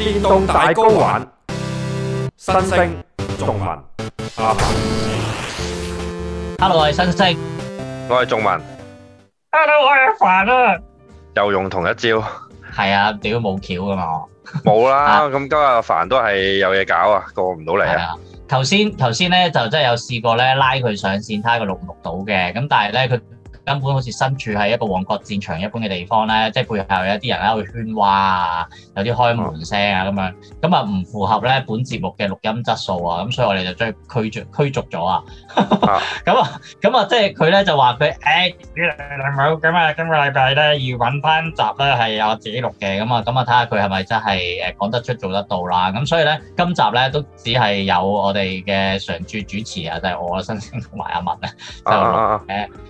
電動大高玩，新星仲文，啊，hello，我係新星，我係仲文，hello，我係阿凡啊，又用同一招，係啊，屌冇橋噶嘛，冇啦，咁今日阿凡都係有嘢搞啊，過唔到嚟啊，頭先頭先咧就真係有試過咧拉佢上線睇佢錄唔錄到嘅，咁但係咧佢。根本好似身處喺一個旺角戰場一般嘅地方咧，即係背後有啲人喺度喧譁啊，有啲開門聲啊咁樣，咁啊唔符合咧本節目嘅錄音質素啊，咁所以我哋就將佢驅逐驅逐咗 啊。咁啊，咁啊，即係佢咧就話佢誒，你兩位咁啊，今個禮拜咧要揾翻集咧係我自己錄嘅，咁啊，咁啊睇下佢係咪真係誒講得出做得到啦。咁所以咧今集咧都只係有我哋嘅常駐主，主持、就係、啊， 就係我新星同埋阿文咧就錄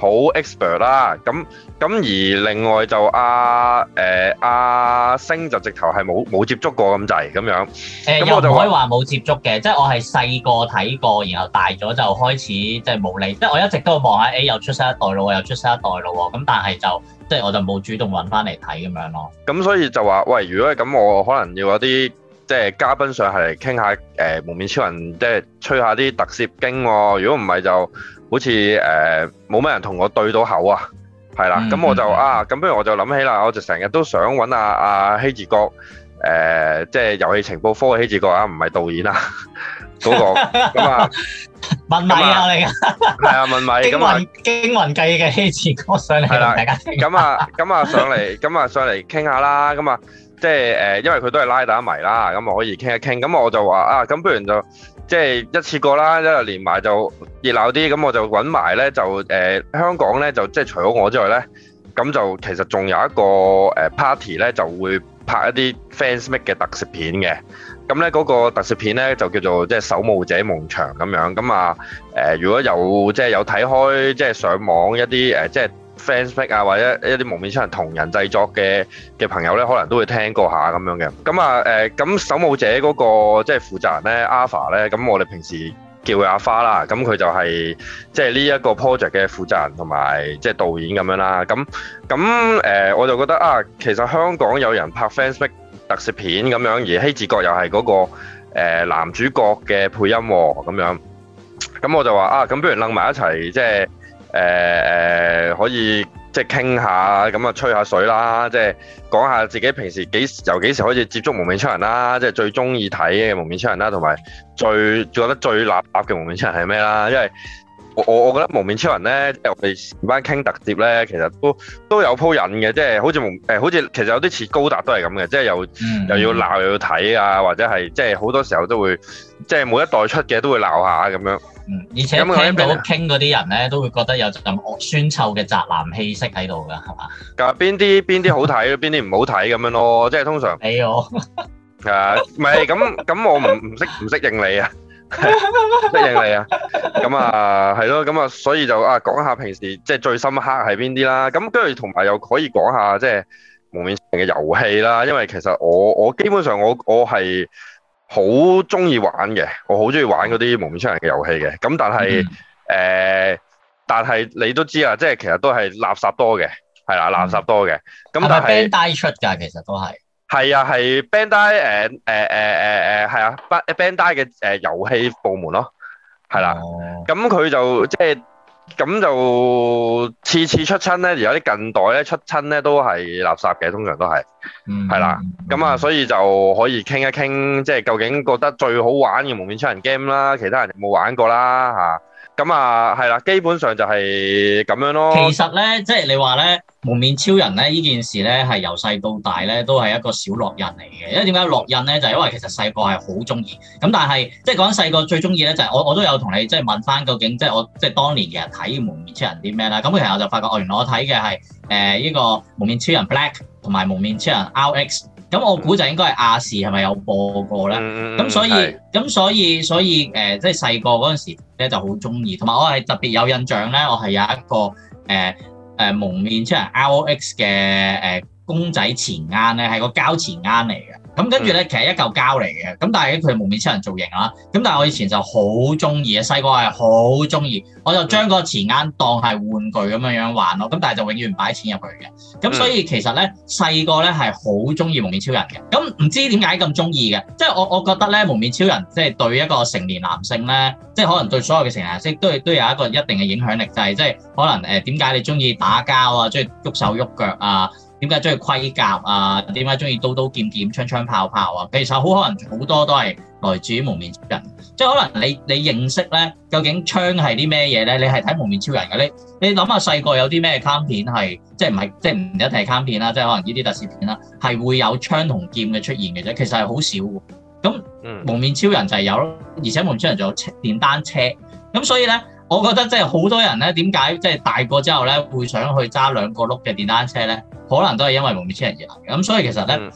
好 expert 啦，咁咁而另外就阿誒阿星就直頭係冇冇接觸過咁滯咁樣，誒又唔可以話冇接觸嘅，即係我係細個睇過，然後大咗就開始即係冇理，即係我一直都望下，誒又出新一代咯，又出新一代咯，咁但係就即係我就冇主動揾翻嚟睇咁樣咯。咁所以就話喂，如果係咁我可能要一啲即係嘉賓上嚟傾下誒幪面超人，即係吹下啲特攝經。如果唔係就。好似誒冇咩人同我對到口啊，係啦，咁我就啊，咁不如我就諗起啦，我就成日都想揾阿阿希治閣，誒即係遊戲情報科嘅希治閣啊，唔係導演啊，嗰個咁啊，問米啊嚟㗎，係啊問米咁啊，驚魂計嘅希治閣上嚟，係啦，大家，咁啊咁啊上嚟，咁啊上嚟傾下啦，咁啊即係誒，因為佢都係拉打迷啦，咁啊可以傾一傾，咁我就話啊，咁不如就。即係一次過啦，一路連埋就熱鬧啲，咁我就揾埋咧就誒香港咧就即係除咗我之外咧，咁就其實仲有一個誒 party 咧就會拍一啲 fans make 嘅特攝片嘅，咁咧嗰個特攝片咧就叫做即係守武者夢翔咁樣，咁啊誒如果有即係有睇開即係上網一啲誒即係。fanspeak 啊，或者一啲幪面超人同人製作嘅嘅朋友咧，可能都會聽過下咁樣嘅。咁啊誒，咁、呃、守武者嗰、那個即係負責人咧 Alpha 咧，咁我哋平時叫佢阿花啦。咁佢就係、是、即係呢一個 project 嘅負責人同埋即係導演咁樣啦。咁咁誒，我就覺得啊，其實香港有人拍 fanspeak 特攝片咁樣，而希治閣又係嗰個誒、呃、男主角嘅配音咁、哦、樣。咁我就話啊，咁不如楞埋一齊，即係。誒誒、呃，可以即係傾下，咁啊吹下水啦，即係講下自己平時幾時由幾時開始接觸《幪面超人》啦，即係最中意睇嘅《幪面超人》啦，同埋最覺得最垃圾嘅《幪面超人》係咩啦？因為我我我覺得《幪面超人》呢咧，誒我哋前班傾特攝咧，其實都都有鋪癮嘅，即係好似蒙誒，好似、欸、其實有啲似高達都係咁嘅，即係又、嗯、又要鬧又要睇啊，或者係即係好多時候都會，即係每一代出嘅都會鬧下咁樣。而且聽到傾嗰啲人咧，樣都會覺得有咁陣酸臭嘅宅男氣息喺度噶，係嘛？邊啲邊啲好睇，邊啲唔好睇咁 樣咯？即係通常。哎呀給我，係 啊，唔係咁咁，我唔唔適唔適應你 啊，適應你啊？咁啊係咯，咁啊，所以就啊講下平時即係最深刻係邊啲啦。咁跟住同埋又可以講下即係幪面超人嘅遊戲啦、啊。因為其實我我基本上我我係。我好中意玩嘅，我好中意玩嗰啲幪面超人嘅遊戲嘅。咁但係，誒、嗯呃，但係你都知啊，即係其實都係垃圾多嘅，係啦，垃圾多嘅。咁、嗯、但係是 Bandai 出噶，其實都係。係啊，係 Bandai 誒、呃、誒誒誒誒，係、呃、啊、呃、Bandai 嘅誒遊戲部門咯，係、呃、啦。咁、呃、佢、呃呃呃嗯、就即係。咁就次次出親咧，而有啲近代咧出親咧都係垃圾嘅，通常都係，係啦。咁啊，所以就可以傾一傾，即係究竟覺得最好玩嘅幪面超人 game 啦，其他人冇玩過啦嚇？咁啊，係啦、嗯，基本上就係咁樣咯。其實咧，即係你話咧，幪面超人咧呢件事咧，係由細到大咧都係一個小烙印嚟嘅。因為點解烙印咧，就係、因為其實細個係好中意。咁但係，即係講細個最中意咧，就係我我都有同你即係問翻究竟，即係我即係當年嘅人睇幪面超人啲咩啦。咁佢其實我就發覺，哦、原來我睇嘅係誒呢個幪面超人 Black 同埋幪面超人 RX。咁我估就應該係亞視係咪有播過呢？咁、嗯、所以是所以所以誒、呃，即係細個嗰時咧就好鍾意，同埋我係特別有印象咧，我係有一個誒、呃呃、幪面超人 RX 嘅、呃、公仔錢鈎咧，係個膠錢鈎嚟嘅。咁、嗯、跟住咧，其實一嚿膠嚟嘅，咁但係佢係幪面超人造型啦。咁但係我以前就好中意啊，細個係好中意，我就將個前眼當係玩具咁樣樣玩咯。咁但係就永遠擺錢入去嘅。咁所以其實咧，細個咧係好中意幪面超人嘅。咁唔知點解咁中意嘅，即係我我覺得咧，幪面超人即係對一個成年男性咧，即係可能對所有嘅成年男性都係都有一個一定嘅影響力，就係即係可能誒點解你中意打交啊，中意喐手喐腳啊？點解中意盔甲啊？點解中意刀刀劍劍、槍槍炮炮啊？其實好可能好多都係來自於幪面超人，即係可能你你認識咧，究竟槍係啲咩嘢咧？你係睇幪面超人嘅，你你諗下細個有啲咩嘢卡通片係即係唔係即係唔一定係卡通片啦，即係可能呢啲特攝片啦，係會有槍同劍嘅出現嘅啫。其實係好少嘅。咁幪面超人就係有咯，而且幪面超人仲有電單車。咁所以咧。我覺得即係好多人呢點解即係大個之後呢？會想去揸兩個轆嘅電單車呢？可能都係因為幪面超人而行嘅。咁所以其實呢，嗯、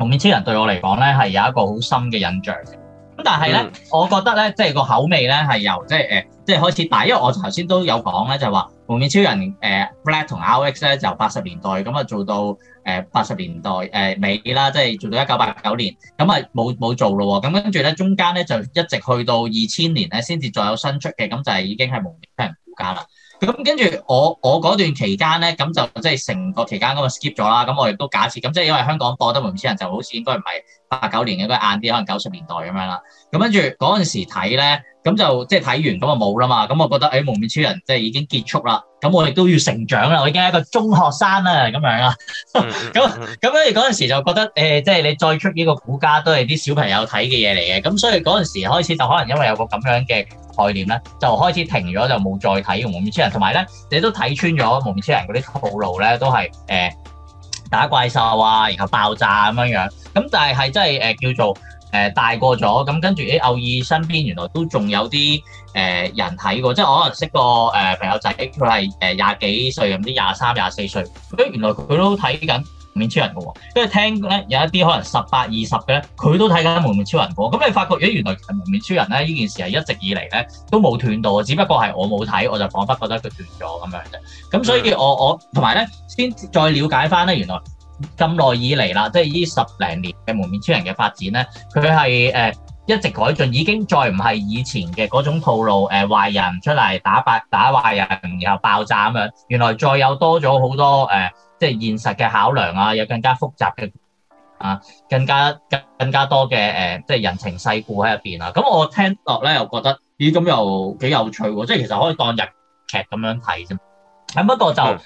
幪面超人對我嚟講呢，係有一個好深嘅印象的。咁但係咧，我覺得咧，即係個口味咧係由即係誒，即係、呃、開始大，因為我頭先都有講咧，就話、是、幪面超人誒、呃、Black 同 RX 咧就八十年代咁啊，呃呃、做到誒八十年代誒尾啦，即係做到一九八九年，咁啊冇冇做咯喎、哦，咁跟住咧中間咧就一直去到二千年咧，先至再有新出嘅，咁就係已經係幪面超人古家啦。咁跟住我我嗰段期間咧，咁就即係成個期間咁 skip 咗啦。咁我亦都假設咁，即係因為香港播得唔少人，就好似應該唔係八九年，應該晏啲，可能九十年代咁樣啦。咁跟住嗰陣時睇咧。咁就即係睇完，咁啊冇啦嘛。咁我覺得，誒、欸《幪面超人》即係已經結束啦。咁我哋都要成長啦。我已經係一個中學生啦，咁樣啦。咁咁，所以嗰陣時就覺得，誒、呃，即係你再出幾個股價，都係啲小朋友睇嘅嘢嚟嘅。咁所以嗰陣時開始就可能因為有個咁樣嘅概念咧，就開始停咗，就冇再睇《幪面超人》。同埋咧，你都睇穿咗《幪面超人》嗰啲套路咧，都係誒、呃、打怪獸啊，然後爆炸咁樣樣。咁但係係真係誒、呃、叫做。誒、呃、大個咗，咁跟住誒偶爾身邊原來都仲有啲誒、呃、人睇喎，即係我可能識個誒、呃、朋友仔，佢係誒廿幾歲咁啲廿三廿四歲，誒原來佢都睇緊《幪面超人》嘅喎，跟住聽咧有一啲可能十八二十嘅咧，佢都睇緊《幪面超人》嘅喎，咁你發覺咦，原來《幪面超人》咧呢件事係一直以嚟咧都冇斷到，只不過係我冇睇，我就彷彿覺得佢斷咗咁樣啫。咁所以我我同埋咧先再了解翻咧原來。咁耐以嚟啦，即係呢十零年嘅幪面超人嘅發展咧，佢係誒一直改進，已經再唔係以前嘅嗰種套路誒，壞人出嚟打敗打壞人然後爆炸咁樣，原來再有多咗好多誒、呃，即係現實嘅考量啊，有更加複雜嘅啊，更加更加多嘅誒、呃，即係人情世故喺入邊啊。咁我聽落咧又覺得咦，咁又幾有趣喎！即係其實可以當日劇咁樣睇啫。咁不過就誒。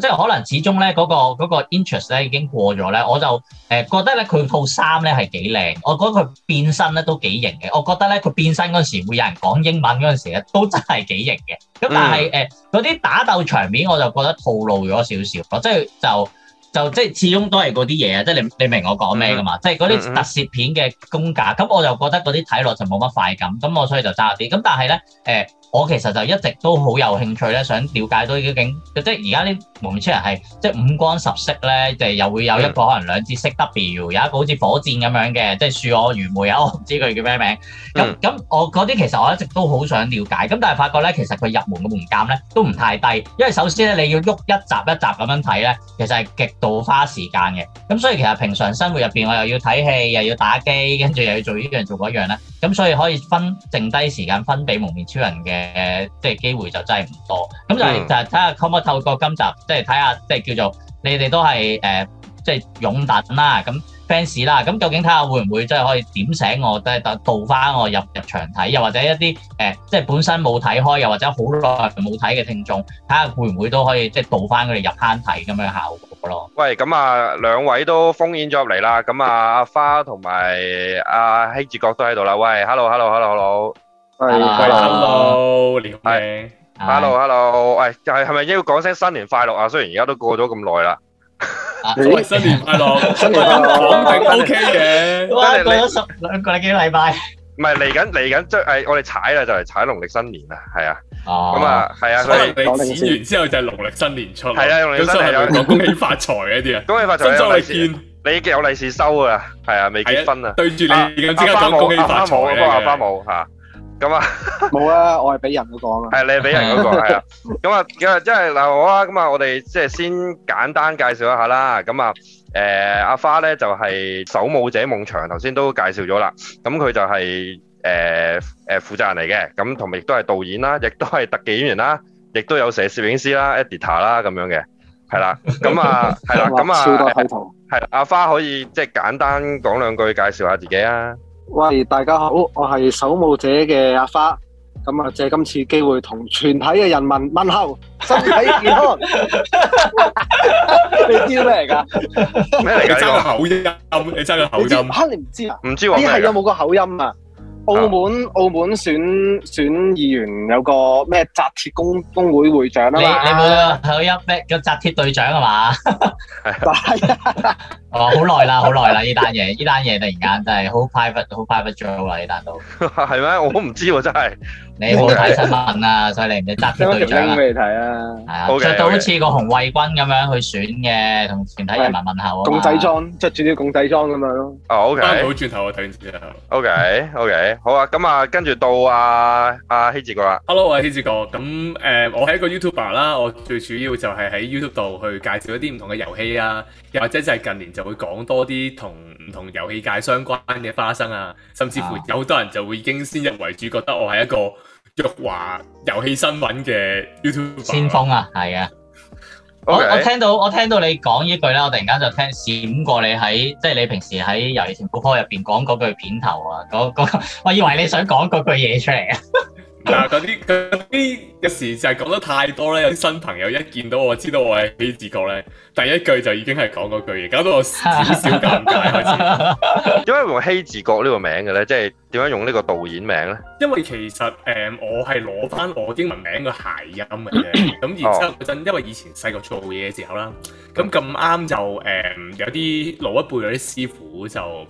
即係可能始終咧嗰個嗰個 interest 咧已經過咗咧，我就誒、呃、覺得咧佢套衫咧係幾靚，我覺得佢變身咧都幾型嘅，我覺得咧佢變身嗰時會有人講英文嗰陣時咧都真係幾型嘅。咁但係誒嗰啲打鬥場面我就覺得套路咗少少，即係就就即係始終都係嗰啲嘢啊！即係你你明我講咩噶嘛？嗯、即係嗰啲特攝片嘅風格，咁我就覺得嗰啲睇落就冇乜快感，咁我所以就揸啲。咁但係咧誒。呃呃我其實就一直都好有興趣咧，想了解到究竟，即係而家啲幪面超人係即係五光十色咧，就係又會有一個可能兩支色 W，有一個好似火箭咁樣嘅，即係恕我愚昧啊，我唔知佢叫咩名。咁咁我嗰啲其實我一直都好想了解，咁但係發覺咧，其實佢入門嘅門檻咧都唔太低，因為首先咧你要喐一集一集咁樣睇咧，其實係極度花時間嘅。咁所以其實平常生活入邊我又要睇戲，又要打機，跟住又要做呢樣做嗰樣咧，咁所以可以分剩低時間分俾幪面超人嘅。誒、呃，即係機會就真係唔多，咁就係就係睇下可唔可以透過今集，即係睇下，即係叫做你哋都係誒、呃，即係擁躉啦，咁 fans 啦，咁究竟睇下會唔會即係可以點醒我，即係導翻我入入場睇，又或者一啲誒、呃，即係本身冇睇開，又或者好耐冇睇嘅聽眾，睇下會唔會都可以即係導翻佢哋入坑睇咁樣效果咯。喂，咁啊，兩位都烽煙咗入嚟啦，咁啊，阿、啊、花同埋阿希治閣都喺度啦。喂，hello，hello，hello h e l l o。Hello, hello, hello, hello, hello, hello. 係，Hello，連係，Hello，Hello，誒，係係咪應該講聲新年快樂啊？雖然而家都過咗咁耐啦。新年快樂，新年快樂，O K 嘅。哇，過咗十兩個幾禮拜。唔係嚟緊嚟緊即係我哋踩啦，就嚟踩農曆新年啦，係啊。咁啊，係啊。可能你剪完之後就係農曆新年出。係啊，用你新年講恭喜發財嗰啲啊。恭喜發財。收利是，你有利是收啊！係啊，未結婚啊。對住你而家講恭喜發財嘅，阿花冇吓。咁啊，冇啊，我係俾人嗰個啊，係你係俾人嗰個係啊，咁啊，咁啊，即係嗱，好啦，咁啊，我哋即係先簡單介紹一下啦，咁啊，誒，阿花咧就係守武者夢翔，頭先都介紹咗啦，咁佢就係誒誒負責人嚟嘅，咁同埋亦都係導演啦，亦都係特技演員啦，亦都有寫攝影師啦，editor 啦，咁樣嘅，係啦，咁啊，係啦，咁啊，超多鏡頭，係阿花可以即係簡單講兩句介紹下自己啊。喂，大家好，我係守武者嘅阿花，咁啊借今次機會同全體嘅人民問，問候，身體健康。 你知咩嚟噶？咩嚟噶？ 你真個口音，你真個口音。吓，你唔知啊？唔知話咩？你係有冇個口音啊？澳門澳門選選議員有個咩紮鐵工工會會長啊嘛，你冇啊？係一咩？嗰紮鐵隊長係嘛？哦， 好耐啦，好耐啦！呢單嘢，呢單嘢突然間真係好 private，好 private job 啊！呢單都係咩？我都唔知，我真係、啊。 真你冇睇新聞啊？所以你唔知執啲咩嚟睇啊？係啊，就到好似個紅衛軍咁樣去選嘅，同全體人民問候啊！共濟裝，執住咗共濟裝咁樣咯。哦、oh，OK。翻到轉頭我睇先啊。OK，OK，okay, okay. 好啊。咁啊，跟住到啊，阿、啊、希治閣啦。Hello，我係希治閣。咁誒、呃，我係一個 YouTuber 啦。我最主要就係喺 YouTube 度去介紹一啲唔同嘅遊戲啊，又或者就係近年就會講多啲同唔同遊戲界相關嘅花生啊，甚至乎有好多人就會已經先入為主，覺得我係一個若華遊戲新聞嘅 YouTube 先鋒啊，係啊，Okay. 我我聽到我聽到你講呢句啦，我突然間就聽閃過你喺即係你平時喺遊戲情報科入邊講嗰句片頭啊，嗰、嗰個、我以為你想講嗰句嘢出嚟啊。 嗱，嗰啲嗰啲嘅時就係講得太多啦！有啲新朋友一見到我，知道我係希治閣咧，第一句就已經係講嗰句嘢，搞到我少少尷尬。開始，點 解用希治閣呢個名嘅咧，即係點樣用呢個導演名咧？因為其實誒、嗯，我係攞翻我英文名個諧音嘅啫。咁然之後嗰陣因為以前細個做嘢嘅時候啦，咁咁啱就誒、嗯、有啲老一輩有啲師傅就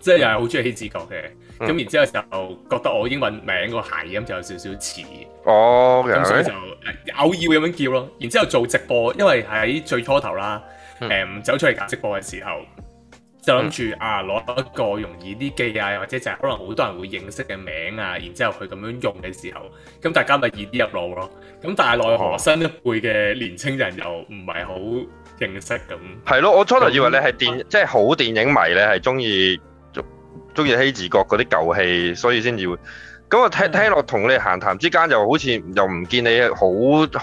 即係、就是、又係好中意希治閣嘅。咁、嗯、然之後就覺得我英文名、嗯、個諧音就有少少似哦，咁所以就偶爾會咁樣叫咯。然之後做直播，因為喺最初頭啦，誒、嗯嗯、走出嚟搞直播嘅時候，就諗住、嗯、啊攞一個容易啲記啊，或者就係可能好多人會認識嘅名啊，然之後佢咁樣用嘅時候，咁大家咪易啲入腦咯。咁但係奈何新一輩嘅年青人又唔係好認識咁。係咯，我初頭以為你係電即係、就是、好電影迷咧，係中意，中意希治閣嗰啲舊戲，所以先至會咁我！聽聽落同你閒談之間，又好似又唔見你好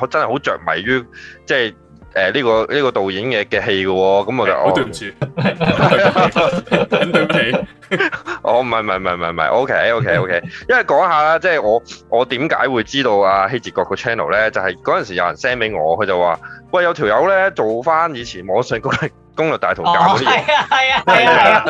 真係好著迷於即係誒呢個呢個導演嘅嘅戲嘅喎，咁我就對唔住。O K，我唔係唔係唔係唔係，O K O K O K，因為講下啦，即係我我點解會知道阿希治閣個 channel 咧？就係嗰陣時有人 send 俾我，佢就話喂有條友咧做翻以前網上嗰。攻略大同教，係啊係啊係啊係啊，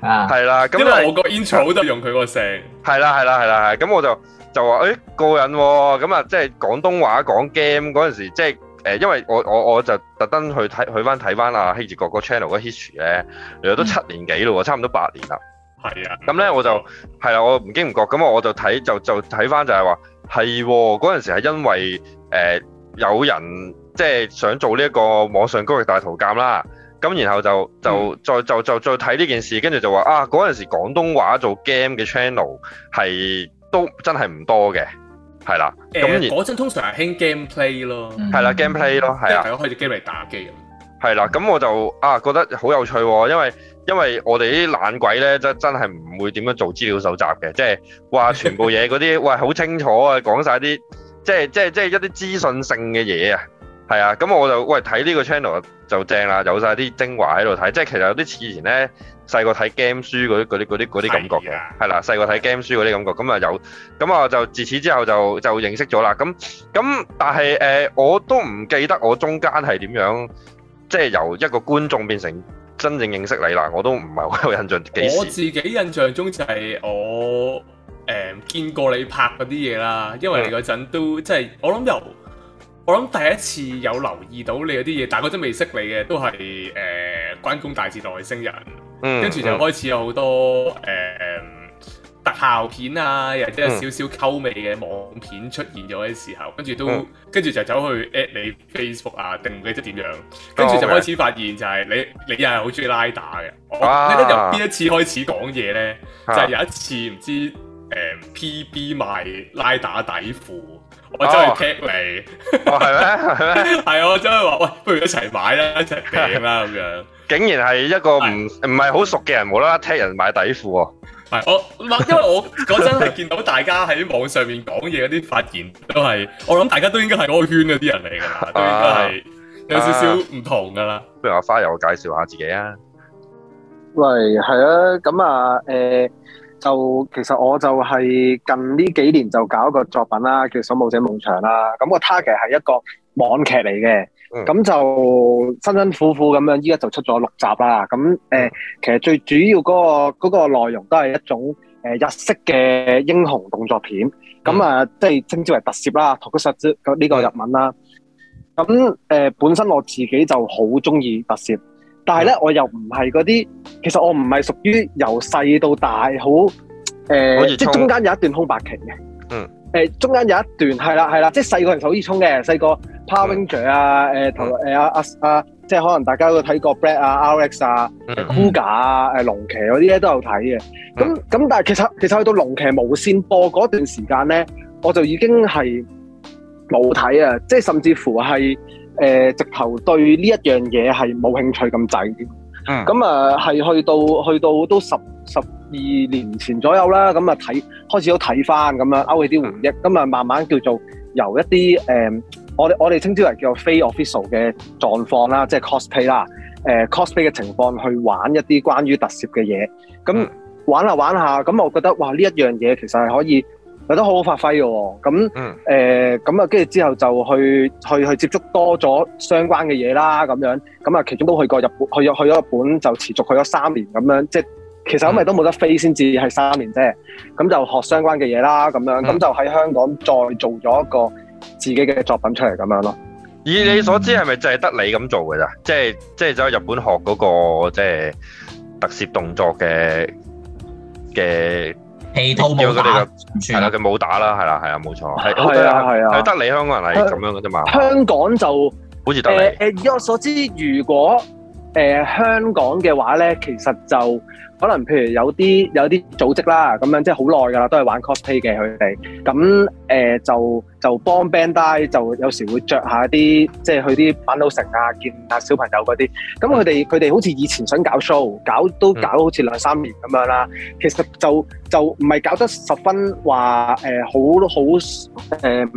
係啊係啦。因為我個 intro 就用佢個聲，係啦係啦係啦係。咁我就就話誒過癮喎。咁啊，即係廣東話講 game 嗰陣時，即係誒，因為我我我就特登去睇去翻睇翻阿希治閣個 channel 個 history 嘅，原來都七年幾咯，差唔多八年啦。係啊。咁咧我就係啦，我唔經唔覺咁，我我就睇就就睇翻就係話係嗰陣時係因為誒有人。即係想做呢一個網上高級大圖鑑啦，咁然後就就再就就再睇呢件事，跟住就話啊嗰陣時廣東話做 game 嘅 channel 係都真係唔多嘅，係啦。誒嗰陣通常係興 game gameplay 咯，係啦 gameplay 咯，係啊，可以攞佢嚟打機。係啦，咁我就啊覺得好有趣，因為因為我哋啲懶鬼咧真真係唔會點樣做資料搜集嘅，即係話全部嘢嗰啲喂好清楚啊，講晒啲即係即係即係一啲資訊性嘅嘢啊！係啊，咁我就喂睇呢個 channel 就正啦，有晒啲精華喺度睇，即係其實有啲似以前咧細個睇 game 書嗰啲啲啲啲感覺嘅，係啦是、啊啊，細個睇 game 書嗰啲感覺，咁啊有，咁啊就自此之後就就認識咗啦，咁咁但係誒、呃、我都唔記得我中間係點樣，即、就、係、是、由一個觀眾變成真正認識你啦，我都唔係好有印象幾時。我自己印象中就係我誒、呃、見過你拍嗰啲嘢啦，因為你嗰陣都即係、嗯就是、我諗由。我諗第一次有留意到你有啲嘢，但係我真未識你嘅，都係誒、呃、關公大戰外星人，嗯嗯、跟住就開始有好多誒、呃、特效片啊，或者有少少溝味嘅網片出現咗嘅時候，跟住都、嗯、跟住就走去 at 你 Facebook 啊，定唔記得點樣，跟住就開始發現就係你你又係好中意拉打嘅，我記得由邊一次開始講嘢呢？就係、是、有一次唔知誒、呃、PB 賣拉打底褲。我走去踢你，哦，係咩係咩？係我真係話喂，不如一齊買啦，一齊畀啦咁樣。竟然係一個唔唔係好熟嘅人，冇啦啦踢人買底褲喎。係我，唔係因為我嗰陣係見到大家喺網上面講嘢嗰啲發言，都係我諗大家都應該係嗰個圈嗰啲人嚟噶啦，都應該係有少少唔同噶啦。不如阿花由我介紹下自己啊。喂，係啊，咁啊，誒。就其實我就係近呢幾年就搞一個作品啦，叫《守武者夢翔》啦。咁、嗯、個 target 係一個網劇嚟嘅，咁、嗯、就辛辛苦苦咁樣，依家就出咗六集啦。咁誒、呃，其實最主要嗰、那個嗰、那個、內容都係一種誒、呃、日式嘅英雄動作片，咁啊、嗯嗯，即係稱之為特攝啦，《Tokusatsu》呢個日文啦。咁誒、嗯呃，本身我自己就好中意特攝。但係咧，我又唔係嗰啲，其實我唔係屬於由細到大好，誒、呃，即係中間有一段空白期嘅，嗯，誒、呃，中間有一段係啦係啦、啦，即係細個就好易衝嘅，細個、嗯、Power Ranger 啊，誒、呃，同誒阿阿阿，即係可能大家都睇過 Black 啊，RX 啊，Guga 啊，誒龍騎嗰啲咧都有睇嘅，咁咁、嗯、但係其實其實去到龍騎無綫播嗰段時間咧，我就已經係冇睇啊，即係甚至乎係。誒、呃、直頭對呢一樣嘢係冇興趣咁滯嘅，咁啊係去到去到都十十二年前左右啦，咁啊睇開始都睇翻咁樣勾起啲回憶，咁啊、嗯嗯、慢慢叫做由一啲誒、嗯、我哋我哋稱之為叫做非 official 嘅狀況啦，即係 cosplay 啦、呃，誒 cosplay 嘅情況去玩一啲關於特攝嘅嘢，咁、嗯嗯、玩下玩下，咁、嗯、我覺得哇呢一樣嘢其實係可以。覺得好好發揮嘅喎，咁誒咁啊，跟住、嗯欸、之後就去去去接觸多咗相關嘅嘢啦，咁樣咁啊，其中都去過日本，去咗去咗日本就持續去咗三年咁樣，即係其實因為都冇得飛先至係三年啫，咁就學相關嘅嘢啦，咁樣咁、嗯、就喺香港再做咗一個自己嘅作品出嚟咁樣咯。以你所知係咪、嗯、就係得你咁做嘅咋？即係即係就係、日本學嗰、個即係、就係、特攝動作嘅嘅。佢哋嘅，係啦，佢冇打啦，係啦、嗯，係啊，冇錯，係，係啊，係啊，係得你香港人係咁樣嘅啫嘛。香港就好似得你誒，以我所知，如果。誒、呃、香港嘅話咧，其實就可能譬如有啲有啲組織啦，咁樣即係好耐噶啦，都係玩 cosplay 嘅佢哋。咁誒、呃、就就幫 Bandai，就有時會着下啲即係去啲反斗城啊，見下小朋友嗰啲。咁佢哋佢哋好似以前想搞 show，搞都搞好似兩三年咁樣啦。其實就就唔係搞得十分話誒、呃、好好誒、嗯、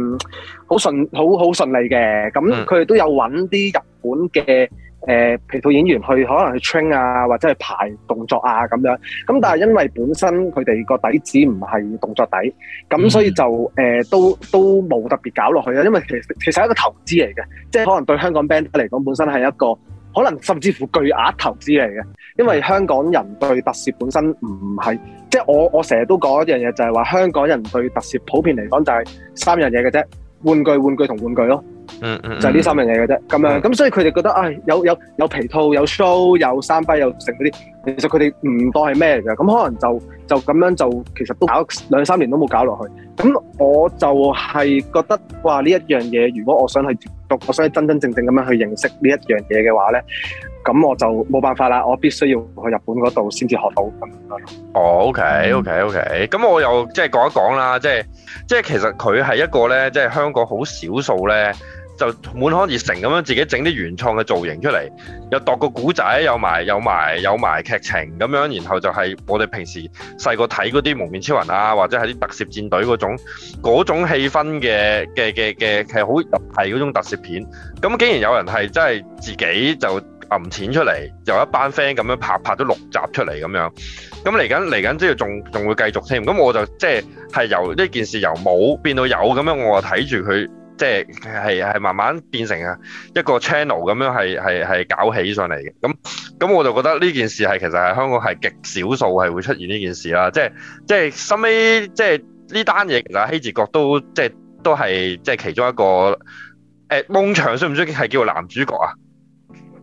好順好好順利嘅。咁佢哋都有揾啲日本嘅誒，皮套、呃、演員去可能去 train 啊，或者去排動作啊咁樣。咁但係因為本身佢哋個底子唔係動作底，咁所以就誒、呃、都都冇特別搞落去啦。因為其實其實係一個投資嚟嘅，即係可能對香港 band 嚟講，本身係一個可能甚至乎巨額投資嚟嘅。因為香港人對特攝本身唔係，即係我我成日都講一樣嘢，就係話香港人對特攝普遍嚟講就係三樣嘢嘅啫，玩具、玩具同玩具咯。嗯嗯， 就係呢三樣嘢嘅啫，咁樣，咁所以佢哋覺得，唉，有有有皮套，有 show，有衫批，有食嗰啲，其實佢哋唔當係咩嚟嘅，咁可能就就咁樣就，其實都搞兩三年都冇搞落去，咁我就係覺得話呢一樣嘢，如果我想去讀，我想去真真正正咁樣去認識呢一樣嘢嘅話咧。咁我就冇辦法啦，我必須要去日本嗰度先至學到咁樣哦，OK，OK，OK，咁我又即係講一講啦，即係即係其實佢係一個咧，即係香港好少數咧，就滿腔熱誠咁樣自己整啲原創嘅造型出嚟，又度個古仔，有埋有埋有埋，埋，埋劇情咁樣，然後就係我哋平時細個睇嗰啲幪面超人啊，或者係啲特攝戰隊嗰種嗰種氣氛嘅嘅嘅嘅好係嗰種特攝片。咁竟然有人係真係自己就～揞錢、嗯、出嚟，由一班 friend 咁樣拍拍咗六集出嚟咁樣，咁嚟緊嚟緊之後仲仲會繼續添，咁我就即係、就是、由呢件事由冇變到有咁樣，我啊睇住佢即係係係慢慢變成啊一個 channel 咁樣係係係搞起上嚟嘅，咁咁我就覺得呢件事係其實係香港係極少數係會出現呢件事啦，即係即係收尾即係呢單嘢其實希治閣都即係、就是、都係即係其中一個誒夢翔需唔需要係叫做男主角啊？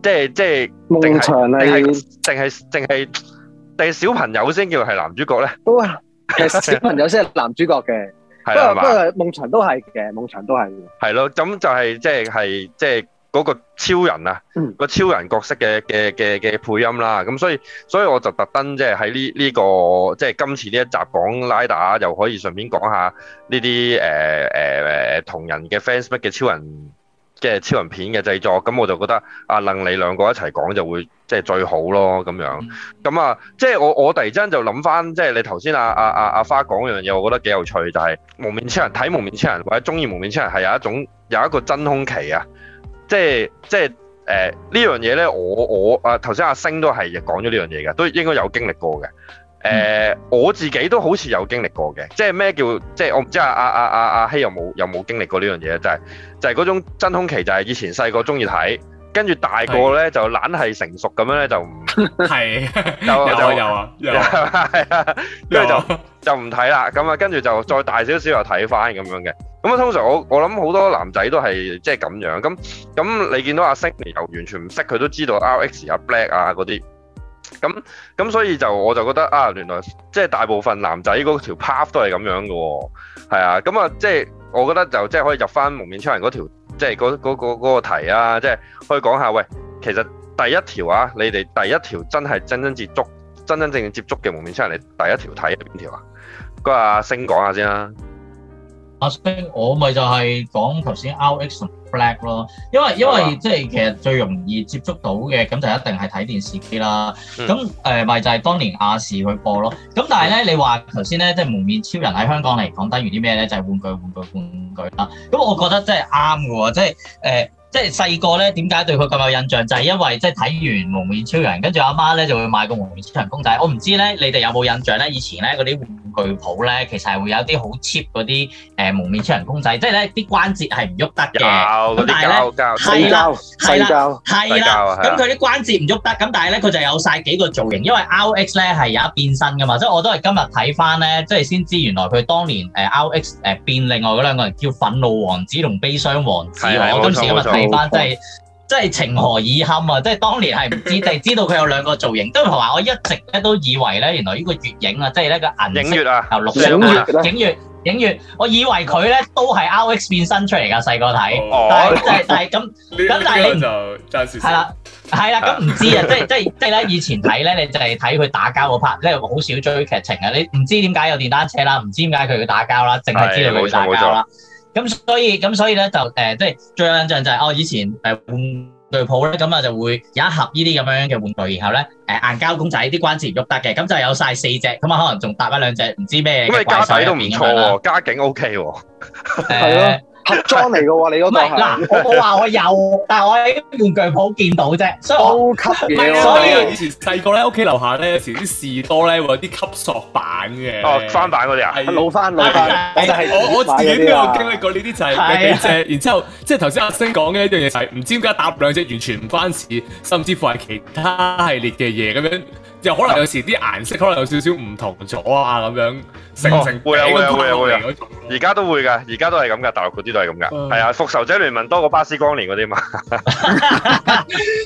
即係即係夢翔係淨係淨係定係小朋友先叫係男主角咧？都啊，其實小朋友先係男主角嘅，係啊嘛。夢翔都係嘅，夢翔都係。係咯，咁就係即係係即係嗰個超人啊，個、嗯、超人角色嘅嘅嘅嘅配音啦。咁所以所以我就特登即係喺呢呢個即係、就是這個就是、今次呢一集講拉打，又可以順便講下呢啲誒誒誒同人嘅 fans 乜嘅超人。即係超人片嘅製作，咁、嗯、我就覺得啊，能你兩個一齊講就會即係、就是、最好咯，咁樣。咁啊，即係我我突然之間就諗返，即係你頭先阿阿阿阿花講嗰樣嘢，我覺得幾有趣，就係、是、幪面超人睇幪面超人或者中意幪面超人係有一種有一個真空期啊！即係即係誒、呃、呢樣嘢咧，我我啊頭先阿星都係講咗呢樣嘢嘅，都應該有經歷過嘅。誒我自己都好似有經歷過嘅，即係咩叫即係我唔知阿阿阿阿阿希有冇有冇經歷過呢樣嘢咧？就係就係嗰種真空期，就係以前細個鍾意睇，跟住大個咧就懶係成熟咁樣咧就唔係有啊有啊有啊，跟住就就唔睇啦。咁啊，跟住就再大少少又睇返咁樣嘅。咁啊，通常我我諗好多男仔都係即係咁樣。咁咁你見到阿悉尼又完全唔識，佢都知道 RX 啊、Black 啊嗰啲。咁咁所以就我就覺得啊，原來即係大部分男仔嗰條 path 都係咁樣嘅喎、哦，係啊，咁啊即係我覺得就即係可以入翻幪面超人嗰條，即係嗰嗰個題啊，即係可以講下喂，其實第一條啊，你哋第一條真係真真正接真真正接觸嘅幪面超人，你第一條睇係邊條啊？嗰個阿星講下先啦。我咪就係講頭先 RX 同 Black 咯，因為因為即係其實最容易接觸到嘅，咁就一定係睇電視機啦。咁誒咪就係、是、當年亞視去播咯。咁但係咧，你話頭先咧，即係幪面超人喺香港嚟講等於啲咩咧？就係、是、玩具玩具玩具啦。咁我覺得真係啱嘅喎，即係誒。呃即係細個咧，點解對佢咁有印象？就係因為即係睇完《幪面超人》，跟住阿媽咧就會買個幪面超人公仔。我唔知咧，你哋有冇印象咧？以前咧嗰啲玩具鋪咧，其實係會有啲好 cheap 嗰啲誒幪面超人公仔，即係咧啲關節係唔喐得嘅。有嗰啲膠膠，係啦。咁佢啲關節唔喐得，咁但係咧佢就有晒幾個造型，因為 RX 咧係有一變身嘅嘛。所以我都係今日睇翻咧，即係先知原來佢當年誒 RX 誒變另外嗰兩個人叫憤怒王子同悲傷王子。我今時今日睇翻真係真係情何以堪啊！即係當年係唔知，但係知道佢有兩個造型。都同埋我一直咧都以為咧，原來呢個月影啊，即係呢個銀色啊，又綠色啊，影月影月。我以為佢咧都係 R X 變身出嚟噶，細個睇。但係但係咁咁，但係你唔係啦，係啦，咁唔知啊！即係即係即係咧，以前睇咧，你就係睇佢打交嗰 part，即係好少追劇情啊！你唔知點解有電單車啦，唔知點解佢要打交啦，淨係知道佢打交啦。咁所以咁所以咧就誒，即、呃、係最印象就係、是、我、哦、以前誒、呃、玩具鋪咧，咁啊就會有一盒呢啲咁樣嘅玩具，然後咧誒、呃、硬膠公仔啲關節唔喐得嘅，咁就有晒四隻，咁、嗯、啊可能仲搭一兩隻唔知咩嘅怪獸。咁你家底都唔錯，家境 OK 喎。係盒裝嚟嘅喎，你都唔嗱，我冇話我，我有，但係我喺玩具鋪見到啫，高級嘢。所以我啊，以、我以前細個咧，屋企樓下咧，有時啲士多咧會有啲吸塑板嘅。哦，翻版嗰啲啊，老翻是老翻，就係我我自己都有經歷過呢啲，啊，就係兩隻，然之後即係頭先阿星講嘅一樣嘢就係，唔知點解搭兩隻完全唔關事，甚至乎係其他系列嘅嘢咁樣。又可能有時啲顏色可能有少少唔同咗啊咁樣成成背影拖後嚟嗰種，而家都會㗎，而家都係咁㗎，大陸嗰啲都係咁㗎，係啊，復仇者聯盟多過巴斯光年嗰啲嘛，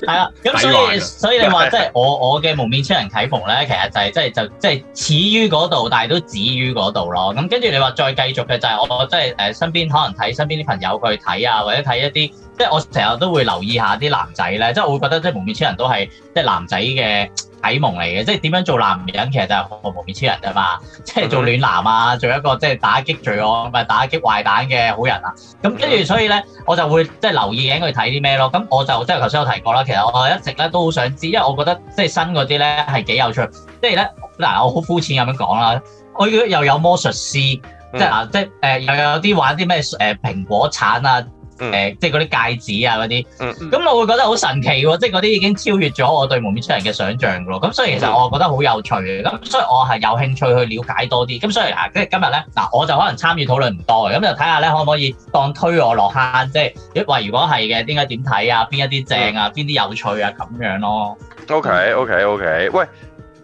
係 啊，咁所以所以你話即係我我嘅幪面超人啟蒙咧，其實就係即係就即係始於嗰度，但係都止於嗰度咯。咁跟住你話再繼續嘅就係、是、我即係誒身邊可能睇身邊啲朋友佢睇啊，或者睇一啲即係我成日都會留意一下啲男仔咧，即、就、係、是、我會覺得即係幪面超人都係即係男仔嘅。啟蒙嚟嘅，即係點樣做男人，其實就係好幪面超人啫嘛，即係做暖男啊，做一個即係打擊罪案，咪打擊壞蛋嘅好人啊，咁跟住所以咧，我就會即係留意影佢睇啲咩咯。咁我就即係頭先有提過啦，其實我一直咧都好想知，因為我覺得即係新嗰啲咧係幾有趣。即係咧嗱，我好膚淺咁樣講啦，我又有魔術師，嗯、即係嗱，即係誒又有啲玩啲咩誒蘋果橙啊。誒，嗯、即係嗰啲戒指啊、嗯，嗰、嗯、啲，咁我會覺得好神奇喎、啊，即係嗰啲已經超越咗我對幪面超人嘅想象咯。咁所以其實我覺得好有趣嘅，咁所以我係有興趣去了解多啲。咁所以嗱，跟今日咧，嗱我就可能參與討論唔多嘅，咁就睇下咧可唔可以當推我落坑，即係話如果係嘅，應該點睇啊？邊一啲正啊？邊啲、嗯、有趣啊？咁樣咯。O K O K O K，喂，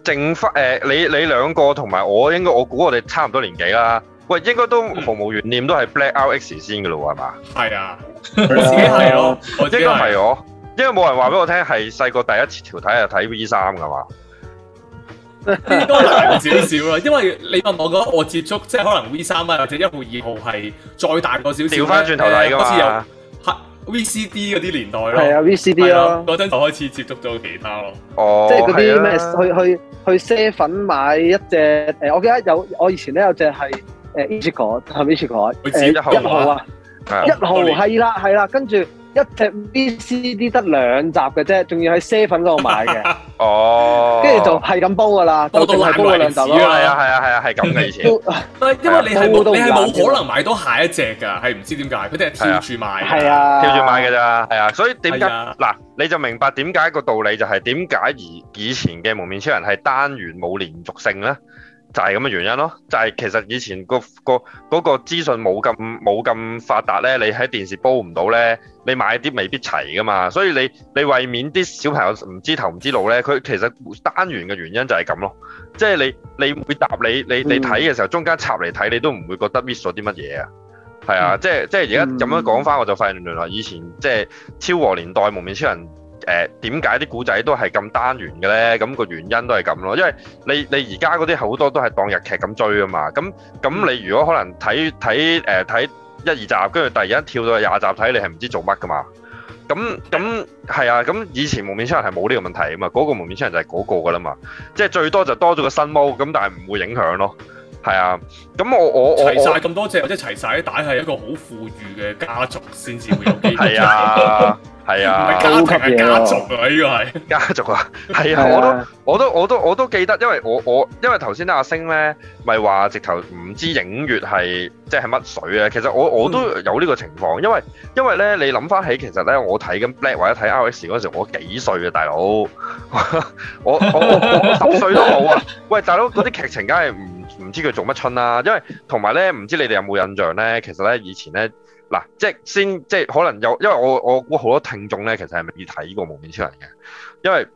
正輝誒，你你兩個同埋我應該我估我哋差唔多年紀啦。喂，應該都毫無懸念都係 Black RX 先噶咯，係嘛、嗯？係啊吧，應該係咯，應該係我， 因為冇人話俾我聽係細個第一次調睇係睇 V 三噶嘛？應該大少少咯，因為你問我講我接觸即係可能 V 三啊或者一號二號係再大個少少，調翻轉頭睇嗰啲啊，VCD 嗰啲年代咯，係啊 VCD 咯，嗰陣、啊啊、就開始接觸咗其他咯，哦，即係嗰啲咩去去去啡粉買一隻誒，我記得有，我，記得有我以前咧有隻係。誒，each call 一號啊，一號係啦係啦，跟住一隻 VCD 得兩集嘅啫，仲要喺 Seven 嗰度買嘅。哦，跟住就係咁煲噶啦，煲到係煲咗兩集咯，係啊係啊係啊係咁嘅以前，因為你係冇可能買到下一隻㗎，係唔知點解佢哋係跳住買，跳住買㗎咋，係啊，所以點解嗱你就明白點解個道理就係點解而以前嘅幪面超人係單元冇連續性咧？就係咁嘅原因咯，就係、是、其實以前、那個個嗰、嗰個資訊冇咁冇咁發達咧，你喺電視煲唔到咧，你買啲未必齊㗎嘛，所以你你為免啲小朋友唔知頭唔知路咧，佢其實單元嘅原因就係咁咯，即係你你會答你你你睇嘅時候、嗯、中間插嚟睇你都唔會覺得 miss 咗啲乜嘢啊，係啊、嗯，即係即係而家咁樣講返我就發現原來，以前即係超和年代幪面超人。誒點解啲古仔都係咁單元嘅咧？咁個原因都係咁咯，因為你你而家嗰啲好多都係當日劇咁追啊嘛。咁咁你如果可能睇睇誒睇一二集，跟住突然間跳到去廿集睇，你係唔知做乜噶嘛？咁咁係啊，咁以前幪面超人係冇呢個問題啊嘛。嗰個幪面超人就係嗰個噶啦嘛，即係最多就多咗個新帽，咁但係唔會影響咯。係啊，咁我我我我齊晒咁多隻，或者齊晒啲蛋，係一個好富裕嘅家族先至會有機會。係啊，係啊，唔係 家庭係、哦、家族啊，呢個係家族啊。係啊，啊我，我都我都我都我都記得，因為我我因為頭先阿星咧，咪、就、話、是、直頭唔知影月係即係乜水啊。其實我我都有呢個情況，嗯，因為因為咧你諗翻起，其實咧我睇緊 Black 或者睇 RX 嗰時，我幾歲啊，大佬？ 我我我，我十歲都冇啊！ 喂，大佬嗰啲劇情梗係唔～唔知佢做乜春啦，因為同埋咧，唔知你哋有冇印象咧？其實咧，以前咧，嗱，即係先，即係可能有，因為我我估好多聽眾咧，其實係未睇過《幪面超人》嘅，因為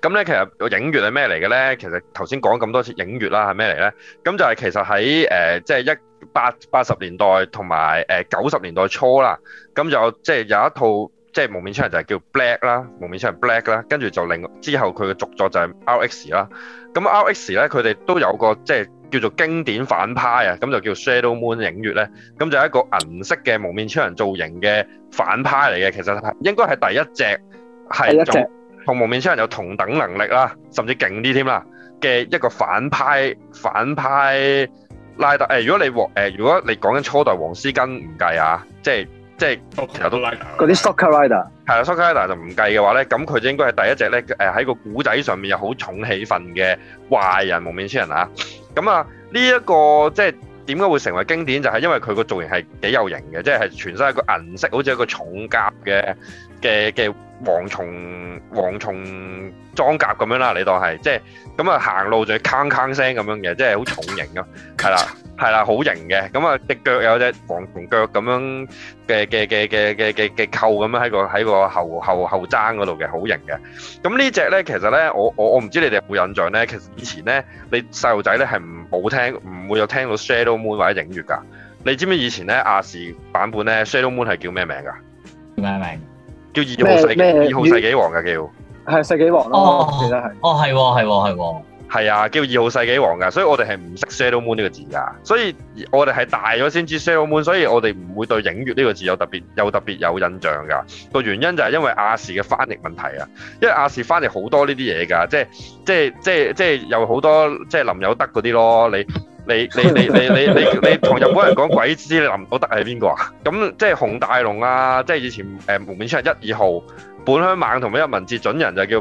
咁咧，其實個影月係咩嚟嘅咧？其實頭先講咁多次影月啦，係咩嚟咧？咁就係其實喺誒，即、呃、係、就是、一八八十年代同埋誒九十年代初啦，咁就即係有一套。即係幪面超人就係叫 Black 啦，幪面超人 Black 啦，跟住就令之後佢嘅續作就係 RX 啦。咁 RX 咧，佢哋都有個即係叫做經典反派啊，咁就叫 Shadow Moon 影月咧。咁就係一個銀色嘅幪面超人造型嘅反派嚟嘅。其實應該係第一隻係同幪面超人有同等能力啦，甚至勁啲添啦嘅一個反派。反派拉打誒，如果你黃誒，如果你講緊初代黃絲根唔計啊，即係。即係，其實都拉打。嗰啲 Shocker Rider 係啊，Shocker Rider 就唔計嘅話咧，咁佢就應該係第一隻咧，誒喺個古仔上面又好重氣氛嘅壞人幪面超人啊！咁啊，呢、這、一個即係點解會成為經典？就係、是、因為佢個造型係幾有型嘅，即係係全身一個銀色，好似一個重甲嘅嘅嘅。蝗蟲蝗蟲裝甲咁樣啦，你當係即係咁啊，行路就係坑坑聲咁樣嘅，即係好重型咯，係啦係啦，好型嘅。咁啊，隻腳有隻蝗蟲腳咁樣嘅嘅嘅嘅嘅嘅嘅扣咁樣喺個喺個後後後踭嗰度嘅，好型嘅。咁呢隻咧，其實咧，我我我唔知你哋有冇印象咧。其實以前咧，你細路仔咧係唔冇聽，唔會有聽到 Shadow Moon 或者影月噶。你知唔知以，以前咧亞視版本咧 Shadow Moon 係叫咩名噶？唔明、嗯？嗯嗯叫二號世二號世紀王㗎叫，係世紀王咯，記得係，哦係喎係喎係喎，係啊叫二號世紀王㗎，所以我哋係唔識 Shadow Moon 呢個字㗎，所以我哋係大咗先知 Shadow Moon，所以我哋唔會對影月呢個字有特別有特別有印象㗎，個原因就係因為亞視嘅翻譯問題啊，因為亞視翻譯好多呢啲嘢㗎，即係即係即係即係有好多即係林有德嗰啲咯，你。你你你你你你你同日本人講鬼知你林覺德係邊個啊？咁即係洪大龍啊！即係以前誒幪面超人一二號本鄉猛同埋一文字隼人就叫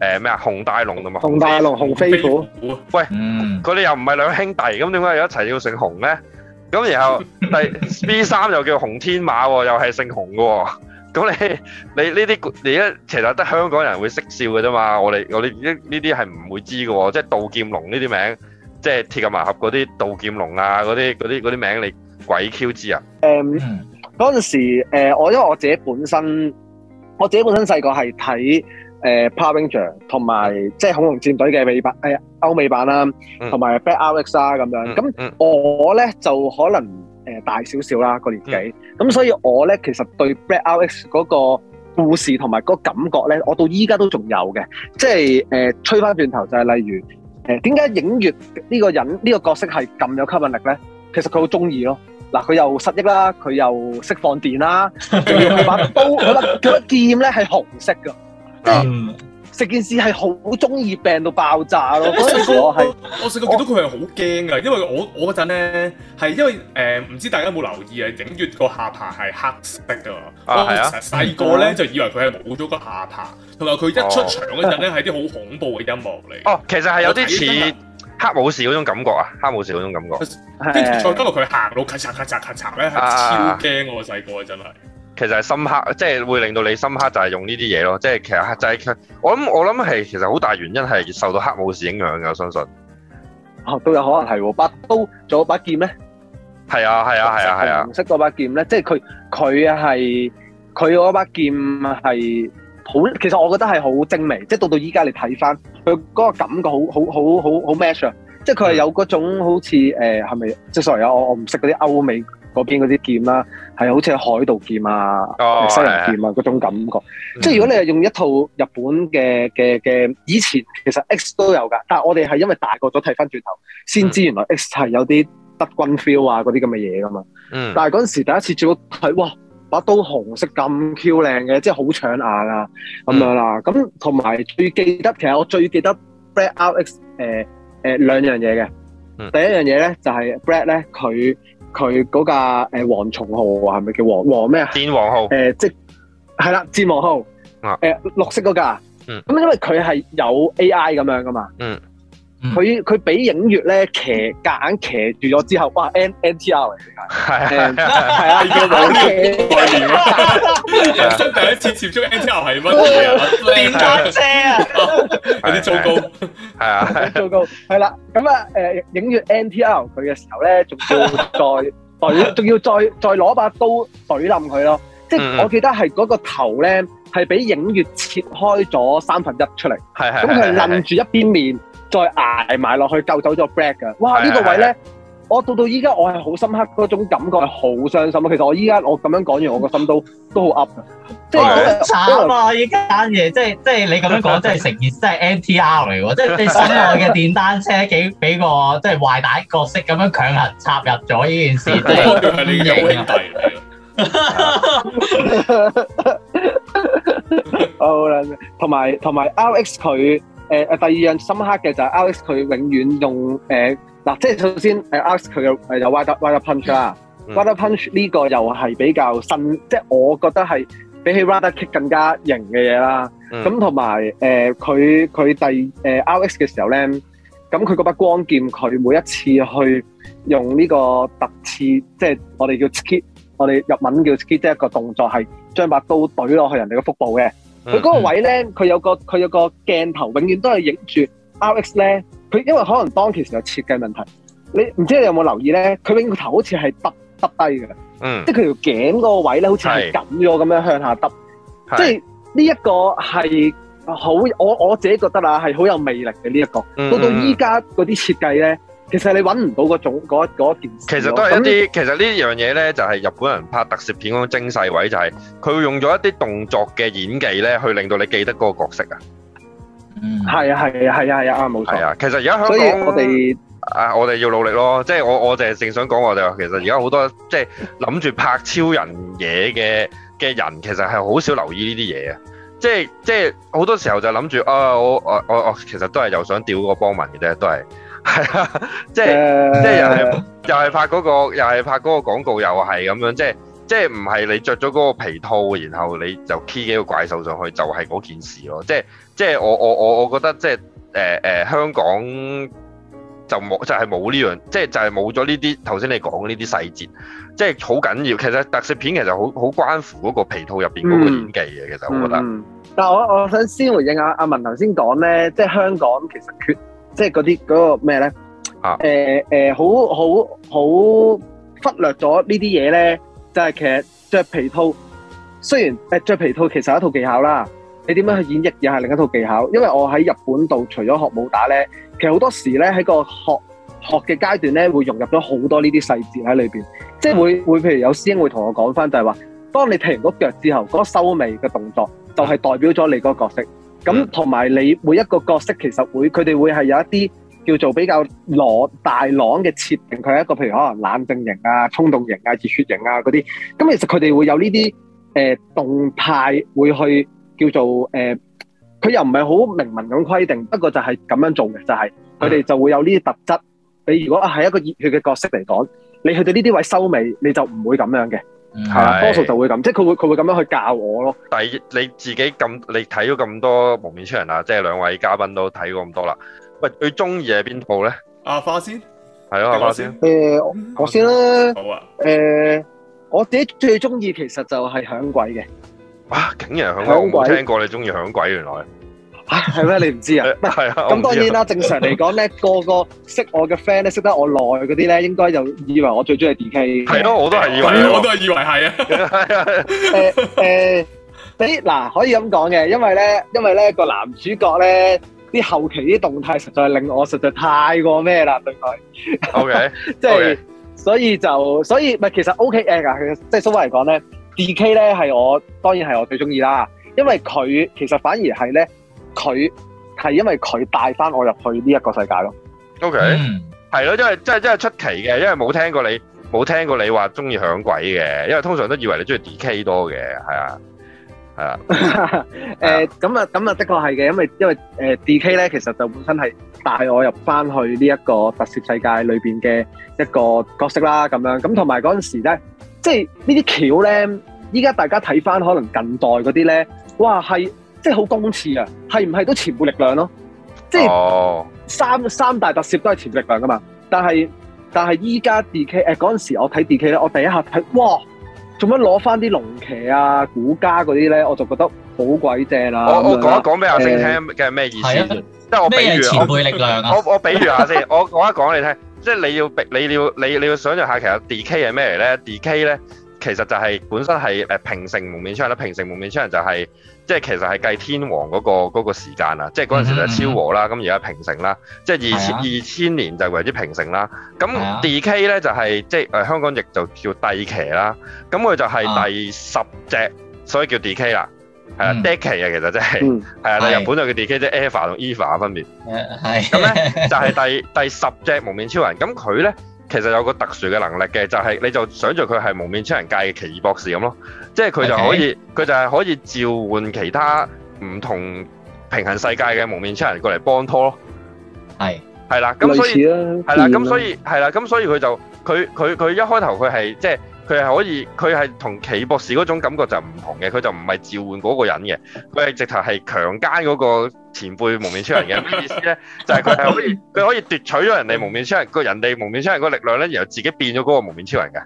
誒咩啊？洪大龍同埋洪大龍、洪飛虎。喂，佢哋又唔係兩兄弟，咁點解又一齊叫姓洪咧？咁然後第 V3 又叫洪天馬喎，又係姓洪嘅喎。咁你你呢啲而家其實得香港人會識笑嘅啫嘛。我哋我哋呢呢啲係唔會知嘅喎，即係杜劍龍呢啲名。即係鐵甲麻俠嗰啲杜劍龍啊，嗰啲啲啲名你鬼 Q 知啊？誒、嗯，嗰陣時我、呃、因為我自己本身我自己本身細個係睇誒《Power Rangers》同埋即係《恐龍戰隊》嘅美版誒歐美版啦，同埋、嗯《Black RX、啊》啊咁樣。咁、嗯嗯、我咧就可能誒大少少啦個年紀，咁、嗯嗯、所以我咧其實對《Black RX》嗰個故事同埋嗰感覺咧，我到依家都仲有嘅。即係誒、呃，吹翻轉頭就係例如。誒，點解影月呢個人呢、呢個角色係咁有吸引力咧？其實佢好中意咯，嗱，佢又失憶啦，佢又識放電啦，仲 要佢把刀，佢把， 佢把劍咧係紅色噶，即係。食件事係好中二病到爆炸咯，那個！ 我細個係，我細個見到佢係好驚㗎，因為我我嗰陣咧係因為誒唔、呃、知大家有冇留意啊，影月個下巴係黑色㗎，我細個咧就以為佢係冇咗個下巴，同埋佢一出場嗰陣咧係啲好恐怖嘅音樂嚟。哦、啊，其實係有啲似黑武士嗰種感覺啊，黑武士嗰種感覺。跟住再嗰落佢行路咔嚓咔嚓咔嚓咧，超驚我細個真係。其實係深刻，即係會令到你深刻，就係用呢啲嘢咯。即係其實黑仔，我諗我諗係其實好大原因係受到黑武士影響噶。我相信哦，都有可能係。把刀做咗把劍咧，係啊係啊係啊係啊！啊啊唔識嗰把劍咧，即係佢佢係佢嗰把劍係好，其實我覺得係好精微。即係到到依家你睇翻，佢嗰個感覺好好好好好 match 啊！即係佢係有嗰種好似誒係咪？即係所以我我唔識嗰啲歐美嗰邊嗰啲劍啦。係啊，好似《海盜劍》啊，《西遊記》啊嗰種感覺。即係如果你係用一套日本嘅嘅嘅，以前其實 X 都有噶，但係我哋係因為大個咗睇翻轉頭，先知原來 X 係有啲德軍 feel 啊嗰啲咁嘅嘢噶嘛。嗯。但係嗰陣時第一次照睇，哇！把刀紅色咁 Q 靚嘅，即係好搶眼啊咁樣啦。咁同埋最記得，其實我最記得 Black 同 RX 誒誒兩樣嘢嘅。第一樣嘢咧就係 Black 咧佢。佢嗰架誒黃蟲號係咪叫黃黃咩、呃、啊？戰蝗號誒，即係啦，戰蝗號誒，綠色嗰架，咁、嗯、因為佢係有 AI 咁樣㗎嘛。嗯。佢佢俾影月咧騎，硬騎住咗之後，哇！N N T R 嚟嘅，係係啊，已經冇驚過年啦！人生第一次接觸 N T R 係乜？電單車啊！有啲糟糕，係啊，糟糕，係啦。咁啊，誒影月 N T R 佢嘅時候咧，仲要再懟，仲要再再攞把刀懟冧佢咯。即係我記得係嗰個頭咧，係俾影月切開咗三分一出嚟，係係。咁佢係楞住一邊面。再捱埋落去救走咗 Black 嘅，哇！呢個位咧，我到到依家我係好深刻嗰種感覺係好傷心咯。其實我依家我咁樣講完，我個心都都 up 嘅，即係好慘啊！依單嘢，即係即係你咁樣講，即係成件即係 NTR 嚟嘅，即係你心愛嘅電單車俾俾個即係壞蛋角色咁樣強行插入咗呢件事，即係陰影。O 啦，同埋同埋 RX 佢誒誒，第二樣深刻嘅就係 RX 佢永遠用誒嗱、呃，即係首先誒 RX 佢有誒有 Rider Rider Punch, Rider punch 啦。Rider punch 呢個又係比較新，即係 我覺得係比起 Rider kick 更加型嘅嘢啦。咁同埋誒佢佢第誒 RX 嘅時候咧，咁佢嗰把光劍佢每一次去用呢個特刺，即係我哋叫 skip 我哋日文叫 skip 即係一個動作係將把刀懟落去人哋嘅腹部嘅。佢嗰個位咧，佢有個佢有個鏡頭，永遠都係影住 RX 咧。佢因為可能當其時有設計問題，你唔知你有冇留意咧？佢個頭好似係耷耷低嘅，低低嗯，即係佢條頸嗰個位咧，好似係緊咗咁是樣向下耷。是即係呢一個係好，我我自己覺得啦，係好有魅力嘅呢一個。到到依家嗰啲設計咧。嗯嗯其實你搵唔到嗰種嗰一件事，其實都係一啲，那其實呢樣嘢咧就係、是、日本人拍特攝片嗰種精細位、就是，就係佢用咗一啲動作嘅演技咧，去令到你記得嗰個角色、嗯、啊。嗯，係啊，係啊，係啊，係啊，冇錯。啊，其實而家香港我哋啊，我哋要努力咯。即係我我淨係正想講我哋話，其實而家好多即係諗住拍超人嘢嘅嘅人，其實係好少留意呢啲嘢啊。即係即係好多時候就諗住啊，我我我我其實都係又想屌嗰個幫文嘅啫，都係。係啊， 即係是、uh, 即係又係、uh, 又係拍嗰、那個又係拍個廣告又係咁樣，即係即係唔係你着咗嗰個皮套，然後你就 key 一個怪獸上去，就係、是、嗰件事咯。即係即係我我我我覺得即係誒誒香港就冇就係冇呢樣，即係就係冇咗呢啲頭先你講呢啲細節，即係好緊要。其實特攝片其實好好關乎嗰個皮套入邊嗰個演技嘅，um, 其實我覺得、um, 嗯。但係我我想先回應下阿阿文頭先講咧，即係香港其實缺。即係嗰啲嗰個咩咧？誒、呃、誒，好好好忽略咗呢啲嘢咧，就係、是、其實着皮套雖然誒著皮套其實係一套技巧啦。你點樣去演繹又係另一套技巧。因為我喺日本度，除咗學武打咧，其實好多時咧喺個學學嘅階段咧，會融入咗好多呢啲細節喺裏邊。即係會會譬如有師兄會同我講返，就係話，當你踢完個腳之後，嗰、那個、收尾嘅動作就係代表咗你嗰個角色。咁同埋你每一個角色其實會佢哋會係有一啲叫做比較攞大攔嘅設定，佢係一個譬如可能冷靜型啊、衝動型啊、熱血型啊嗰啲。咁其實佢哋會有呢啲誒動態會去叫做誒，佢又唔係好明文咁規定，不過就係咁樣做嘅，就係佢哋就會有呢啲特質。你如果啊係一個熱血嘅角色嚟講，你去到呢啲位收尾你就唔會咁樣嘅。係、嗯、是多數就會咁，即係佢會佢會咁樣去教我咯。但你自己咁，你睇咗咁多幪面超人啦，即係兩位嘉賓都睇過咁多啦。喂，最中意係邊套咧？阿花先係咯，阿花先。誒、呃，我先啦。嗯、好啊。誒、呃，我自己最中意其實就係響鬼嘅。啊，竟然響鬼，響鬼我冇聽過你中意響鬼，原來。係咩？你唔知啊？唔係啊！咁當然啦，正常嚟講咧，個個識我嘅 friend 咧，識得我耐嗰啲咧，應該就以為我最中意 D K。係咯，我都係以為，我都係以為係啊！誒誒，你嗱可以咁講嘅，因為咧，因為咧個男主角咧，啲後期啲動態實在令我實在太過咩啦對佢。O K，即係所以就所以唔係其實 O K act 啊，其實即係收尾嚟講咧，D K 咧係我當然係我最中意啦，因為佢其實反而係咧。佢係因為佢帶翻我入去呢一個世界咯。O K，係咯，因為真係真係出奇嘅，因為冇聽過你冇聽過你話中意響鬼嘅，因為通常都以為你中意 D K 多嘅，係啊，係啊。誒，咁啊，咁啊、 呃，的確係嘅，因為因為、呃、誒 D K 咧，其實就本身係帶我入翻去呢一個特攝世界裏邊嘅一個角色啦，咁樣咁同埋嗰陣時咧，即係呢啲橋咧，依家大家睇翻可能近代嗰啲咧，哇係。即係好公廁啊，係唔係都前輩力量咯？即係三、oh. 三大特色都係前輩力量噶嘛？但係但係依家 D K 誒嗰陣時，我睇 D K 咧，我第一下睇哇，做乜攞翻啲龍騎啊、古家嗰啲咧，我就覺得好鬼正啦！我說說我講一講咩啊？阿星聽嘅係咩意思？即係、啊啊、我，我，我比如我我我比如下先，我講一講你聽，即係 你要你要，你要，你，要你要想像一下其實 D K 係咩咧？D K 咧。其實就係本身係誒平成蒙面超人啦，平成蒙面超人就係即係其實係計天皇嗰、嗰個嗰、嗰個時間啊，即係嗰陣時就係昭和啦，咁而家平成啦，即係二千二千年就為之平成啦。咁 D.K 咧就係即係香港亦就叫帝騎啦，咁佢就係第十隻，所以叫 D.K 啦，係啊，帝騎啊其實真係，係啊，日本就叫 D.K，即係 Eva 同 Eva 分別。誒、嗯，咁咧、啊啊 嗯、就係、是、第第十隻蒙面超人，咁佢咧。其實有個特殊嘅能力嘅，就係、是、你就想像佢係幪面超人界嘅奇異博士咁咯，即係佢就可以，佢 Okay. 就係可以召喚其他唔同平行世界嘅幪面超人過嚟幫拖咯。係係啦，咁、啊、 所以係啦，咁的所以係啦，咁來所以佢就佢佢佢一開頭佢係即係。就是佢係可以，佢係同奇博士嗰種感覺就唔同嘅，佢就唔係召喚嗰個人嘅，佢係直頭係強姦嗰個前輩幪面超人嘅。咩意思咧？就係佢係可以，佢可以奪取咗人哋幪面超人，個人哋幪面超人個力量咧，然後自己變咗嗰個幪面超人嘅。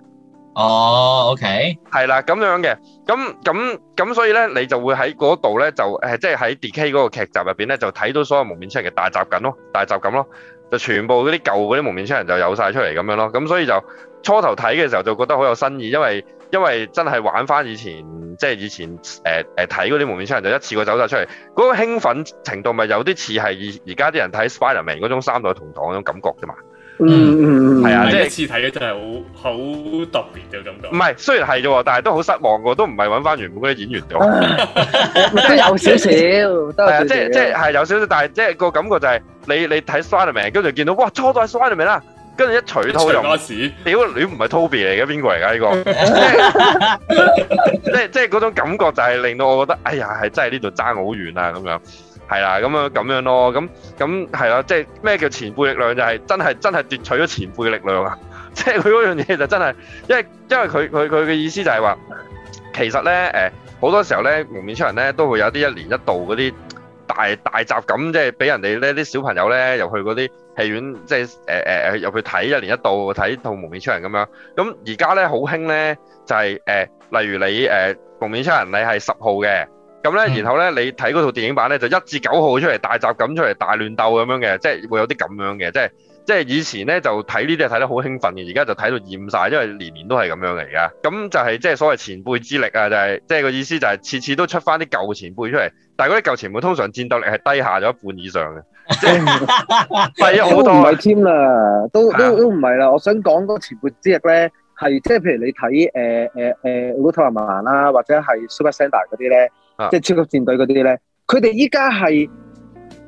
哦，OK，係啦，咁樣嘅，咁咁咁，所以咧，你就會喺嗰度咧，就誒，即係喺 Decade 嗰個劇集入邊咧，就睇到所有幪面超人嘅大集緊咯，大集緊咯。就全部嗰啲舊嗰啲幪面超人就有曬出嚟咁樣咯，咁所以就初頭睇嘅時候就覺得好有新意，因為因為真係玩返以前即係、就是、以前誒誒睇嗰啲幪面超人就一次過走曬出嚟，嗰、那個興奮程度咪有啲似係而而家啲人睇 Spiderman 嗰種三代同堂嗰種感覺啫嘛。嗯嗯嗯，係啊，即係是一次睇嘅真係好好特別嘅感覺。唔係，雖然係啫，但係都好失望嘅，都唔係揾翻原本嗰啲演員都 有少 有少，係啊，即即係有少少，但係即係個感覺就係你你睇 Shawny 跟住見到哇，初代 Shawny 啦，跟住一除套又屌，你唔係 Toby 嚟嘅，邊個嚟㗎呢個？即即係嗰種感覺就係令到我覺得，哎呀，係真係呢度爭好遠啊咁樣。係啦，咁樣咁樣咯，咁咁係啦，即係咩叫前輩力量？就係、是、真係真係奪取咗前輩嘅力量啊！ 即係佢嗰樣嘢就真係，因為因為佢佢佢嘅意思就係話，其實咧誒好多時候咧，幪面超人咧都會有啲一,一年一度嗰啲大大集咁，即係俾人哋咧啲小朋友咧入去嗰啲戲院，即係誒誒入去睇一年一度睇套幪面超人咁樣。咁而家咧好興咧就係、是、誒、呃，例如你誒、呃、幪面超人你係十號嘅。咁咧，然後咧，你睇嗰套電影版咧、like，就一至九號出嚟，大集錦出嚟，大亂鬥咁樣嘅，即係會有啲咁樣嘅，即係即係以前咧就睇呢啲係睇得好興奮嘅，而家就睇到厭晒，因為年年都係咁樣嚟㗎。咁、嗯、就係、是、即係所謂前輩之力啊，就係、是、即係個意思就係、是、次次都出翻啲舊前輩出嚟，但係嗰啲舊前輩通常戰鬥力係低下咗一半以上嘅，低咗好多。唔係添啦，都都都唔係啦。我想講嗰前輩之力咧，係即係譬如你睇誒誒誒古特蘭曼啦，呃嗯、or, 或者係 Super Sentai 嗰啲咧。即係超級戰隊嗰啲咧，佢哋依家係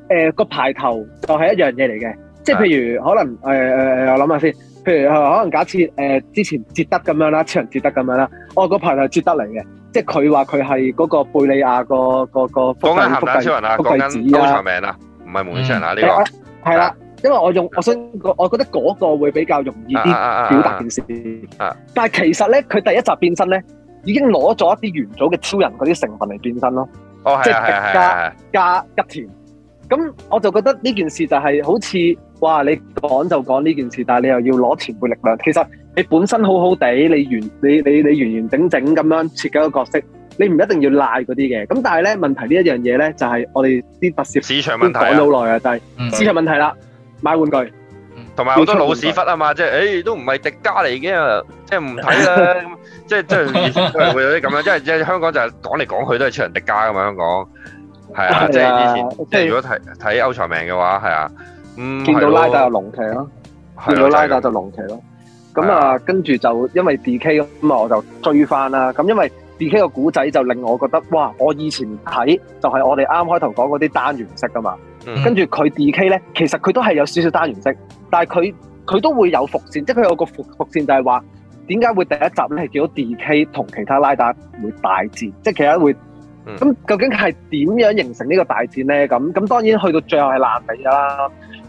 誒個排頭就係一樣嘢嚟嘅，即係譬如可能誒誒我諗下先，譬如可能假設誒之前捷德咁樣啦，超人捷德咁樣啦，哦個排頭捷德嚟嘅，即係佢話佢係嗰個貝利亞個個個講緊黑超人啊，講緊高長命啊，唔係幪面超人啊呢個係啦，因為我用我想我覺得嗰個會比較容易啲表達件事，但係其實咧佢第一集變身咧。已經攞咗一啲元祖嘅超人嗰啲成分嚟變身咯，即係加加吉田。咁我就覺得呢件事就係好似哇，你講就講呢件事，但係你又要攞前輩力量。其實你本身好好地，你完你你你完完整整咁樣設計個角色，你唔一定要賴嗰啲嘅。咁但係咧問題呢一樣嘢咧，就係我哋啲特攝市場問題講咗好耐啊，但係市場問題啦，買玩具。同埋好多老屎忽啊嘛，即、就、係、是，誒、欸，都唔係迪加嚟嘅，即係唔睇啦，即係即係會有啲咁樣，因係即係香港就係講嚟講去都係超人迪加咁香港係 啊，啊即係以前，即係 okay, 如果睇睇歐長命嘅話，係啊、嗯，咁見到拉打就龍騎咯，啊、見到拉打就龍騎咯，咁啊,啊，跟住就因為 D K 咁啊，我就追翻啦，咁因為 D K 個古仔就令我覺得，哇，我以前睇就係我哋啱開頭講嗰啲單元式噶嘛。嗯、跟住佢 D.K. 咧，其實佢都係有少少單元式，但係佢佢都會有伏線，即係佢有個伏伏線就係話點解會第一集咧見到 D.K. 同其他拉打會大戰，即係其他會咁、嗯、究竟係點樣形成呢個大戰咧？咁咁當然去到最後係爛尾啦。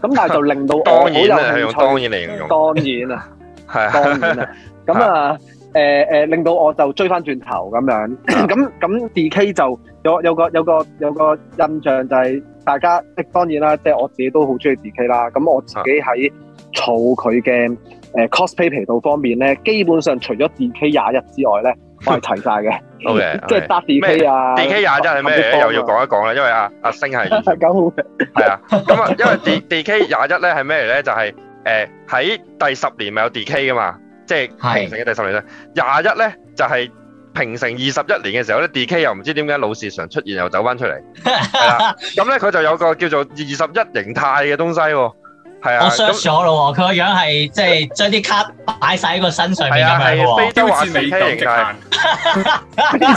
咁但係就令到我當然咧當然嚟形容，當然, 當然啊，係當然啊。咁啊誒誒令到我就追翻轉頭咁樣，咁咁 D.K. 就有有個有個,有個,有,個,有,個有個印象就係、是。大家即當然啦，即我自己都好中意 D K 啦、啊。咁、啊、我自己喺儲佢嘅誒 cosplay 皮套方面咧，基本上除咗 D K 廿一之外咧， 我係齊晒嘅。O K，即係搭 D K 啊，D K 廿一係咩又要講一講咧，因為阿阿星係咁好嘅，係啊，咁啊， 啊，因為 D D K 廿一咧係咩嚟咧？就係誒喺第十年咪有 D K 噶嘛，即係平成嘅第十年咧，廿一咧就係、是。平成二十一年嘅時候，呢 D.K. 又唔知點解老是常出現又走翻出嚟，咁咧佢就有個叫做二十一形態嘅東西，啊，啊我傷咗咯，佢個那 樣係即係將啲卡擺晒喺個身上面 啊，樣喎，飛雕死咁極限，係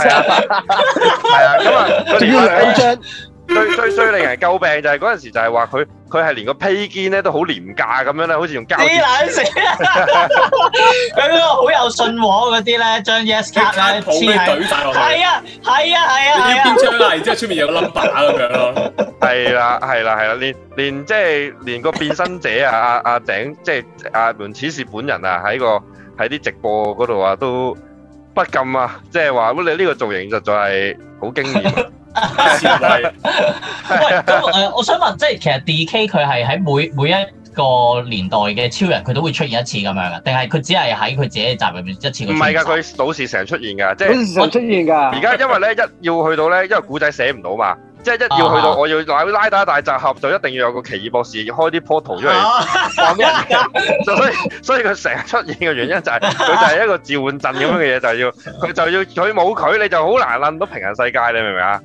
是啊，仲要兩張。最最最令人詬病就係嗰陣時，就係話佢佢係連個披肩咧都好廉價咁樣咧，好似用膠。披爛蛇。係咯，好有信和嗰啲咧，將 yes 卡咧全部懟晒落去。係啊，係啊，係啊。邊張啊？然之後出面有個 number 咁樣咯。係啦，係啦，係啦，連連即係連個變身者啊，阿阿井即係阿門此事本人啊，喺個喺啲直播嗰度啊都。不禁啊，即係話，你呢個造型實在係好驚艷。咁誒，我想問，即係其實 DK 佢係喺每每一個年代嘅超人，佢都會出現一次咁樣嘅，定係佢只係喺佢自己嘅集入面一次？唔係㗎，佢老是成日出現㗎，即係經常出現㗎。而家因為咧一要去到咧，因為古仔寫唔到嘛。即係一要去到，我要拉打大集合，oh. 就一定要有個奇異博士要開啲 portal 出嚟，玩，oh. 所以所以佢成日出現嘅原因就係、是、佢、oh. 就係一個召喚陣咁樣嘅嘢，就是、要佢就要佢冇佢，你就好難諗到平行世界，你明唔明啊？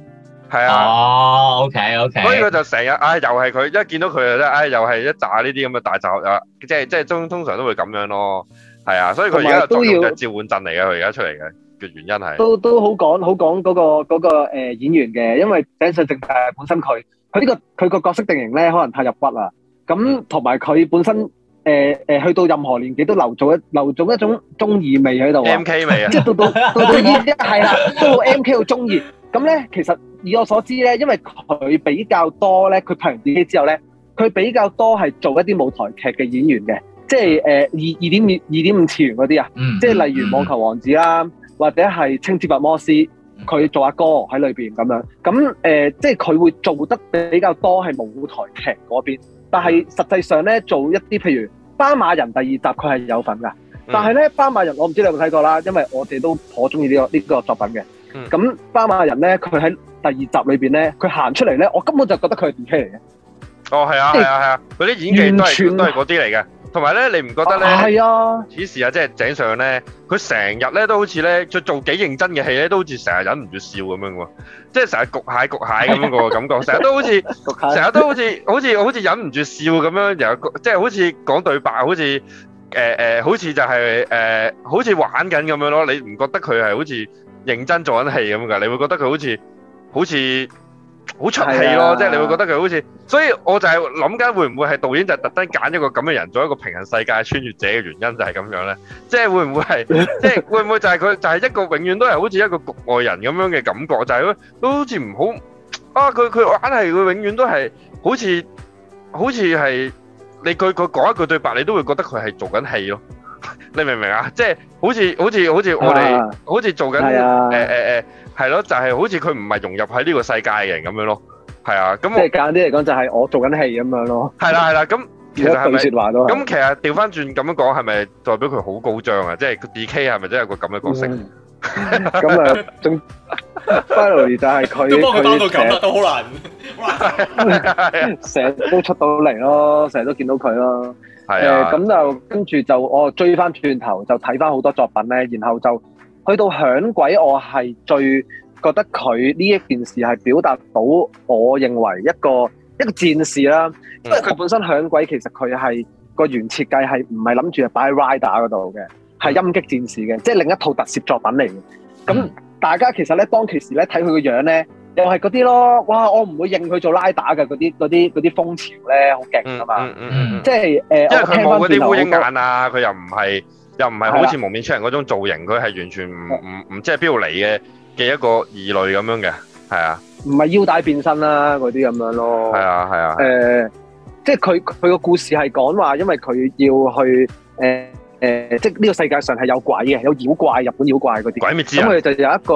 係啊。哦，OK OK。所以佢就成日唉，又係佢一見到佢啊，唉、哎，又係一紮呢啲咁嘅大集合，即係即係通常都會咁樣咯。係啊，所以佢而家就作用就召喚陣嚟嘅，佢而家出嚟嘅。嘅原因係都都好講好講嗰，那個嗰，那個演員嘅，因為井上正大誒本身佢佢呢個佢個角色定型咧，可能太入骨啦。咁同埋佢本身誒誒、呃、去到任何年紀都留做一留做一種中意味喺度啊！M K 味啊，即係到到到、 啊、到二係都好 M K 到中二。咁咧。其實以我所知咧，因為佢比較多咧，佢拍完電視之後咧，佢比較多係做一啲舞台劇嘅演員嘅，即係誒二二點二二點五次元嗰啲啊，即係 例如網球王子啦。啊或者係清潔白摩斯，佢做阿哥喺裏邊咁樣。咁誒、呃，即係佢會做得比較多係舞台劇嗰邊。但係實際上咧，做一啲譬如《斑馬人》第二集，佢係有份㗎。但係咧，嗯，《斑馬人》我唔知你有冇睇過啦，因為我哋都頗中意呢個呢、呢個作品嘅。咁、嗯，《斑馬人》呢咧，佢喺第二集裏邊咧，佢行出嚟咧，我根本就覺得佢係電 K 嚟嘅。哦，係啊，係啊，係啊，佢啲、啊啊、完全 演技都係都係嗰啲嚟嘅。同埋咧，你唔覺得咧？係、哦、啊！此事啊，即係井上咧，佢成日咧都好似咧，佢做幾認真嘅戲咧，都好似成日忍唔住笑咁樣喎。即係成日焗蟹焗蟹咁個感覺，成日 都好似，成日 都好似，好似好似忍唔住笑咁樣，又即係好似講對白，好似誒誒，好似就係、是、誒、呃，好似玩緊咁樣咯。你唔覺得佢係好似認真做緊戲咁㗎？你會覺得佢好似好似？好出戲咯，即係你會覺得佢好似，所以我就係諗緊會唔會係導演就特登揀一個咁嘅人做一個平行世界嘅穿越者嘅原因就係咁樣咧，即係會唔會係，即係會唔會就係佢就係一個永遠都係好似一個局外人咁樣嘅感覺，就係咯，都好似唔好啊佢佢硬係佢永遠都係好似好似係你佢佢講一句對白你都會覺得佢係做緊戲咯，你明唔明啊？即係好似好似好似我哋好似做緊誒誒誒。係咯，就係好似佢唔係融入喺呢個世界嘅人咁樣咯，係啊，咁即係簡啲嚟講就係我做緊戲咁樣咯。係啦係啦，咁其實說話囉。咁其實調翻轉咁樣講，係咪代表佢好高張啊？即係 DK 係咪真係個咁嘅角色？咁啊，仲 finally 就係佢佢成日都出到嚟咯，成日都見到佢咯。係啊，咁就跟住就我追翻轉頭就睇翻好多作品咧，然後就。去到響鬼，我係最覺得佢呢一件事係表達到，我認為一個一個戰士啦。因為佢本身響鬼，其實佢係個原設計係唔係諗住係擺喺 Rider 嗰度嘅，係音擊戰士嘅，即係另一套特攝作品嚟嘅。咁大家其實咧，當其時咧睇佢個樣咧，又係嗰啲咯。哇！我唔會認佢做拉打嘅嗰啲嗰啲嗰啲風潮咧，好勁啊嘛！即係誒，因為佢冇嗰啲烏蠅眼啊，佢又唔係。又唔係好似幪面超人嗰種造型，佢係、啊、完全唔唔唔知係邊度嚟嘅嘅一個異類咁樣嘅，係啊，唔係腰帶變身啦、啊，嗰啲咁樣咯，係啊係啊，誒、啊呃，即係佢佢個故事係講話，因為佢要去誒誒、呃，即係呢個世界上係有鬼嘅，有妖怪，日本妖怪嗰啲鬼滅之，咁佢就有一個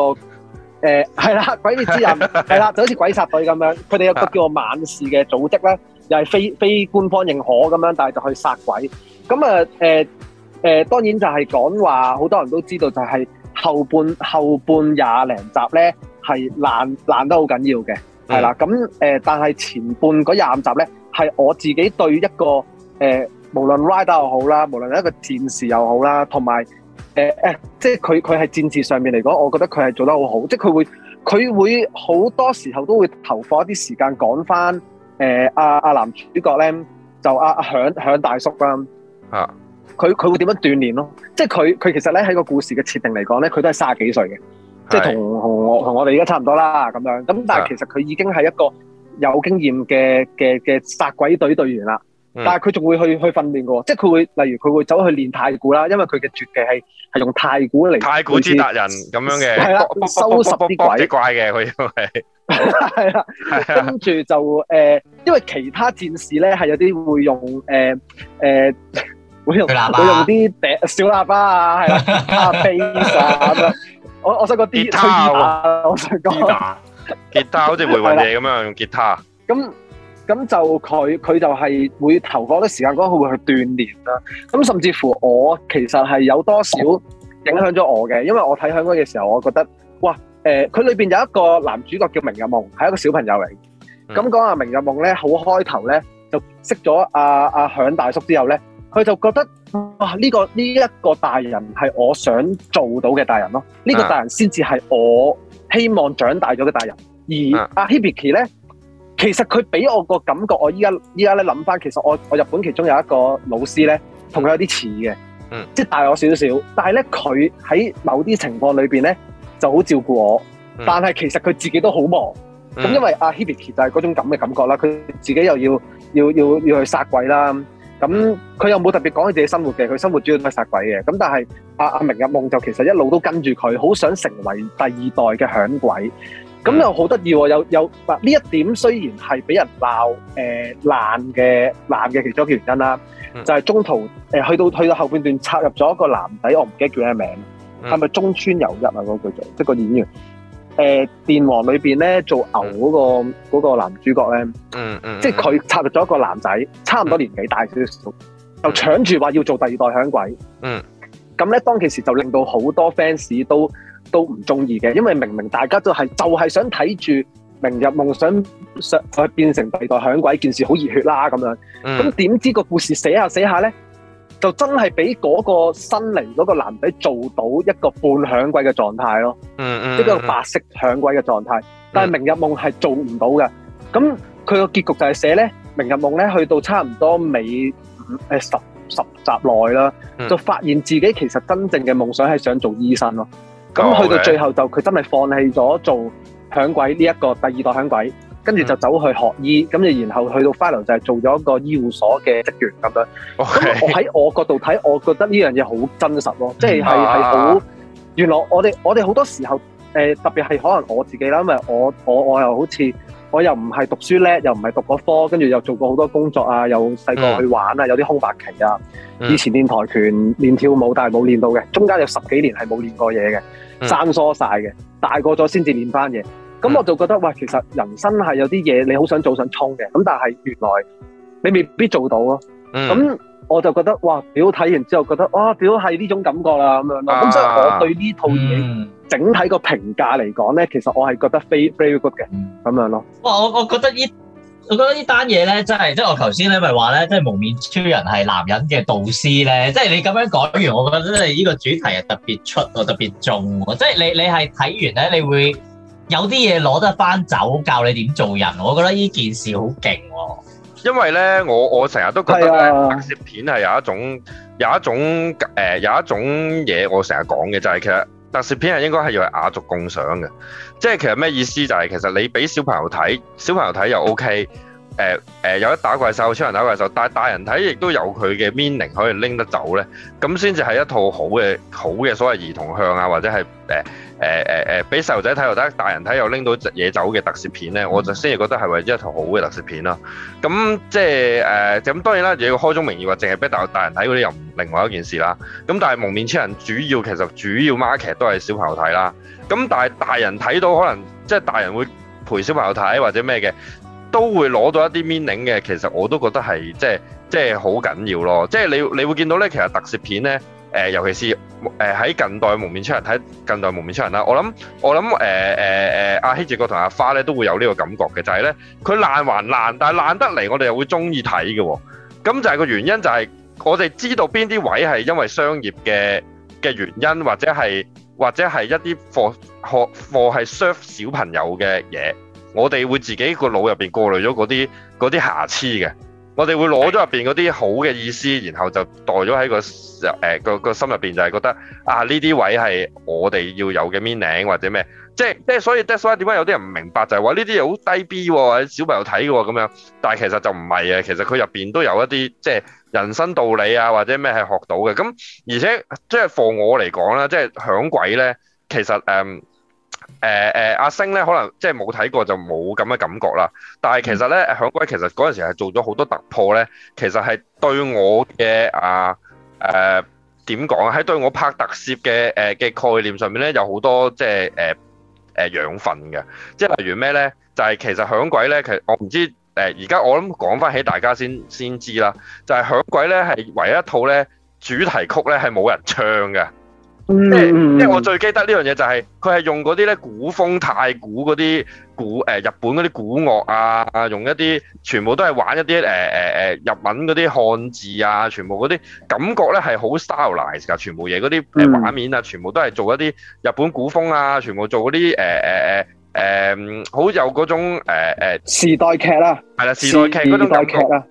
誒係啦，鬼滅之刃係啦，就好似鬼殺隊咁樣，佢哋有個叫做猛士嘅組織咧，又係非非，非官方認可咁樣，但係就去殺鬼，咁啊誒。呃呃呃誒、呃、當然就係講話，好多人都知道，就係後半後半廿零集呢係爛爛得好緊要嘅，係啦。咁誒，但係前半嗰廿五集呢，係、嗯呃、我自己對一個誒、呃，無論 rider 又好啦，無論一個戰士又好啦，同埋誒即係佢佢係戰士上面嚟講，我覺得佢係做得好好，即係佢會佢會好多時候都會投放一啲時間講翻誒阿阿男主角呢，就阿、啊、阿響響大叔啊。啊佢佢會點樣鍛鍊咯？即係佢佢其實咧喺個故事嘅設定嚟講咧，佢都係卅幾歲嘅，即係同同我同我哋而家差唔多啦咁樣。咁但係其實佢已經係一個有經驗嘅嘅嘅殺鬼隊隊員啦。但係佢仲會去去訓練嘅，即係佢會例如佢會走去練太鼓啦，因為佢嘅絕技係係用太鼓嚟太鼓之達人咁樣嘅，收拾啲鬼怪嘅佢係，係啦。跟住就誒，因為其他戰士咧係有啲會用誒誒。我用我、啊、用啲笛小喇叭啊，係啦，阿貝薩，我我想個 d 吉他，我想講吉他，吉他好似回魂夜咁樣，啦用吉他。咁咁就佢佢就係會投放啲時間嗰個，會去鍛煉啦。咁甚至乎我其實係有多少影響咗我嘅，因為我睇《響鬼》嘅時候，我覺得哇，誒、呃，佢裏邊有一個男主角叫明日夢，係一個小朋友嚟。咁講下明日夢咧，好開頭咧就識咗阿阿響大叔之後咧。佢就覺得，哇！呢個呢一個大人係我想做到嘅大人咯，呢個大人先至係我希望長大咗嘅大人。而阿 Hibiki 咧，其實佢俾我個感覺，我依家依家咧諗翻，其實我我日本其中有一個老師咧，同佢有啲似嘅，即係大我少少，但係咧佢喺某啲情況裏邊咧就好照顧我，但係其實佢自己都好忙。咁因為阿 Hibiki 就係嗰種咁嘅感覺啦，佢自己又要要要要去殺鬼啦。咁佢又冇特別講佢自己生活嘅，佢生活主要都係殺鬼嘅。咁但係阿阿明阿夢就其實一路都跟住佢，好想成為第二代嘅響鬼。咁又好得意喎，有有，呢一點雖然係俾人鬧誒爛嘅爛嘅其中一個原因啦，就係中途誒去到去到後半段插入咗一個男仔，我唔記得叫咩名，係咪中村優一啊嗰個叫做即個演員？誒、呃，電王裏邊咧做牛嗰、那個、mm. 個男主角咧，嗯嗯，即係佢插入咗一個男仔，差唔多年紀大少少，mm. 就搶住話要做第二代響鬼，嗯、mm.，咁咧當其時就令到好多 fans 都都唔中意嘅，因為明明大家都係就係、是、想睇住明日夢想想變成第二代響鬼件事好熱血啦咁樣，咁點、mm. 知個故事寫下寫下咧？就真係俾嗰個新嚟嗰個男仔做到一個半響鬼嘅狀態咯，mm hmm. 一個白色響鬼嘅狀態。但係《明日夢》係做唔到嘅。咁佢個結局就係寫咧，《明日夢》咧去到差唔多尾誒十十集內啦，mm hmm. 就發現自己其實真正嘅夢想係想做醫生咯。咁去到最後就佢 Okay. 真係放棄咗做響鬼呢一、這個第二代響鬼。跟住就走去學醫，咁就、嗯、然後去到翻嚟就係做咗個醫護所嘅職員咁樣。Okay. 我喺我角度睇，我覺得呢樣嘢好真實咯，即係係好。原來我哋我哋好多時候，誒、呃、特別係可能我自己啦，因為我我我又好似我又唔係讀書叻，又唔係讀過科，跟住又做過好多工作啊，又細個去玩啊，嗯、有啲空白期啊。嗯、以前練跆拳、練跳舞，但係冇練到嘅，中間有十幾年係冇練過嘢嘅，生疏晒嘅。大個咗先至練翻嘢。咁我就覺得哇，其實人生係有啲嘢你好想做想衝嘅，咁但係原來你未必做到咯。咁、嗯、我就覺得哇，屌睇完之後覺得哇，屌係呢種感覺啦咁樣咯。咁、啊、所以我對呢套嘢、嗯、整體個評價嚟講咧，其實我係覺得非 very good 嘅咁樣咯。哇，我覺我覺得呢我覺得呢單嘢咧，真係即係我頭先咧咪話咧，即係幪面超人係男人嘅導師咧，即係你咁樣講完，我覺得你呢個主題係特別出，特別重，即係你你係睇完咧，你會。有啲嘢攞得翻走，教你點做人，我覺得呢件事好勁喎。因為呢，我我成日都覺得呢，特攝、啊、片係有一種有一種誒、呃、有一種嘢，我成日講嘅就係、是、其實特攝片係應該係要雅俗共賞嘅，即係其實咩意思就係、是、其實你俾小朋友睇，小朋友睇又 OK。誒誒、呃、有一打怪獸，超人打怪獸，但係大人睇亦都有佢嘅 meaning 可以拎得走咧，咁先至係一套好嘅好嘅所謂兒童向啊，或者係誒誒誒誒俾細路仔睇又得，呃呃呃、大人睇又拎到嘢走嘅特攝片咧，我就先至覺得係為一套好嘅特攝片咯、啊。咁即係誒，咁、呃、當然啦，你要開宗明義話淨係俾大大人睇嗰啲又另外一件事啦。咁但係幪面超人主要其實主要 market 都係小朋友睇啦。咁但係大人睇到可能即係、就是、大人會陪小朋友睇或者咩嘅。都會攞到一啲 meaning 嘅，其實我都覺得係即係即係好緊要咯。即係你你會見到咧，其實特攝片咧，誒、呃、尤其是誒喺、呃呃、近代幪面超人睇近代幪面超人啦。我諗我諗誒誒誒，阿、呃呃啊、希治閣同阿、啊、花咧都會有呢個感覺嘅，就係咧佢爛還爛，但係爛得嚟我哋又會中意睇嘅。咁就係、是、個原因就係、是、我哋知道邊啲位係因為商業嘅嘅原因，或者係或者係一啲課學課係 serve 小朋友嘅嘢。我哋會自己個腦入邊過濾咗嗰啲啲瑕疵嘅，我哋會攞咗入邊嗰啲好嘅意思，然後就代咗喺個誒、呃、個個心入邊、啊，就係覺得啊呢啲位係我哋要有嘅 meaning 或者咩，即係即係所以 that's why 點解有啲人唔明白就係話呢啲嘢好低 B 喎，或者小朋友睇嘅喎咁樣，但係其實就唔係啊，其實佢入邊都有一啲即係人生道理啊或者咩係學到嘅，咁而且即係 for 我嚟講啦，即係響鬼咧，其實誒。嗯。誒誒，阿、呃啊、星咧可能即係冇睇過就冇咁嘅感覺啦。但係其實咧，嗯、響鬼其實嗰陣時係做咗好多突破咧。其實係對我嘅啊誒點講啊，喺、啊、對我拍特攝嘅誒嘅概念上面咧，有好多即係誒誒養分嘅。即係例如咩咧，就係、係就係、其實響鬼咧，其實我唔知誒而家我諗講返起大家先先知啦。就係、係、響鬼咧係唯一一套咧主題曲咧係冇人唱嘅。即係，即係我最記得呢樣嘢就係佢係用嗰啲咧，古風太古嗰啲古誒日本嗰啲古樂啊，用一啲全部都係玩一啲誒誒誒日文嗰啲漢字啊，全部嗰啲感覺咧係好 stylize 㗎，全部嘢嗰啲誒畫面啊，全部都係做一啲日本古風啊，全部做嗰啲誒誒誒誒好有嗰種誒誒、呃、時代劇啦，係啦時代劇嗰種劇啊，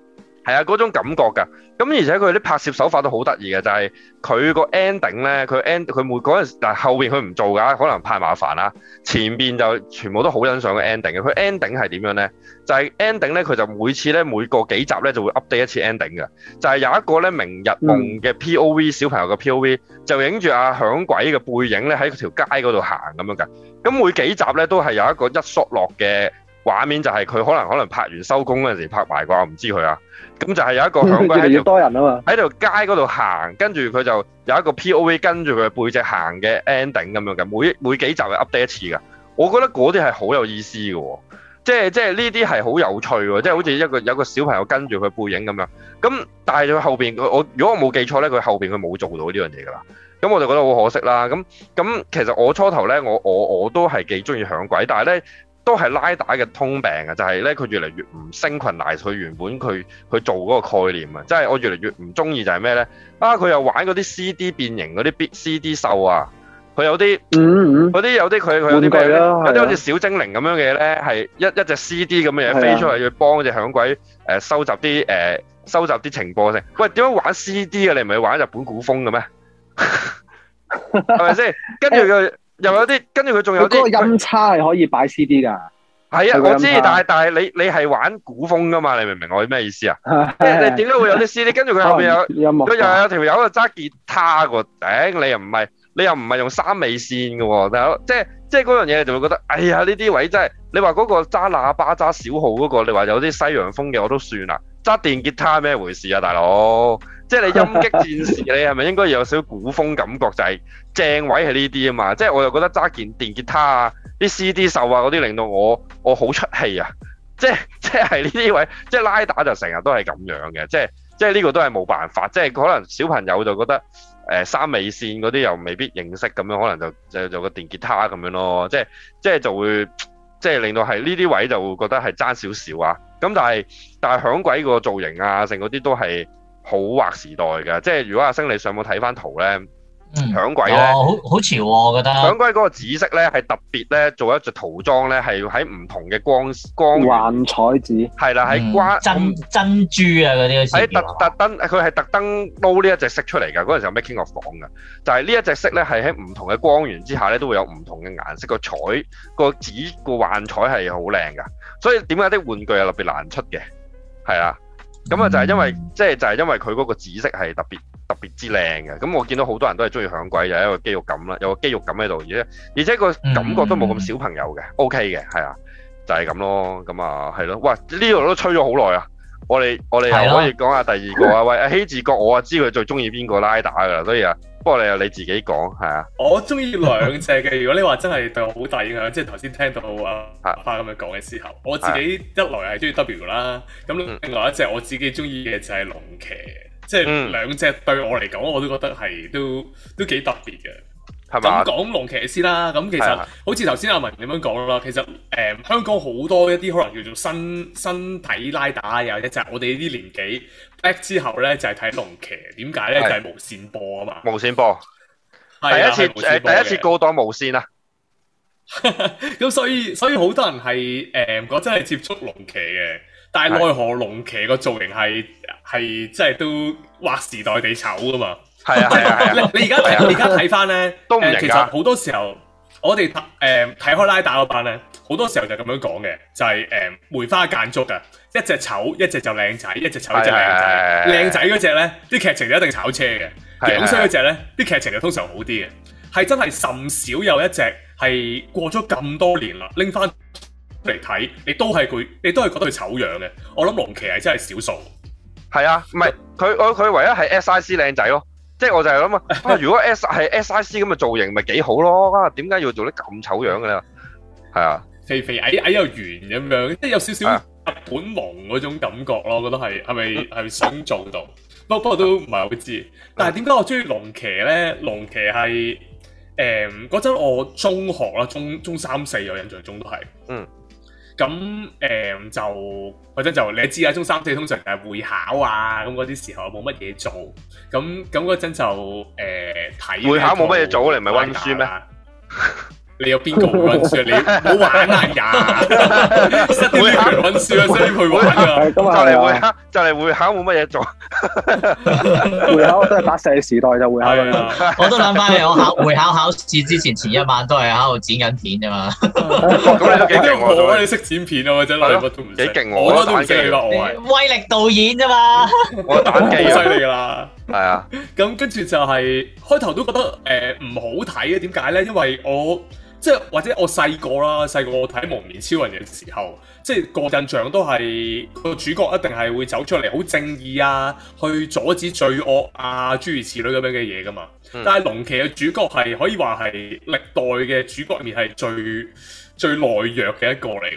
係啊嗰種感覺㗎。咁而且佢啲拍攝手法都好得意嘅，就係佢個 ending 咧，佢 ending 佢每嗰陣嗱後面佢唔做㗎，可能怕麻煩啦。前邊就全部都好欣賞個 ending 嘅，佢 ending 係點樣咧？就係 ending 咧，佢就每次咧每個幾集咧就會 update 一次 ending 嘅，就係有一個咧明日夢嘅 POV，小朋友嘅 POV，就影住阿響鬼嘅背影咧喺條街嗰度行咁樣㗎。咁每幾集咧都係有一個一 shot 落嘅。畫面就係佢可能可能拍完收工嗰陣時拍埋啩，我唔知佢啊。咁就係有一個響鬼 多人喺、啊、嘛？喺條街嗰度行，跟住佢就有一個 P.O.V 跟住佢背脊行嘅 ending 咁樣嘅，每每幾集又 update 一次噶。我覺得嗰啲係好有意思嘅，即係即係呢啲係好有趣嘅，即係好似一個有個小朋友跟住佢背影咁樣。咁但係佢後邊我如果我冇記錯咧，佢後邊佢冇做到呢樣嘢噶啦。咁我就覺得好可惜啦。咁咁其實我初頭咧，我我我都係幾中意響鬼，但係咧。都係拉打嘅通病啊！就係、是、咧，佢越嚟越唔升群，埋佢原本佢去做嗰個概念啊！即、就、係、是、我越嚟越唔中意就係咩咧？啊，佢又玩嗰啲 C D 變形嗰啲 B C D 秀啊！佢有啲嗰啲有啲佢佢有啲佢，嗰啲好似小精靈咁樣嘅嘢咧，係一一隻 C D 咁嘅嘢飛出嚟去、啊、幫隻響鬼誒、呃、收集啲誒、呃、收集啲情報先、呃。喂，點樣玩 C D 啊？你唔係玩日本古風嘅咩？係咪先？跟住佢。又有啲，跟住佢仲有啲。個音叉係可以擺 CD 噶。係啊，我知，但係但係你你係玩古風噶嘛？你明唔明我咩意思啊？即係 你點解會有啲 CD？跟住佢後面有，佢 又有條友揸吉他噶，頂你又唔係，你又唔係用三味線噶，大佬。即係即係嗰樣嘢，就會覺得，哎呀呢啲位真係、就是。你話嗰個揸喇叭、揸小號嗰、那個，你話有啲西洋風嘅我都算啦。揸電吉他咩回事啊，大佬？即係你音擊戰士，你係咪應該有少少古風感覺？就係、是、正位係呢啲啊嘛！即係我又覺得揸件電吉他啊，啲 CD 秀啊嗰啲，令到我我好出氣啊！即係即係呢啲位，即係拉打就成日都係咁樣嘅，即係即係呢個都係冇辦法，即係可能小朋友就覺得誒、呃、三尾線嗰啲又未必認識，咁樣可能就就就做個電吉他咁樣咯，即係即係就會即係令到係呢啲位就會覺得係爭少少啊！咁但係但係響鬼個造型啊，成嗰啲都係。好劃時代嘅，即係如果阿星你上網睇翻圖咧，響、嗯、鬼咧、哦，好好潮啊！我覺得響、啊、鬼嗰個紫色咧係特別咧，做一隻塗裝咧係喺唔同嘅光光源幻彩紫係啦，喺光珍珍珠啊嗰啲，喺、這個、特特登佢係特登撈呢一隻色出嚟嘅，嗰陣時候有咩傾過房嘅？就係呢一隻色咧係喺唔同嘅光源之下咧都會有唔同嘅顏色個彩個紫個幻彩係好靚噶，所以點解啲玩具係特別難出嘅？係啊。咁啊，就係、是、因為，即係就係、是、因為佢嗰個紫色係特別特別之靚嘅。咁我見到好多人都係中意響鬼，就係一個肌肉感啦，有個肌肉感喺度，而且而且個感覺都冇咁小朋友嘅、嗯嗯嗯、 ，OK 嘅，係啊，就係、是、咁咯。咁、嗯、啊，係咯。喂，呢度都吹咗好耐啊。我哋我哋又可以講下第二個啊。的喂，阿希治閣，我啊知佢最中意邊個拉打噶，所以啊。不過你由你自己講，係啊，我中意兩隻嘅。如果你話真係對我好大影響， 即係頭先聽到啊阿花咁樣講嘅時候，我自己一來係中意 W 啦，咁另外一隻我自己中意嘅就係龍騎，即係兩隻對我嚟講，我都覺得係都都幾特別嘅。咁講龍騎先啦，咁其實吧好似頭先阿文點樣講啦，其實誒、嗯、香港好多一啲可能叫做新新睇拉打，又或者就係我哋呢啲年紀 back 之後咧就係、是、睇龍騎，點解咧就係無線播啊嘛，無線播，係、啊、第一次係第一次過檔無線啊，咁 所以所以好多人係誒嗰陣係接觸龍騎嘅，但係奈何龍騎個造型係係是真係都劃時代地醜噶嘛。係啊！ 你而家睇，而家睇翻咧，誒，其實好多時候，我哋誒睇開拉打嗰班咧，好多時候就咁樣講嘅，就係、是、誒、嗯、梅花間竹啊，一隻醜，一隻就靚仔，一隻醜，是啊、一隻靚仔。靚仔嗰隻咧，啲劇情就一定炒車嘅，樣衰嗰隻咧，啲劇情就通常好啲嘅。係真係甚少有一隻係過咗咁多年啦，拎翻嚟睇，你都係佢，你都係覺得佢醜樣嘅。我諗龍騎係真係少數。係啊，唔係佢，佢唯一係 SIC 靚仔咯。即係我就係諗啊，如果 S 係 SIC 咁嘅造型，咪幾好咯？啊、點解要做啲咁醜樣嘅咧？係啊，肥肥矮矮又圓咁樣，即係有少少日本龍嗰種感覺咯。我覺得係係咪係想做到？ 不不過都唔係好知。但係點解我中意龍騎咧？龍騎係誒嗰陣我中學啦，中中三四，我印象中都係嗯。咁誒、嗯、就嗰陣就你知啊，中三四通常係會考啊，咁嗰啲時候冇乜嘢做，咁咁嗰陣就睇，呃、會考冇乜嘢做，你唔係温書咩？了 你有邊個搵書啊？你唔好玩難噶，失掉啲權搵書啊，失掉權搵咁啊，就嚟會考，就嚟會考冇乜嘢做。會考我都係打蛇時代就會考啦。我都諗翻起我考會考考試之前前一晚都係喺度剪緊片啫嘛。咁你都幾好啊？你識剪片啊？或者係乜都唔，幾勁我都唔識你話我係。威力導演啫嘛，我打機犀利噶啦。係啊，咁跟住就係開頭都覺得誒唔好睇啊，點解咧？因為我。即係或者我細個啦，細個睇《幪面超人》嘅時候，即係個印象都係個主角一定係會走出嚟好正義啊，去阻止罪惡啊諸如此類咁樣嘅嘢㗎嘛。但係龍騎嘅主角係可以話係歷代嘅主角入面係最最懦弱嘅一個嚟。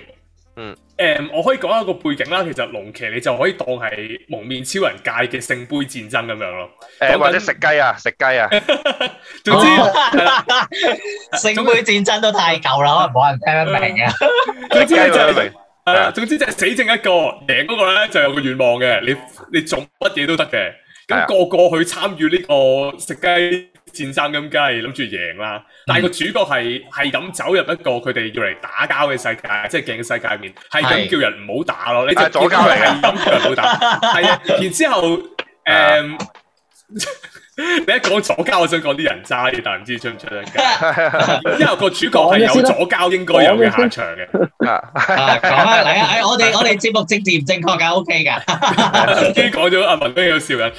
嗯，誒，um, 我可以講一個背景啦。其實龍騎你就可以當係幪面超人界嘅聖杯戰爭咁樣咯。誒、呃，或者食雞啊，食雞啊。 總之聖、哦、 杯戰爭都太舊啦，可能冇人聽得明 、就是、啊。總之就係，總之就係死剩一個贏嗰個咧，就有個願望嘅。你你做乜嘢都得嘅。咁、那個個去參與呢個食雞。 戰爭咁梗係，諗住贏啦。但係個主角係係咁走入一個佢哋要嚟打交嘅世界，即係鏡嘅世界面，係咁叫人唔好打咯。你隻左膠嚟嘅，叫人唔好打。係啊，然之後誒， 嗯、 你一講左膠，我想講啲人渣，但唔知出唔出得街。之後個主角係有左膠應該有嘅下場嘅先。講 啊， 係啊，我哋我哋節目政治唔正確噶，OK 噶。先講咗阿文都有笑人。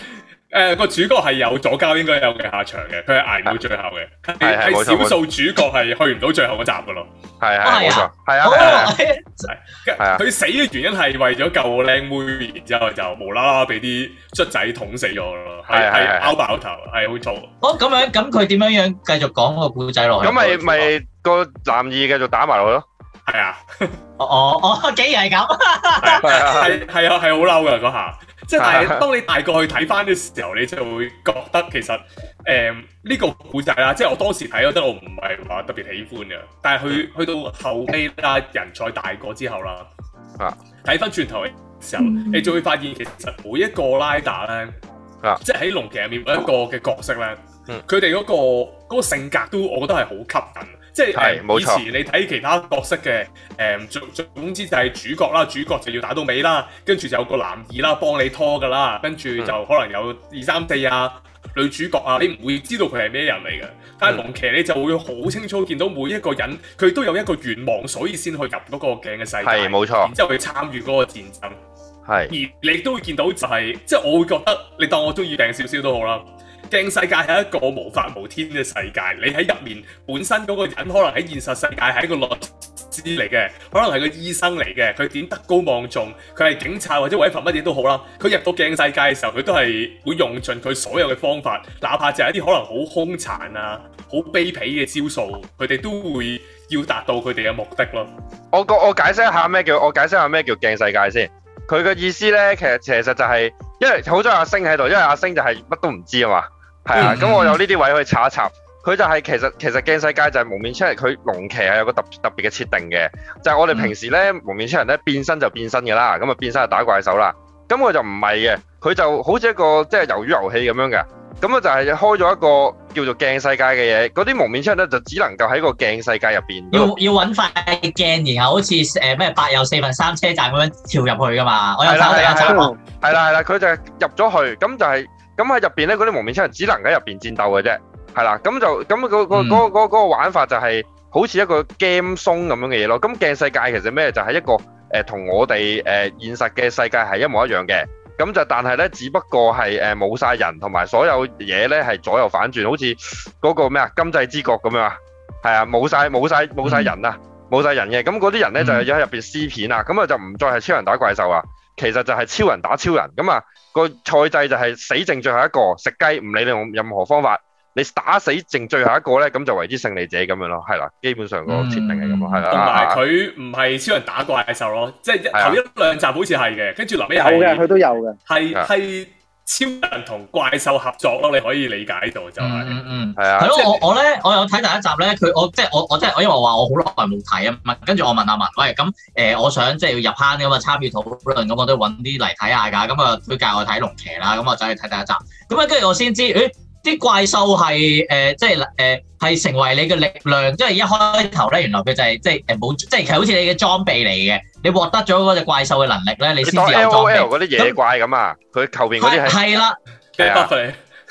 誒，個、呃、主角係有咗交，應該有嘅下場嘅，佢係挨到最後嘅，係少數主角係去唔到最後嗰集嘅咯，係啊係啊，係啊、哦，佢、哦、死嘅原因係為咗救靚妹，然之後就無啦啦俾啲卒仔捅死咗咯，係係拗爆頭，係好錯。哦，咁樣咁佢點樣樣繼續講個古仔落去？咁咪咪個男二繼續打埋落去咯。係啊，我我我竟然係咁，係係啊係好嬲噶嗰下。即係， 但當你大個去睇翻啲時候，你就會覺得其實誒呢、呃這個古仔啦，即係我當時睇覺得我唔係話特別喜歡嘅。但係去去到後尾啦，人才大個之後啦，睇翻轉頭嘅時候，你就會發現其實每一個拉打咧， 即係喺龍騎入面每一個嘅角色咧，佢哋嗰個嗰、嗰個性格都，我覺得係好吸引。即係以前你睇其他角色嘅，誒總總之就係主角啦，主角就要打到尾啦，跟住就有個男二啦幫你拖㗎啦，跟住就可能有二三四啊女主角啊，你唔會知道佢係咩人嚟嘅。但係《龍騎》你就會好清楚見到每一個人，佢都有一個願望，所以先去入嗰個鏡嘅世界。係冇錯。然之後去參與嗰個戰爭。係。而你都會見到，就係，就係即係我會覺得，你當我中意定少少都好啦。鏡世界係一個無法無天嘅世界，你喺入面本身嗰個人可能喺現實世界係一個律師嚟嘅，可能係個醫生嚟嘅，佢點德高望重，佢係警察或者違法乜嘢都好啦。佢入到鏡世界嘅時候，佢都係會用盡佢所有嘅方法，哪怕就係一啲可能好兇殘啊、好卑鄙嘅招數，佢哋都會要達到佢哋嘅目的咯。我個我解釋下咩叫，我解釋下咩叫鏡世界先。佢嘅意思咧，其實其實就係、是、因為好多阿星喺度，因為阿星就係乜都唔知啊嘛。係啊，咁 我有呢啲位去查一查，佢就係、是、其實其實鏡世界就係幪面超人，佢龍騎係有個特特別嘅設定嘅，就係、是、我哋平時咧幪面超人咧變身就變身㗎啦，咁啊變身就打怪獸啦，咁佢就唔係嘅，佢就好似一個即係魷魚遊戲咁樣嘅，咁佢就係開咗一個叫做鏡世界嘅嘢，嗰啲幪面超人咧就只能夠喺個鏡世界入邊，要要揾塊鏡，然後好似誒咩八又四分三車站咁樣跳入去㗎嘛，我有走，我的有走。係啦係啦，佢、嗯、就入咗去，咁就係、是。咁喺入邊咧，嗰啲幪面超人只能喺入邊戰鬥嘅啫，係啦。咁就咁嗰個嗰個嗰個嗰個玩法就係好似一個 game 松咁樣嘅嘢咯。咁鏡世界其實咩就係一個誒同我哋誒現實嘅世界係一模一樣嘅。咁就但係咧，只不過係誒冇曬人同埋所有嘢咧係左右反轉，好似嗰個咩啊金濟之國咁樣啊，係啊冇曬冇曬冇曬人啊，冇曬人嘅。咁嗰啲人咧就係要喺入邊撕片啊。咁啊就唔再係超人打怪獸啊，其實就係超人打超人咁啊。個賽制就係死剩最後一個食雞，唔理你用任何方法，你打死剩最後一個咧，咁就為之勝利者咁樣咯，係啦，基本上個設定係咁樣，係啦、嗯。同埋佢唔係超人打怪獸咯，即係的頭一兩集好似係嘅，跟住臨尾有嘅，佢都有嘅，係係是。的超人同怪獸合作咯，你可以理解到就係、是嗯。嗯嗯嗯，係啊。係咯，我我咧，我有睇第一集咧，佢我即係我我即係我因為話我好耐冇睇啊嘛，跟住我問阿文，喂咁誒、呃，我想即係要入坑咁啊，參與討論咁，我都揾啲嚟睇下㗎，咁、嗯、啊，佢教我睇龍騎啦，咁、嗯、我走去睇第一集，咁、嗯、啊，跟住我先知，誒、欸。啲怪獸係誒，即係誒，係、呃呃、成為你嘅力量，即係一開頭咧，原來佢就係即係誒冇，即係其實好似你嘅裝備嚟嘅。你獲得咗嗰隻怪獸嘅能力咧，你先至有裝備。當 LOL 嗰啲野怪咁啊，佢後邊啲係係啦，係啊，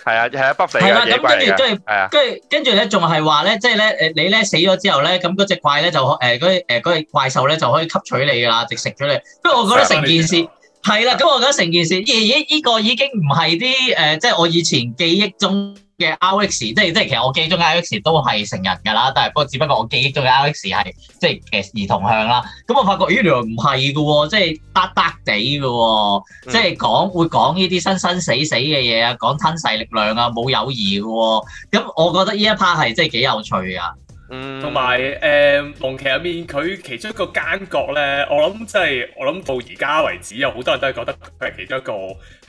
係啊，北非嘅野怪跟住，跟住跟住咧，仲係話咧，即係咧誒，你咧死咗之後咧，咁嗰隻怪咧就誒嗰啲隻怪獸咧就，那個、就可以吸取你啊，直食咗你。不過我覺得成件事。嗯嗯嗯係啦，咁我覺得成件事，依依依個已經唔係啲誒，即係我以前記憶中嘅 RX，即係即係其實我記憶中嘅 RX 都係成人㗎啦，但係不過只不過我記憶中嘅 RX 係即係誒兒童向啦。咁我發覺咦，原來唔係嘅喎，即係得得地嘅喎，即係講會講呢啲生生死死嘅嘢啊，講吞噬力量啊，冇友誼嘅喎。咁我覺得呢一 part 係真係幾有趣噶。嗯，同埋誒《龍、呃、騎》入面佢其中一個奸角咧，我諗即係我諗到而家為止有好多人都係覺得佢係其中一個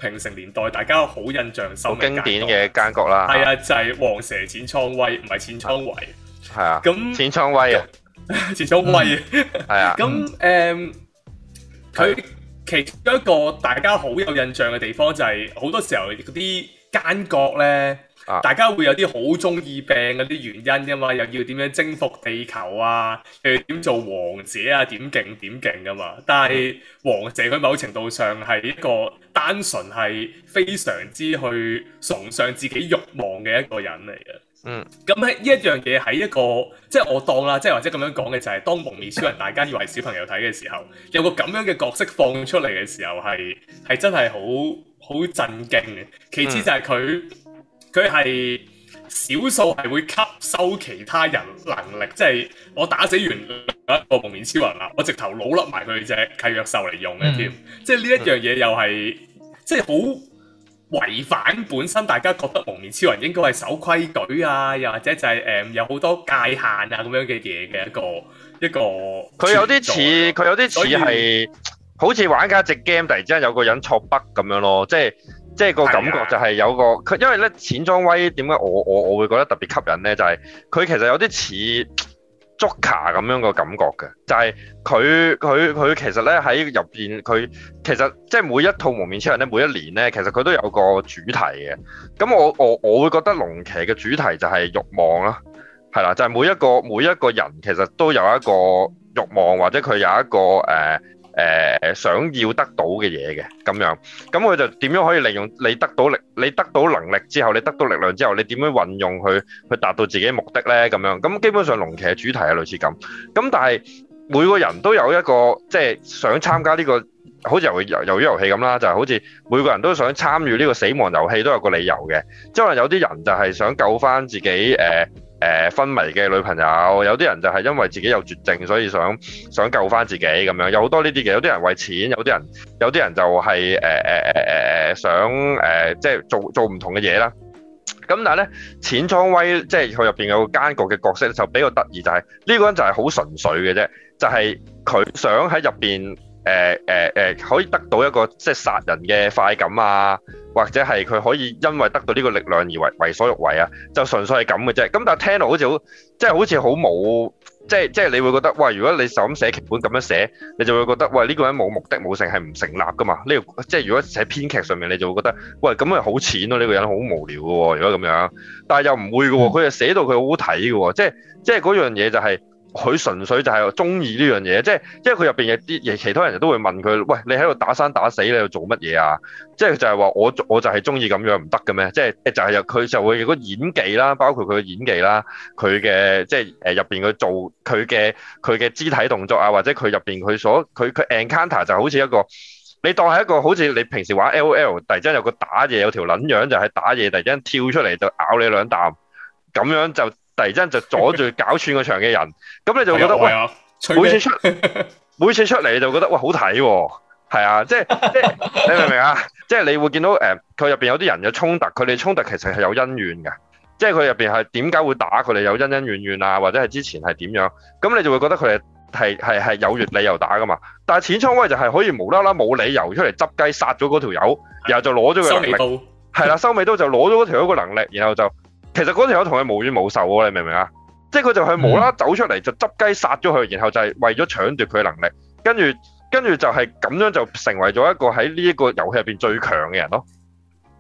平成年代大家好印象深、好經典嘅奸角啦。係啊，就係王蛇淺倉威，唔係淺倉威。係、嗯、啊，咁淺倉威啊，淺倉威。係啊，咁誒，佢其中一個大家好有印象嘅地方就係好多時候啲奸角咧。大家會有啲好中意病嗰啲原因㗎嘛？又要點樣征服地球啊？又要點做王者啊？點勁點勁㗎嘛？但係王者佢某程度上係一個單純係非常之去崇尚自己欲望嘅一個人嚟嘅。嗯，咁喺呢一樣嘢係一個即係我當啦，即係或者咁樣講嘅就係當幪面超人，大家以為係小朋友睇嘅時候，有個咁樣嘅角色放出嚟嘅時候，係係真係好好震驚嘅。其次就係佢。嗯佢係少數，係會吸收其他人能力，即係我打死完一個幪面超人啦，我直頭老笠埋佢隻契約獸嚟用嘅添、嗯，即係呢一樣嘢又係即係好違反本身大家覺得幪面超人應該係守規矩啊，又或者就係、是、誒、嗯、有好多界限啊咁樣嘅嘢嘅一個一個，佢有啲似佢有啲似係，所以好似玩家隻 game 突然之間有個人錯筆咁樣咯，即係。即係個感覺就係有個佢，因為咧淺裝威點解我我我會覺得特別吸引咧？就係、是、佢其實有啲似 Joker 咁樣個感覺嘅，就係佢佢佢其實咧喺入邊佢其實即係每一套幪面超人咧，每一年咧其實佢都有個主題嘅。咁我我我會覺得龍騎嘅主題就係慾望囉，係啦，就係、是、每一個每一個人其實都有一個慾望，或者佢有一個誒。呃誒想要得到嘅嘢嘅咁樣，咁佢就點樣可以利用你得到力，你得到能力之後，你得到力量之後，你點樣運用佢去達到自己嘅目的呢？咁樣咁基本上龍騎嘅主題係類似咁，咁但係每個人都有一個即係想參加呢個好似遊遊遊戲遊戲咁啦，就係好似每個人都想參與呢個死亡遊戲都有個理由嘅，即係有啲人就係想救返自己誒。誒、呃、昏迷嘅女朋友，有啲人就係因為自己有絕症，所以想想救翻自己咁樣，有好多呢啲嘅。有啲人為錢，有啲人有啲人就係誒誒誒誒想誒、呃，即係做做唔同嘅嘢啦。咁但係咧，淺倉威即係佢入邊有個監局嘅角色就比較得意，就係、是、呢個人就係好純粹嘅啫，就係、是、佢想喺入邊誒誒誒可以得到一個即係殺人嘅快感啊！或者係佢可以因為得到呢個力量而為為所欲為啊，就純粹係咁嘅啫。咁但係聽落好似好，即係好似好冇，即係即係你會覺得，喂，如果你就咁寫劇本咁樣寫，你就會覺得，喂，呢個人冇目的冇成，係唔成立噶嘛。呢即係如果寫編劇上面，你就會覺得，喂，咁樣好淺咯，呢個人好無聊噶喎。如果咁樣，但係又唔會噶喎，佢係寫到佢好好睇噶喎。即係即係嗰樣嘢就係。佢純粹就係中意呢樣嘢，即係因為佢入邊有啲，而其他人亦都會問佢，喂，你喺度打生打死，你喺度做乜嘢啊？即係就係話我，我就係中意咁樣，唔得嘅咩？即係就係佢就會如果演技啦，包括佢嘅演技啦，佢嘅即係誒入邊佢做佢嘅佢嘅肢體動作啊，或者佢入邊佢所佢佢 encounter 就好似一個，你當係一個好似你平時玩 LOL，突然之間有個打野有條撚樣就係打野，突然之間跳出嚟就咬你兩啖，咁樣就。突然之間就阻住搞串個場嘅人，咁 你就覺得喂， 每次出每次出嚟就覺得哇好睇。哦，係啊，即係即係你明唔明啊？ 即係你會見到誒，佢入邊有啲人嘅衝突，佢哋衝突其實係有恩怨嘅，即係佢入邊係點解會打，佢哋有恩恩怨怨啊，或者係之前係點樣，咁你就會覺得佢哋係係係有越理由打噶嘛，但係淺倉威就係可以無啦啦冇理由出嚟執雞殺咗嗰條友，然後就攞咗佢收尾刀，係啦 收尾刀就攞咗嗰條一個，能力、， 啊、個能力，然後就。其實嗰條友同佢無冤無仇喎，你明唔明啊？即係佢就係無啦啦走出嚟就執雞殺咗佢，然後就係為咗搶奪佢嘅能力，跟住跟住就係咁樣就成為咗一個喺呢一個遊戲入邊最強嘅人咯。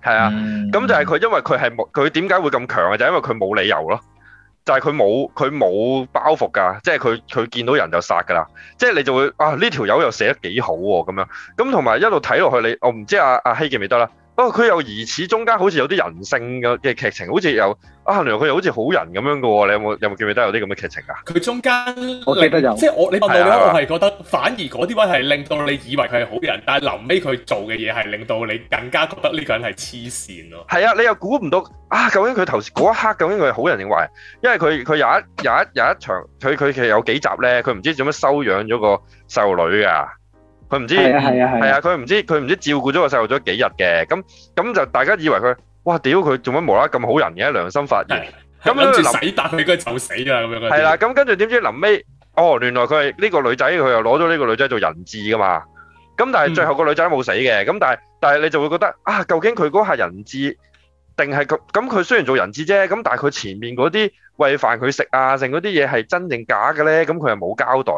係啊，咁就係佢因為佢係冇，佢點解會咁強啊？就係因為佢冇理由咯，就係佢冇佢冇包袱噶，即係佢佢見到人就殺噶啦。即係你就會啊呢條友又寫得幾好喎，啊，咁樣咁同埋一路睇落去你，我唔知啊，阿希記唔記得啦。不過哦，佢又疑似中間好似有啲人性嘅嘅劇情，好似有啊，原來佢又好似好人咁樣嘅喎。你有冇有冇記唔記得有啲咁嘅劇情啊？佢中間我記得有，即係我你問到、啊、我，我係覺得反而嗰啲位係令到你以為佢係好人，但係臨尾佢做嘅嘢係令到你更加覺得呢個人係黐線咯。係啊，你又估唔到啊？究竟佢頭嗰一刻究竟佢係好人定壞？因為佢佢有一有一有一，有一場，佢佢其實有幾集咧，佢唔知點樣收養咗個細路女啊。佢唔知，係啊係啊係啊！佢唔知，佢唔知照顧咗個細路仔幾日嘅，咁咁就大家以為佢，哇屌佢做乜無啦咁好人嘅良心發現，咁跟住洗達佢應該就死啦咁樣。係啦，咁跟住點知臨尾，哦原來佢係呢個女仔，佢又攞咗呢個女仔做人質噶嘛。咁但係最後個女仔冇死嘅，咁但係但係你就會覺得啊，究竟佢嗰下人質定係咁咁佢雖然做人質啫，咁但係佢前面嗰啲餵飯佢食啊，剩嗰啲嘢係真正假嘅咧，咁佢係冇交代，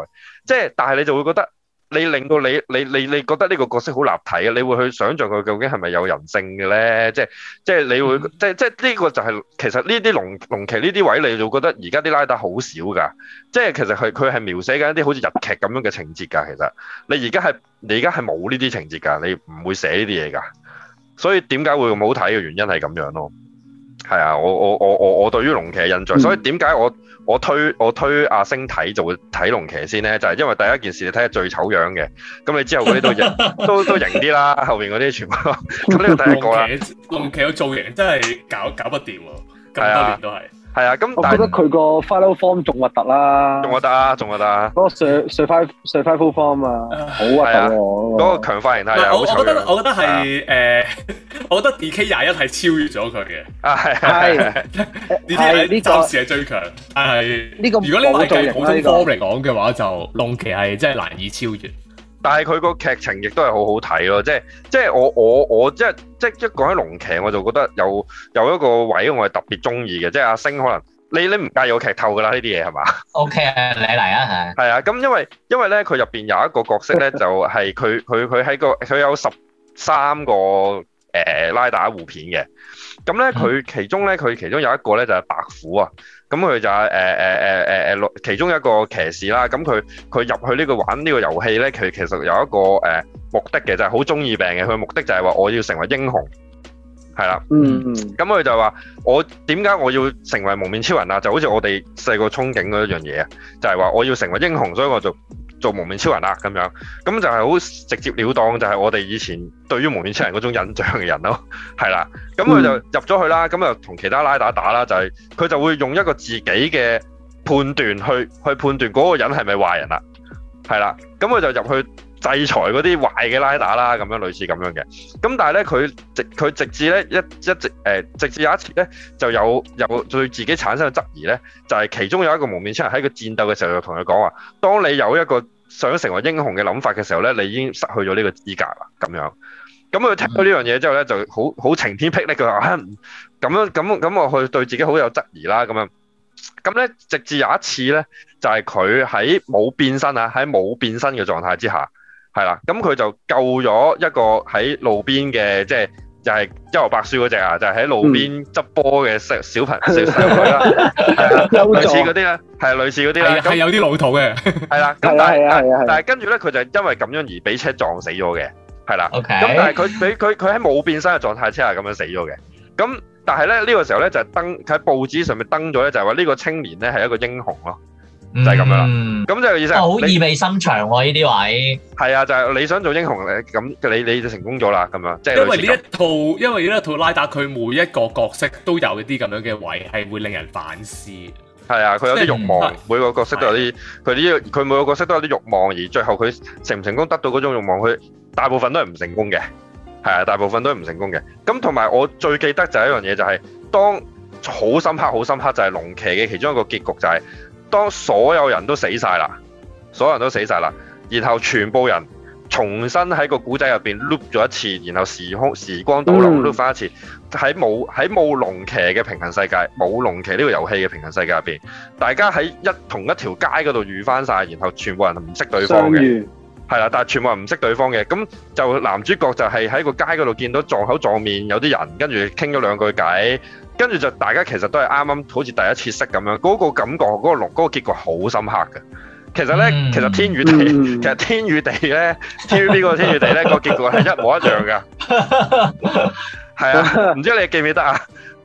即係但係你就會覺得。你令到你你你你覺得呢個角色好立體啊？你會去想象佢究竟係咪有人性嘅咧？即係即係你會即係即係呢個就係、是、其實呢啲龍龍騎呢啲位，你就覺得而家啲拉打好少噶。即係其實係佢係描寫緊一啲好似日劇咁樣嘅情節噶。其實你而家係你而家係冇呢啲情節噶，你唔會寫呢啲嘢噶。所以點解會咁好睇嘅原因係咁樣咯？係啊，我我我我我對於龍騎嘅印象，所以點解我我推我推阿星睇做睇龍騎先咧？就係、係、因為第一件事，你睇下最醜樣嘅，咁你之後嗰啲都 都都型啲啦，後邊嗰啲全部。咁 呢個第一個。龍騎龍騎嘅造型真係搞搞不掂喎、啊，咁多年都係。係啊，咁我覺得佢個 final form 仲核突啦，仲核突啊，仲核突啊，嗰個 survive survive final form 啊，好核突喎，嗰個強化型態又我覺得我覺，係我覺得 DK 廿一係超越咗佢嘅， 啊係呢啲，DK 係暫時係最強，係呢個如果你話係、啊、普通 form 嚟講嘅話，就龍騎係真係難以超越。但係佢個劇情亦都係好好睇咯，即係即係我我我即係即係一講起龍騎，我就覺得有有一個位我係特別中意嘅，即係阿星，可能你你唔介意我劇透噶啦，呢啲嘢，係嘛？OK 啊，你嚟啊吓，係啊，咁因為因為咧佢入邊有一個角色咧就係佢佢佢喺個佢有十三個誒、呃、拉打護片嘅，咁咧佢其中咧佢其中有一個咧就係、是、白虎啊。咁佢就係誒誒誒誒誒六其中一個騎士啦。咁佢佢入去呢個玩呢個遊戲咧，佢其實有一個誒、呃、目的嘅，就係好中意病嘅。佢目的就係話我要成為英雄，係啦。嗯。咁佢就話我點解我要成為幪面超人啊？就好似我哋細個憧憬嗰一樣嘢啊，就係、是、話我要成為英雄，所以我就。做幪面超人啦，咁樣咁就係好直接了當，就係我哋以前對於幪面超人嗰種印象嘅人咯，係 啦，咁佢就入咗去啦，咁就同其他拉打打啦，就係、是、佢就會用一個自己嘅判斷去去判斷嗰個人係咪壞人啦，係啦，咁佢就入去。制裁嗰啲壞嘅拉打啦，咁樣類似咁樣嘅。咁但係咧，佢直佢直至咧一一直誒、呃，直至有一次咧，就有有對自己產生嘅質疑咧，就係、是、其中有一個幪面超人喺個戰鬥嘅時候，就同佢講話：「當你有一個想成為英雄嘅諗法嘅時候咧，你已經失去咗呢個資格啦。咁樣，咁佢聽到呢樣嘢之後咧，就好好晴天霹靂，佢話嚇，咁樣咁咁我去對自己好有質疑啦。咁樣，咁咧直至有一次咧，就係佢喺冇變身啊，喺冇變身嘅狀態之下。係啦，咁佢就救咗一個喺路邊嘅，即係又係一無白書嗰隻啊，就係、是、喺、就是、路邊執波嘅小小朋友啦，嗯、類似嗰啲啦，係類似嗰啲啦，係的那有啲老土嘅。係 啦，咁但係但係跟住咧，佢就因為咁樣而俾車撞死咗嘅，係啦。咁 Okay. 但係佢佢佢喺冇變身嘅狀態，之下係咁樣死咗嘅。咁但係咧呢、這個時候咧就登喺報紙上面登咗咧，就話、是、呢、就是、個青年咧係一個英雄咯。就係咁樣啦，咁就意思好意味深長喎呢啲位，係啊，就係你想做英雄，你咁你你就成功咗啦咁樣，因為呢一套，因為呢一套拉打佢每一個角色都有啲咁樣嘅位，係會令人反思。係啊，佢有啲欲望，每個角色都有啲，佢啲佢每個角色都有啲欲望，而最後佢成唔成功得到嗰種欲望，佢大部分都係唔成功嘅，係啊，大部分都係唔成功嘅。咁同埋我最記得就係一樣嘢，就係當好深刻好深刻就係龍騎嘅其中一個結局就係。當所有人都死晒啦，所有人都死曬啦，然後全部人重新喺個古仔入邊碌咗一次，然後時空時光倒流碌翻一次，喺冇喺冇龍騎嘅平行世界，冇龍騎呢個遊戲嘅平行世界入邊，大家喺一同一條街嗰度遇翻晒，然後全部人唔識對方嘅，係啦言，但係全部人唔識對方嘅，咁就男主角就係喺個街嗰度見到撞口撞面有啲人，跟住傾咗兩句偈。跟住就大家其實都係啱啱好似第一次識咁樣，嗰個感覺、嗰個龍、嗰個結局好深刻嘅。其實呢，其實《天與地》，其實《天與地》呢，TVB 個《天與地》呢個結局係一模一樣噶。係啊，唔知你記唔記得啊？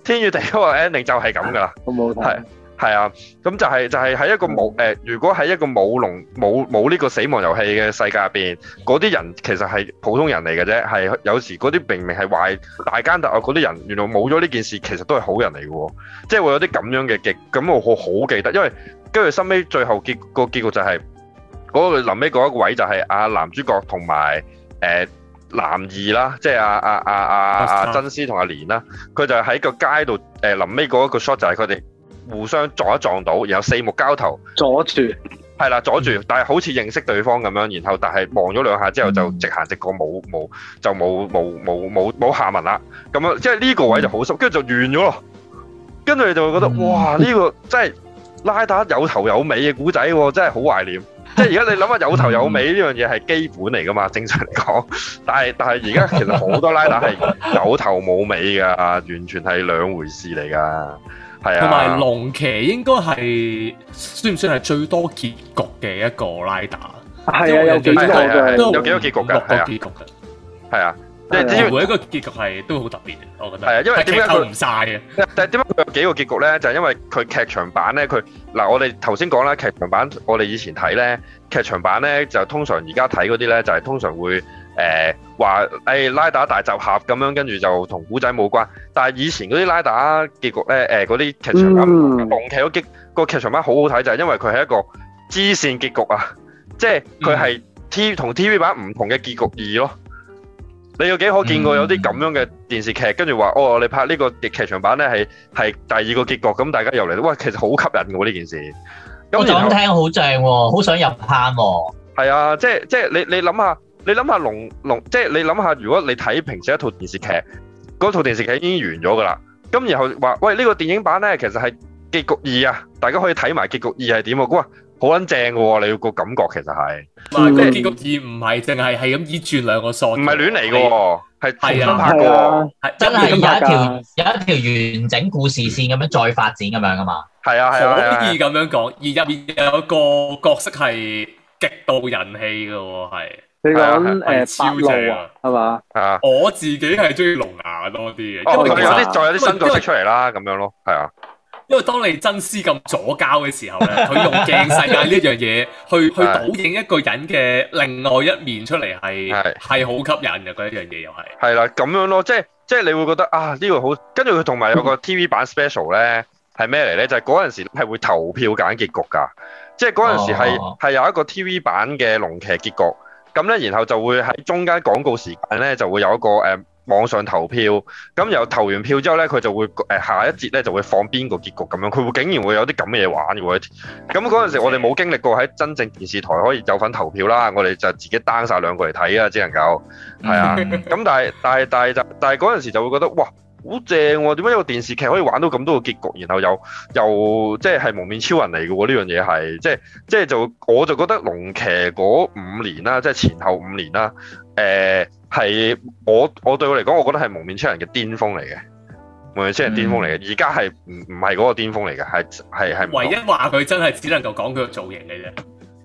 《天與地》嗰個 ending 就係咁噶啦，係。係啊，咁就係、是、就係、是、喺一個冇誒、呃，如果喺一個冇龍冇冇呢個死亡遊戲嘅世界入邊，嗰啲人其實係普通人嚟嘅啫。係有時嗰啲明明係壞大奸大惡嗰啲人，原來冇咗呢件事，其實都係好人嚟嘅。即係會有啲咁樣嘅劇，咁我好記得，因為跟住收尾最後結、就是那個結局就係嗰個臨尾嗰一個位就係阿、啊、男主角同埋誒男二啦，即係阿阿阿阿阿真司同阿蓮啦，佢就喺個街度誒臨尾嗰一個 shot 就係佢哋。互相撞一撞到，然後四目交投，阻住，係啦，阻住，但係好似認識對方咁樣，然後但係望咗兩下之後就直行直過，冇冇就冇冇冇冇冇下文啦。咁樣即係呢個位就好熟，跟住就完咗咯。跟住你就會覺得哇，呢個真係拉打有頭有尾嘅古仔喎，真係好懷念。即係而家你諗下，有頭有尾呢樣嘢係基本嚟噶嘛？正常嚟講，但係但係而家其實好多拉打係有頭冇尾噶，完全係兩回事嚟噶。同埋龍騎應該係算唔算係最多結局嘅一個拉打？係啊，有幾多個？有幾多個結局噶？係啊，即係每一個結局係都好特別嘅，我覺得係啊。因為點解佢唔晒嘅？但係點解佢有幾個結局咧？就係因為佢劇場版咧，佢嗱，我哋頭先講啦，劇場版我哋以前睇咧，劇場版咧就通常而家睇嗰啲咧，就係通常會。誒話誒拉打大集合咁樣，跟住就同古仔冇關。但係以前嗰啲拉打結局咧，誒嗰啲劇場版，同期嗰個劇場版好好睇，就係、是、因為佢係一個支線結局啊，即係佢係 T TV 同 TV 版唔同嘅結局二咯。你有幾可見過有啲咁樣嘅電視劇？嗯、跟住話哦，你拍呢個劇場版咧係係第二個結局，咁大家又嚟，到：「喂，其實好吸引嘅喎呢件事。我就咁聽好、哦，好正喎，好想入坑喎、哦。係啊，就是、即係即係你你諗下。你諗下龍龍，即係你諗下，如果你睇平時一套電視劇，嗰套電視劇已經完咗噶啦。咁然後話，喂呢、呢個電影版咧，其實係結局二啊，大家可以睇埋結局二係點啊。哇，好撚正嘅喎，你個感覺其實係。唔係，即係結局二唔係淨係係咁以轉兩個數，唔係亂嚟嘅，係認真拍嘅，真係有一條是、啊啊、有一條完整故事線咁樣再發展咁樣是啊嘛。係啊係啊，可以咁樣講，而入面有一個角色係極度人氣嘅，係。你個係誒超正啊，係嘛？啊！我自己係中意龍騎多啲嘅，因為有啲，再有啲新角色出嚟啦，咁樣咯，係啊。因為當你真絲咁左膠嘅時候咧，佢用鏡世界呢樣嘢去去倒影一個人嘅另外一面出嚟，係係好吸引嘅。嗰一樣嘢又係係啦，咁樣咯，即係即係你會覺得啊呢個好。跟住佢同埋有個 T V 版 special 咧，係咩嚟咧？就係嗰陣時係會投票揀結局噶，即係嗰陣時係係有一個 T V 版嘅龍騎結局。咁咧，然後就會喺中間廣告時間咧，就會有一個誒網上投票。咁由投完票之後咧，佢就會誒下一節咧就會放邊個結局咁樣。佢會竟然會有啲咁嘅嘢玩嘅喎。咁嗰陣時我哋冇經歷過喺真正電視台可以有份投票啦。我哋就自己 down 曬兩個嚟睇啊，只能夠。係啊。咁但係但係但係就但係嗰陣時就會覺得哇！好正喎！點解有個電視劇可以玩到咁多個結局，然後又又即係幪面超人嚟嘅喎？呢樣嘢係即即就我就覺得龍騎嗰五年啦，即係前後五年啦，誒係我我對我嚟講，我覺得係幪面超人嘅巔峰嚟嘅，幪面超人巔峯嚟嘅。而家係唔唔係嗰個巔峯嚟嘅，係係係唯一話佢真係只能夠講佢個造型嘅啫。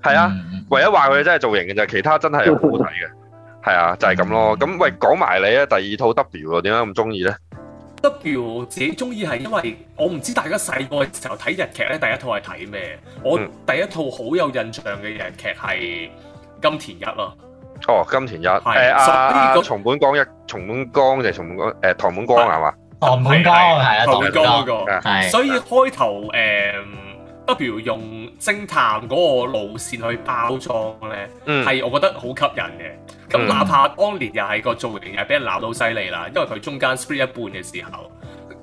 係啊，唯一話佢真係造型嘅就係，其他真係好睇嘅。係啊，就係咁咯。咁喂，講埋你啊，第二套 W 我點解咁中意咧？W 自己中意係，因為我唔知大家細個嘅時候睇日劇咧，第一套係睇咩？我第一套好有印象嘅日劇係金田一咯。哦，金田一，誒阿個堂本光一，堂本光定堂本誒堂本剛係嘛？堂本剛係堂本剛嗰個，所以開頭誒。譬如用偵探嗰個路線去包裝咧，係、嗯、我覺得好吸引嘅。咁哪怕安連又係個造型又係俾人鬧到犀利啦，因為佢中間 split 一半嘅時候，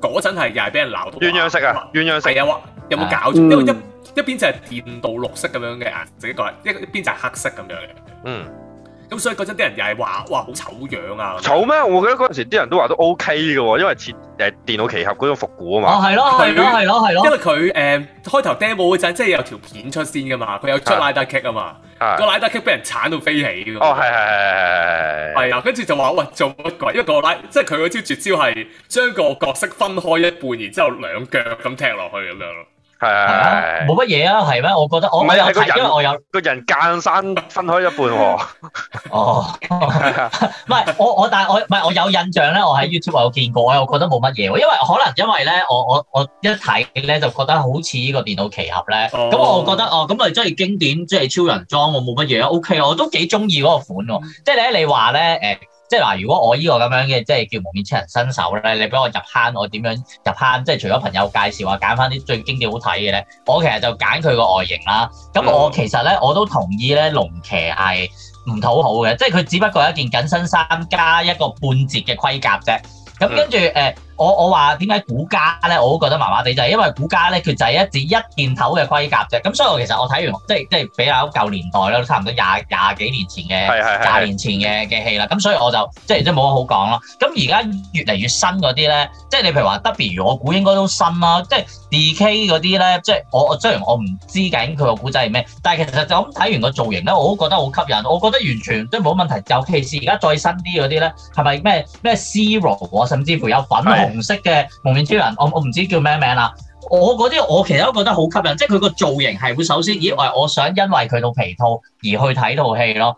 嗰陣係又係俾人鬧到。鴛鴦色啊！鴛鴦色係啊！有冇搞錯？啊嗯、因為一一邊就係電導綠色咁樣嘅顏色一個，一一邊就係黑色咁樣嘅。嗯。咁所以嗰陣啲人又係話，哇好醜樣啊！醜咩？我覺得嗰陣時啲人都話都 OK 嘅喎，因為設誒電腦奇俠嗰種復古啊嘛。哦、啊，係咯，係咯，係咯，係咯。因為佢誒、呃、開頭 demo 嗰陣，即、就、係、是、有條片出先嘅嘛，佢有出拉打劇啊嘛，的啊個拉打劇俾人鏟到飛起哦，係係係係啊，跟住就話喂做乜鬼？因為個拉即係佢嗰招絕招係將個角色分開一半，然之後兩腳咁踢落去咁樣。係啊，冇乜嘢啊，係咩、啊？我覺得我唔係啊，是個人因為我有個人間山分開一半喎。 哦，唔 係我我但係我唔係我，我有印象咧，我喺 YouTube 有見過啊，我覺得冇乜嘢，因為可能因為咧，我我我一睇咧就覺得好似呢個電腦奇俠咧，咁、哦嗯、我覺得哦，咁咪真係經典，即、就、係、是、超人裝、啊 OK 啊，我冇乜嘢，OK，我都幾中意嗰個款喎、啊，即係咧你話咧誒。哎即係嗱，如果我呢個咁樣嘅，即係叫幪面超人新手咧，你俾我入坑，我點樣入坑？即係除咗朋友介紹啊，揀翻啲最經典好睇嘅咧，我其實就揀佢個外形啦。咁我其實咧，我都同意咧，龍騎係唔討好嘅，即係佢只不過一件緊身衫加一個半截嘅盔甲啫。咁跟住誒。嗯呃我我話點解古家咧我都覺得麻麻地，就係、是、因為古家咧佢就係一隻一件頭嘅盔格啫。咁、嗯、所以我其實我睇完即係即係比較舊年代啦，都差唔多廿廿幾年前嘅廿是年前嘅嘅戲啦。咁、嗯、所以我就即係即係冇乜好講咯。咁而家越嚟越新嗰啲咧，即係你譬如話特別如我估應該都新啦。即係 D K 嗰啲咧，即係我我雖然我唔知究佢個古仔係咩，但係其實就咁睇完個造型咧，我都覺得好吸引。我覺得完全都冇問題。尤其是而家再新啲嗰啲咧，係咪咩咩 Zero 甚至乎有粉紅。紅色嘅幪面超人，我我唔知叫咩名啦。我嗰啲我其實都覺得好吸引，即係佢個造型係會首先，以為我想因為佢套皮套而去睇套戲咯。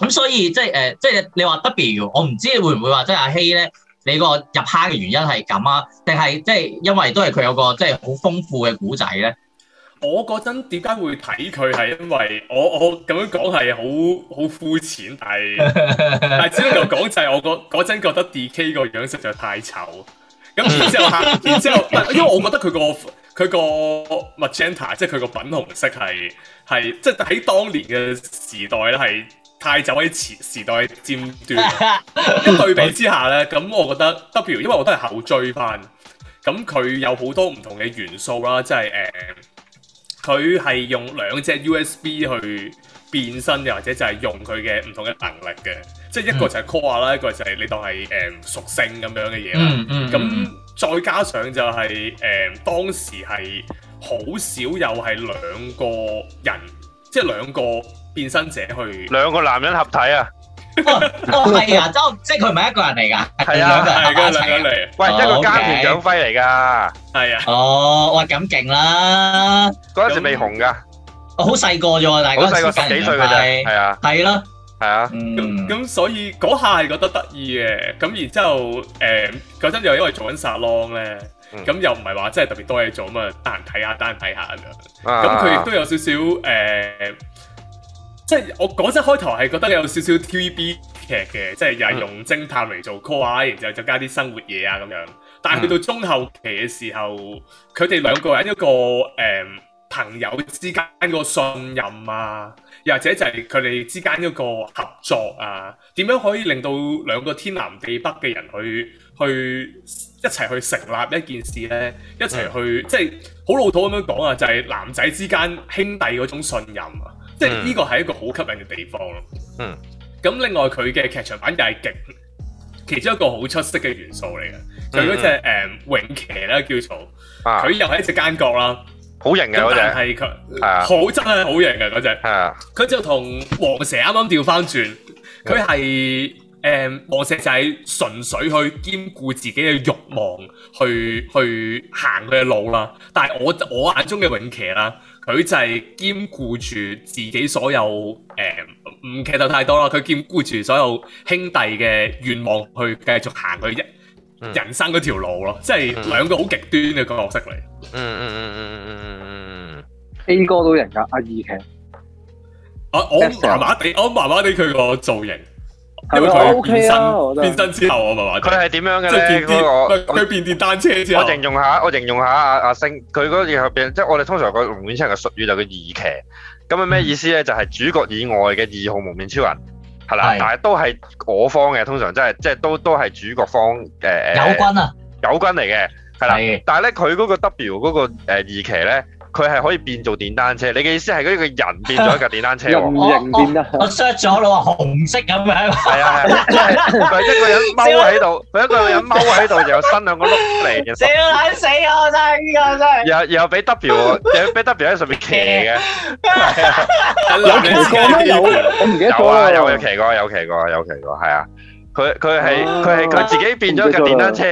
咁所以即係誒，即係、呃、你話 W 我唔知你會唔會話即係阿希咧，你個入坑嘅原因係咁啊？定係即係因為都係佢有個即係好豐富嘅古仔咧？我嗰陣點解會睇佢係因為我我咁樣講係好好膚淺，但係但係只能夠講就係我嗰嗰陣覺得，得 D.K 個樣實在太醜咁，然之後然之後因為我覺得佢、嗰個佢個 Magenta 即係佢個品紅色係係即係喺當年嘅時代咧係太走喺時時代尖端， 一對比之下咧，咁我覺得 W 因為我都係後追翻咁佢有好多唔同嘅元素啦，即係誒。Uh, 佢係用兩隻 USB 去變身，又或者就係用佢嘅唔同嘅能力嘅，即係一個就係 call 啦，一個就係你當係誒屬性咁樣嘅嘢啦。咁、嗯嗯嗯、再加上就係、是、誒、呃、當時係好少有係兩個人，即係兩個變身者去兩個男人合體啊！哦，都係啊，都即係佢唔係一個人嚟噶，係啊，係佢兩個嚟，喂，一個家庭養輝嚟噶，係啊，哦，哇，咁勁啦，嗰陣時未紅噶，我好細個咋喎，大家好細個十幾歲噶咋，係啊，係咯，係啊，咁咁所以嗰下係覺得得意嘅，咁然之後誒嗰陣又因為做緊沙龍咧，咁又唔係話真係特別多嘢做，咁啊得閒睇下，得閒睇下噶，咁佢亦都有少少誒。即係我嗰陣開頭係覺得有少少 TVB 劇嘅，即係又係用偵探嚟做 call 啊，然之後再加啲生活嘢啊咁樣。但係去到中後期嘅時候，佢哋、mm hmm. 兩個人一個誒、呃、朋友之間個信任啊，又或者就係佢哋之間一個合作啊，點樣可以令到兩個天南地北嘅人去去一齊去成立一件事呢？一齊去、mm hmm. 即係好老土咁樣講啊，就係、是、男仔之間兄弟嗰種信任啊。即係呢個係一個好吸引嘅地方咯。嗯，咁另外佢嘅劇場版又係勁，其中一個好出色嘅元素嚟嘅，就嗰隻誒永騎啦，叫做，佢、啊、又係一隻奸角啦，好型嘅嗰隻，係佢好真係好型嘅嗰隻，係啊，佢、啊、就同王蛇啱啱調翻轉，佢係誒王蛇仔，係純粹去兼顧自己嘅欲望去去行佢嘅路啦，但係我我眼中嘅泳騎啦。佢就係兼顧住自己所有誒，唔劇透太多啦。佢兼顧住所有兄弟嘅願望，去繼續行佢人人生嗰條路咯。即係兩個好極端嘅角色嚟。嗯嗯嗯嗯嗯嗯嗯嗯。A 哥都人家阿二聽。啊，我麻麻地，我麻麻地佢個造型。因為佢變身，okay 啊、變身之後啊嘛嘛，佢係點樣嘅咧？佢變電，佢、那個、變電單車之後，我形容下，我形容下阿啊聖，佢嗰然後邊，即係我哋通常個幪面超人嘅術語就叫二騎，咁啊咩意思咧？嗯、就係主角以外嘅二號幪面超人，係啦，是但係都係我方嘅，通常、就是、即係即係都都係主角方誒友、呃、軍啊，友軍嚟嘅，係啦，的但係咧佢嗰個 W 嗰、那個誒、呃、二騎咧。佢係可以變做電單車，你嘅意思係嗰個人變咗一架電單車？我我我 short 咗啦，紅色咁樣。係啊係啊，佢一個人踎喺度，佢一個人踎喺度，又伸兩個碌嚟嘅。死啦死啦！真係呢個真係。又又俾 W，又俾 W 喺上面騎嘅。有騎過？有我唔記得過。有啊有啊騎過有騎過有騎過，係啊！佢佢係佢係佢自己變咗一架電單車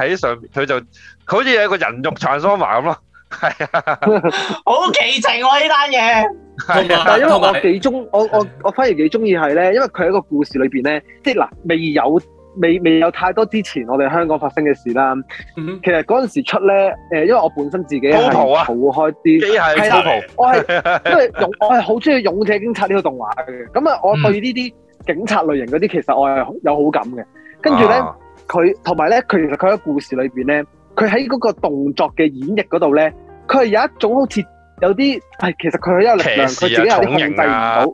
喺上，佢就好似有個人肉長沙發咁咯。係啊， 好奇情喎呢單嘢，但係因為我幾中， 我我我反而幾中意係咧，因為佢喺個故事裏邊咧，即係嗱未有未未有太多之前我哋香港發生嘅事啦。其實嗰陣時出咧，誒，因為我本身自己係抱開啲，係啦、啊，我係因為我係好中意《勇者警察》呢、這個動畫嘅，咁啊，我對呢啲警察類型嗰啲、啊，其實我係有好感嘅。跟住咧，佢同埋咧，其實佢喺故事裏邊咧，佢喺嗰個動作嘅演繹嗰度咧。佢係有一種好似有啲，係其實佢有一個力量，佢士、啊、自己有啲控制唔到刑、啊。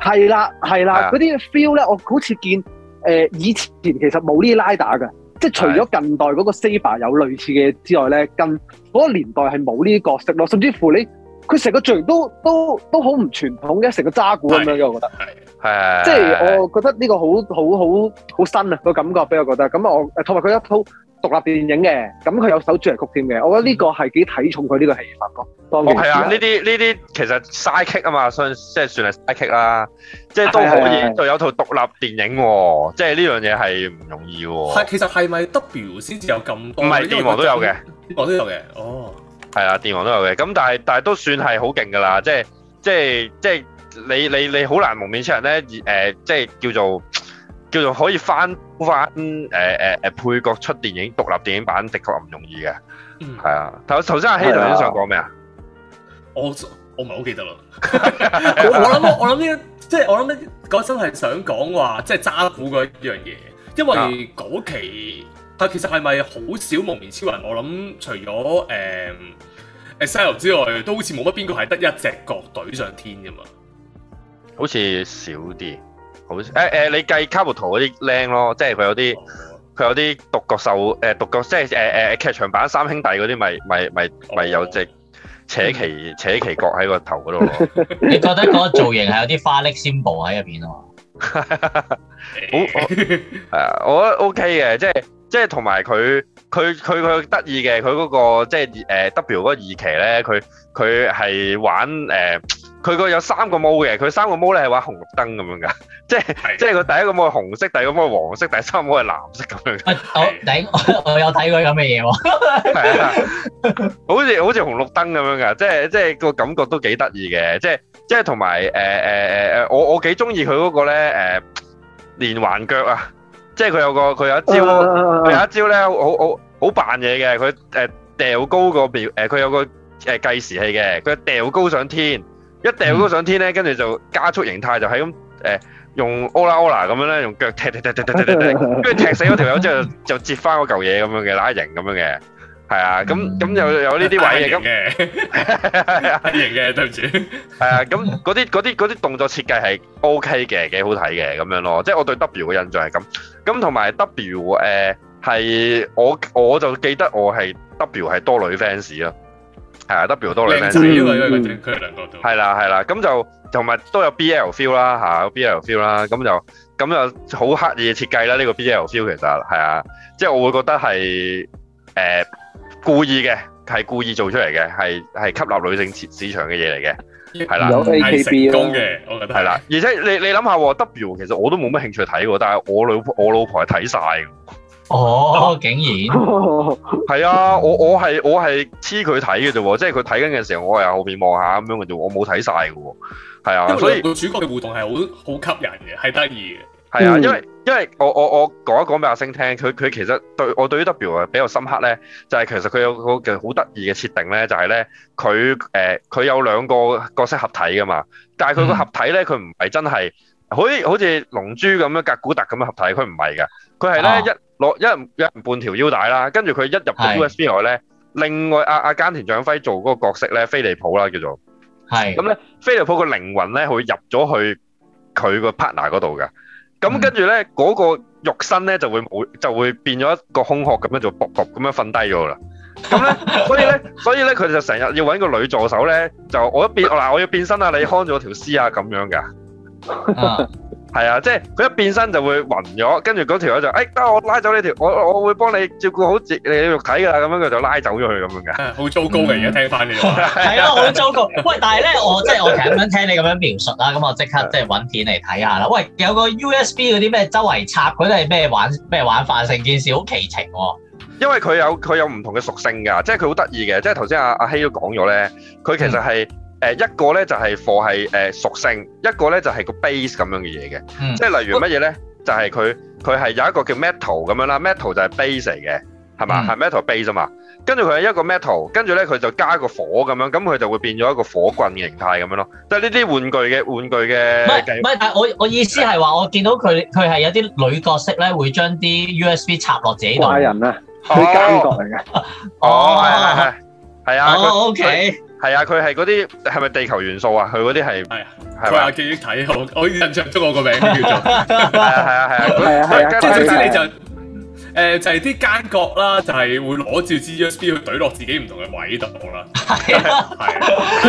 係啦，係啦的，嗰啲 feel 咧，我好似見誒、呃、以前其實冇呢啲拉打嘅，即係除咗近代嗰個 Saber 有類似嘅之外咧，近嗰、那個年代係冇呢啲角色咯。甚至乎你佢成個造型都都都好唔傳統嘅，成個渣古咁樣嘅，我覺，覺我覺得。係係。即係我覺得呢個好好好好新啊個感覺俾我覺得。咁我同埋佢一套獨立電影嘅，咁佢有首主題曲添嘅，我覺得呢個係幾睇重佢呢個戲法咯。哦，係啊，呢啲呢啲其實 sidekick 啊嘛，算即係算係 sidekick 啦，即係都可以，仲有套獨立電影喎，即係呢樣嘢係唔容易喎。係，其實係咪 W 先至有咁多？唔係，電王都有嘅，電王都有嘅，哦，係啊，電王都有嘅，咁但係但係都算係好勁㗎啦，即係即係即係你你你好難蒙面超人咧，誒，即係叫做。叫做可以翻翻誒誒誒配角出電影，獨立電影版的確唔容易嘅，係、嗯、啊！頭頭先阿希頭先想講咩啊？我我唔係好記得啦。我我諗我諗呢，即係我諗呢真係想講話，即係揸苦嗰樣嘢。因為嗰期係、啊、其實係咪好少幪面超人？我諗除咗誒誒 Cleo 之外，都好似冇乜邊個係得一隻角懟上天噶嘛？好似少啲。好誒誒，你計卡布圖嗰啲靚咯，即係佢有啲佢、嗯、有啲獨角獸誒、欸、獨角，即係誒誒劇場版三兄弟嗰啲，咪咪咪咪有隻扯旗扯旗角喺個頭嗰度。欸、你覺得嗰個造型係有啲花力先 y 喺入邊啊？ 好，係啊、欸， 我覺得 OK 嘅，即係即係同埋佢佢佢佢得意嘅，佢嗰、那個即係誒 W 嗰個二期咧，佢佢係玩誒。欸佢個有三個毛嘅，佢三個毛咧係玩紅綠燈咁樣㗎，即係即係佢第一個毛係紅色，第二個毛係黃色，第三個毛係藍色咁樣。我頂我我有睇過咁嘅嘢喎，係啊，好似好似紅綠燈咁樣㗎，即係即係個感覺都幾得意嘅，即係即係同埋誒誒誒誒，我我幾中意佢嗰個咧誒連環腳啊，即係佢有個佢有一招佢有一招咧好好好扮嘢嘅，佢誒掉高個秒誒，佢有個誒計時器嘅，佢掉高上天。一掟高上天咧，跟住就加速形態就係咁誒，用 Ola Ola 咁樣咧，用腳踢踢踢踢踢踢踢，跟住踢死嗰條友之後，就折翻嗰嚿嘢咁樣嘅拉型咁樣嘅，係啊，咁咁又有呢啲位嘅，型嘅對唔住，係啊，咁嗰啲嗰啲嗰啲動作設計係 OK 嘅，幾好睇嘅咁樣咯，即係我對 W 嘅印象係咁，咁同埋 W 誒係我我就記得我係 W 係多女 fans 咯。係啊，W 多女明星、這個，係啦係啦，咁就同埋都有 BL feel 啦吓，BL feel 啦，咁就咁就好刻意設計啦，呢個 BL feel 其實係啊，即係我會覺得係誒、呃、故意嘅，係故意做出嚟嘅，係係吸納女性市市場嘅嘢嚟嘅，係啦有 AKB 工嘅，我覺得係啦，而且你你諗下 W 其實我都冇乜興趣睇，但係我老我老婆係睇晒。 哦，竟然係 啊！我我係我係黐佢睇嘅啫， 即係佢睇緊嘅時候，我係喺後面望下咁樣嘅啫，我冇睇晒嘅，係啊。所以主角嘅互動係好好吸引嘅，係得意嘅。係、嗯、啊，因為因為我我我講一講俾阿星聽，佢佢其實對我對於 W 啊，比較深刻咧，就係、是、其實佢有個叫好得意嘅設定咧，就係咧佢誒佢有兩個角色合體噶嘛，但係佢個合體咧，佢唔係真係好似好似龍珠咁樣格古特咁樣合體，佢唔係噶，佢係咧一。啊啊攞一人一半條腰帶啦，跟住佢一入到 USB 內咧，另外阿阿菅田將暉做嗰個角色咧，飛利浦啦叫做，係咁咧，飛利浦個靈魂咧，佢入咗去佢個 partner 嗰度噶，咁跟住咧嗰個肉身咧就會冇就會變咗一個空殼咁樣就仆仆咁樣瞓低咗啦，咁咧所以咧所以咧佢哋就成日要揾個女助手咧，就我一變嗱，我要變身啊，你看住我條屍啊咁樣噶。係啊，即係佢一變身就會暈咗，跟住嗰條友就誒得，哎、等我拉走呢條，我我會幫你照顧好自己你嘅肉體㗎啦，咁樣佢就拉走咗佢咁樣嘅，好糟糕嘅而家聽翻嘅話。係啊， 好糟糕。喂，但係咧，我， 我即係我其實咁樣聽你咁樣描述啦，咁我即刻即係揾片嚟睇下啦。喂，有個 USB 嗰啲咩周圍插佢都係咩玩咩玩法？成件事好奇情喎、啊。因為佢有佢有唔同嘅屬性㗎，即係佢好得意嘅，即係頭先阿阿希都講咗咧，佢其實係、嗯。誒一個咧就係火系誒屬性，一個咧就係、是、個 base 咁樣嘅嘢嘅，嗯、即係例如乜嘢咧，就係佢佢係有一個叫 metal 咁樣啦，metal 就係 base 嚟嘅，係嘛？係、嗯、metal base 啊嘛，跟住佢係一個 metal，跟住咧佢就加一個火咁樣，咁佢就會變咗一個火棍形態咁樣咯。即係呢啲玩具嘅玩具嘅，唔係唔係，但係我我意思係話，我見到佢佢係有啲女角色咧，會將啲 USB 插落自己度。怪人啊！啲奸角嚟嘅。哦，係係係啊。哦，OK。Oh, okay. 係啊，佢係嗰啲係咪地球元素啊？佢嗰啲係係啊，佢話記憶體，我已經印象中我個名叫做係啊係啊係啊，總之，你就誒就係啲奸角啦，就係會攞住支 USB 去懟落自己唔同嘅位度啦，係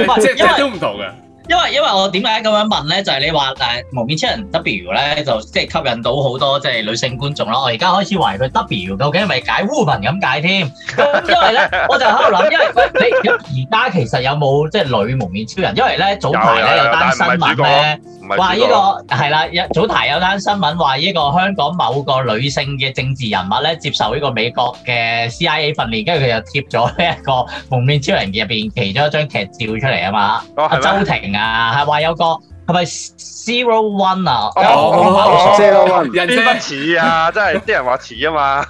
係即係都唔同嘅。因為因為我點解咁樣問咧？就係、是、你話誒幪面超人 W 咧，就即係吸引到好多即係女性觀眾啦。我而家開始懷疑佢 W 究竟係咪解 woman 咁解添？咁因為咧， 我就喺度諗，因為你而家其實有冇即係女幪面超人？因為咧早排咧有單新聞咧，話呢個係啦，有早排有單新聞話呢個香港某個女性嘅政治人物咧接受呢個美國嘅 CIA 訓練，跟住佢就貼咗呢一個幪面超人入邊其中一張劇照出嚟啊嘛，阿嗎周庭。啊，係話有個係咪 Zero One 啊？哦，Zero One，人真似啊，真係啲人話似啊嘛。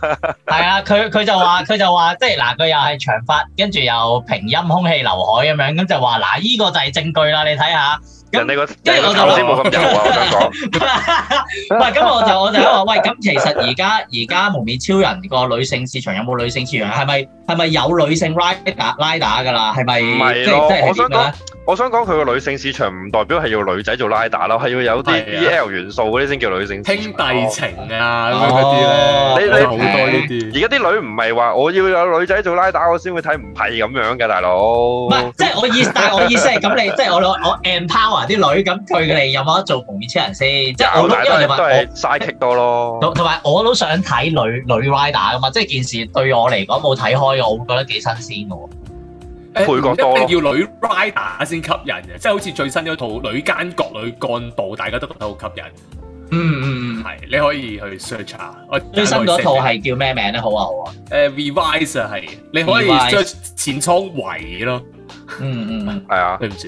係啊，佢佢就話佢就話，即係嗱，佢又係長髮，跟住又平陰空氣劉海咁樣，咁就話嗱，依個就係證據啦，你睇下。人哋跟住我就先冇咁油啊！我想講，咁，我就我就喺話，喂，咁其實而家而家幪面超人個女性市場有冇女性市場？係咪係咪有女性拉打拉打㗎啦？係咪？唔係咯，我想講，我想講佢個女性市場唔代表係要女仔做拉打咯，係要有啲 BL 元素嗰啲先叫女性。兄弟情啊，咁樣嗰啲咧，你好多呢啲。而家啲女唔係話我要有女仔做拉打，我先會睇，唔係咁樣嘅，大佬。唔係，即係我意思，但係我意思係咁，你即係我我 power 啲女咁，佢哋有冇得做幪面超人先？有即係我都，都因為又話 size 劇多咯。同埋我，我都想睇女女 Rider 啊嘛！即係件事對我嚟講冇睇開，我會覺得幾新鮮嘅喎。誒唔一定要女 Rider 先吸引嘅，即係好似最新嗰套女間國女幹部，大家都覺得好吸引。嗯嗯嗯，係、嗯、你可以去 search 下。最新嗰套係叫咩名咧？好啊好啊。誒 Revise 啊、呃，係你可以 search 前倉圍咯。嗯嗯，係啊，對唔住。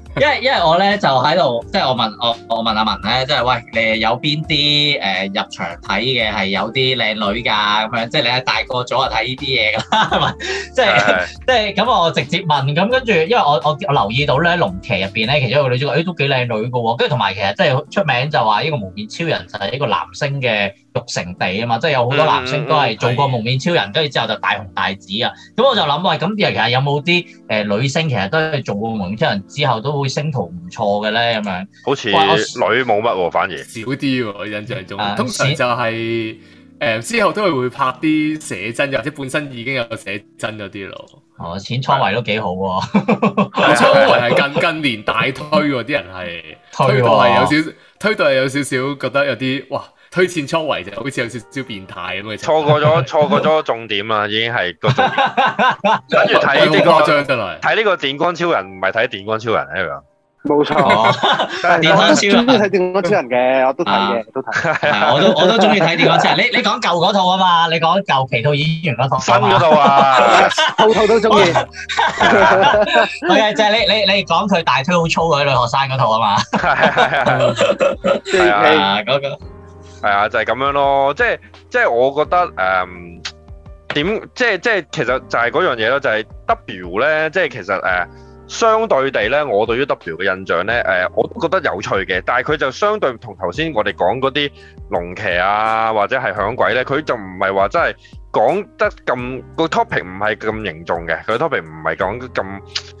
因為因為我咧就喺度，即係我問我我問阿文咧，即係喂，你有邊啲誒入場睇嘅係有啲靚女㗎咁樣，即係你係大個咗啊睇呢啲嘢㗎，係咪的？ 即係即係咁我直接問，咁跟住因為我我我留意到咧喺龍騎入邊咧，其中一個女主角誒都幾靚女㗎喎，跟住同埋其實即係出名就話呢個幪面超人就係一個男星嘅育成地啊嘛，即係有好多男星都係做過幪面超人，跟住、嗯嗯、之後就大紅大紫啊，咁我就諗喂，咁、欸、其實有冇啲誒女星其實都係做過幪面超人之後都。會升圖唔錯嘅咧，咁樣好似女冇乜喎，反而少啲喎。印象中通常就係、是、誒、uh, 嗯、之後都係會拍啲寫真，或者本身已經有寫真有啲咯。哦，淺倉威都幾好，倉威係近近年大推喎、啊，啲人係推到係有、, 啊、有少，推到係有少少覺得有啲哇。推前窗圍啫，好似有少少變態咁嘅，錯過咗，錯過咗重點啊！已經係跟住睇呢個，好誇張得嚟。睇呢個電光超人唔係睇電光超人嚟㗎，冇錯。電光超人睇電光超人嘅，我都睇嘅，我都睇。我都我都中意睇電光超人。你你講舊嗰套啊嘛？你講舊皮套演員嗰套。新嗰套啊，套套都中意。O.K. 就係你你你講佢大腿好粗嗰女學生嗰套啊嘛？係。係啊，就係、是、咁樣咯，即係即係我覺得誒點、嗯、即係即係其實就係嗰樣嘢咯，就係、是、W 咧，即係其實誒、呃、相對地咧，我對於 W 嘅印象咧誒、呃，我都覺得有趣嘅，但係佢就相對同頭先我哋講嗰啲龍騎啊或者係響鬼咧，佢就唔係話真係講得咁、那個 topic 唔係咁凝重嘅，佢 topic 唔係講咁。那個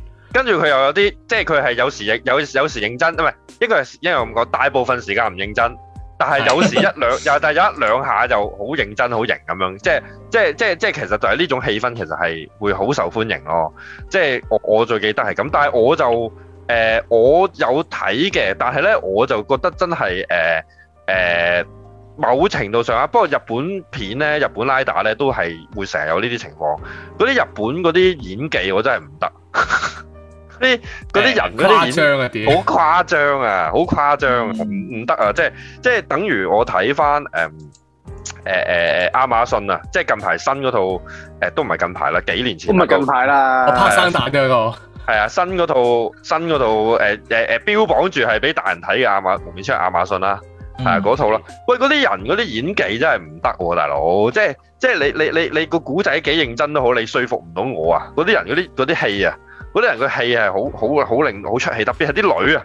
跟住佢又有啲，即係佢係有時亦有有時認真，唔係一個一樣咁講。大部分時間唔認真，但係有時一兩又但有一兩下就好認真、好型咁樣。即係即係即係即係，其實就係呢種氣氛，其實係會好受歡迎咯。即係我我最記得係咁，但係我就誒、呃、我有睇嘅，但係咧我就覺得真係誒誒某程度上啊。不過日本片咧，日本拉打咧都係會成日有呢啲情況。嗰啲日本嗰啲演技我真係唔得。 啲嗰啲人嗰啲演好誇張啊，好誇張，啊，唔唔得啊！即係即係，等於我睇翻誒誒誒誒亞馬遜啊！即係近排新嗰套誒，都唔係近排啦，幾年前都唔係近排啦。我、啊、拍生大嘅嗰個係啊，新嗰套新嗰套誒誒誒標榜住係俾大人睇嘅亞馬，唔出亞馬遜啦，係啊嗰套啦。喂，嗰啲人嗰啲演技真係唔得喎，大佬！即係即係你你你你個古仔幾認真都好，你說服唔到我啊！嗰啲人啲嗰啲戲啊～嗰啲人嘅戲係好好好靈好出戲，特別係啲女有有啊，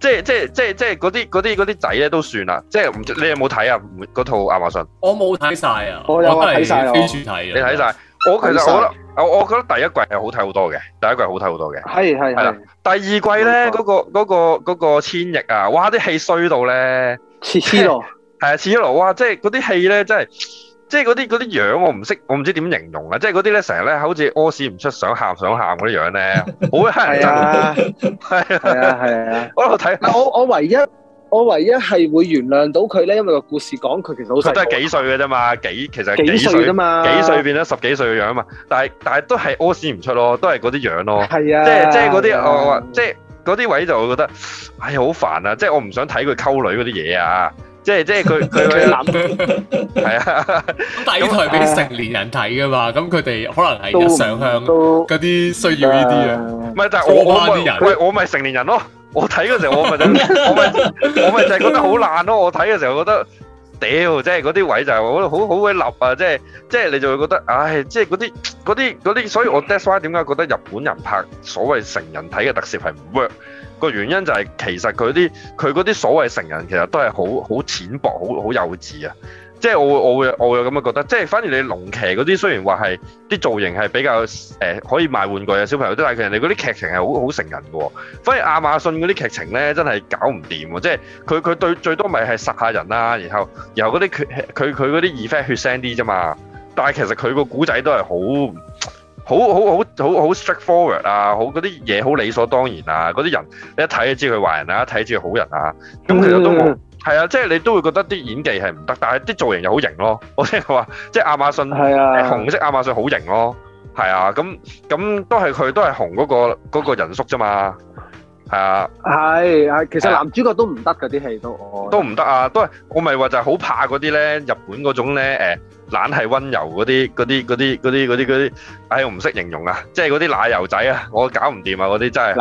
即係即係即係即係嗰啲啲啲仔咧都算啦，即係唔你有冇睇啊？嗰套亞馬遜我冇睇晒啊！我有睇晒，啊！你睇晒。我其實我我我覺得第一季係好睇好多嘅，第一季好睇好多嘅，係係係啦。第二季咧嗰個嗰個嗰個千翼啊，哇！啲戲衰到咧，似黐螺係啊，似黐螺哇！即係嗰啲戲咧，真係～即係嗰啲嗰啲樣我，我唔識，我唔知點形容啊！即係嗰啲咧，成日咧好似屙屎唔出，想喊想喊嗰啲樣咧，好黑人憎啊！係啊係啊！我睇我我唯一我唯一係會原諒到佢咧，因為個故事講佢其實都係幾歲嘅啫嘛，幾其實幾歲啫嘛，幾歲變咗十幾歲嘅樣嘛，但係但係都係屙屎唔出咯，都係嗰啲樣咯，係啊，即係即係嗰啲我即係啲位就會覺得哎好煩啊！即係我唔想睇佢溝女嗰啲嘢啊！即係即係佢佢佢諗係啊，底台俾成年人睇噶嘛，咁佢哋可能係日常向嗰啲需要呢啲啊。唔係，但係我人我咪我咪成年人咯，我睇嘅時候我咪就係、 我咪我咪就係覺得好爛咯，我睇嘅時候覺得。屌，即係嗰啲位就係我好好鬼立啊！即係即係你就會覺得，唉，即係嗰啲啲啲，所以我 desire 點解覺得日本人拍所謂成人睇嘅特攝係唔 work 個原因就係其實佢啲佢嗰啲所謂成人其實都係好好淺薄，好好幼稚啊！即係我會我會我會咁樣覺得，即係反而你龍騎嗰啲雖然話係啲造型係比較誒、呃、可以賣玩具嘅小朋友，但係其實你嗰啲劇情係好好成人嘅喎。反而亞馬遜嗰啲劇情咧真係搞唔掂喎，即係佢佢對最多咪係殺下人啦，啊，然後然後嗰啲佢佢嗰啲 effect 血腥啲啫嘛，但係其實佢個古仔都係好好好好好好 straightforward 啊，好嗰啲嘢好理所當然啊，嗰啲人一睇就知佢壞人啊，一睇知佢好人啊。咁其實都冇。嗯係啊，即係你都會覺得啲演技係唔得，但係啲造型又好型咯。我聽佢話，即係亞馬遜係啊，紅色亞馬遜好型咯，係啊，咁咁都係佢都係紅嗰個嗰個人叔啫嘛，係啊，係係，其實男主角都唔得嗰啲戲都，都唔得啊，都係我咪話就係好怕嗰啲咧，日本嗰種咧誒懶係温柔嗰啲嗰啲嗰啲嗰啲嗰啲嗰啲，哎我唔識形容啊，即係嗰啲奶油仔啊，我搞唔掂啊嗰啲真係，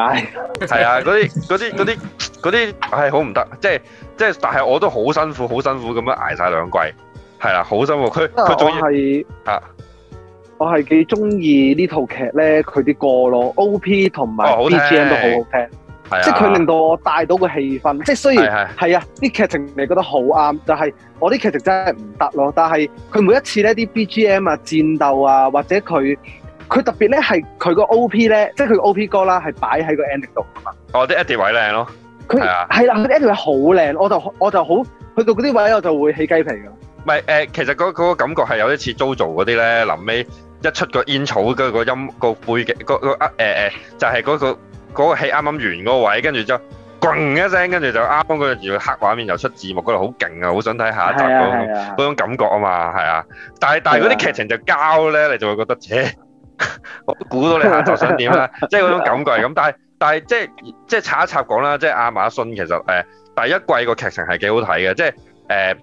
係啊嗰啲嗰啲嗰啲嗰啲係好唔得，即係。即係，但係我都好辛苦，好辛苦咁樣捱晒兩季，係啦，好辛苦。佢佢仲係吓，我係幾中意呢套劇咧，佢啲歌咯，O P 同埋 B G M 都好好聽，哦、好聽即係佢令到我帶到個氣氛。是啊、即係雖然係是啊，啊，啲劇情你覺得好啱，就是，但係我啲劇情真係唔得咯。但係佢每一次咧，啲 B G M 啊，戰鬥啊，或者佢佢特別咧係佢個 O P 咧，即係佢 O P 歌啦，係擺喺個 ending 度㗎嘛。哦，啲 ending 位靚咯。佢係啊，係啦，佢啲 action 好靚，我就我就好去到嗰啲位，我就會起雞皮噶。唔係誒，其實嗰嗰個感覺係有啲似 Jojo 嗰啲咧，臨尾一出個煙草嘅個音個背景個個啊誒誒，就係嗰個嗰個戲啱啱完嗰個位，跟住之後，轟一聲，跟住就啱啱嗰陣時黑畫面又出字幕嗰度，好勁啊，好想睇下一集嗰種感覺啊嘛，係啊。但係但係嗰啲劇情就膠咧，你就會覺得，切，我估到你下集想點啦，即係嗰種感覺係咁，但係。但係即係即係插一插講啦，即係亞馬遜其實誒、呃、第一季個劇情係幾好睇嘅，即係誒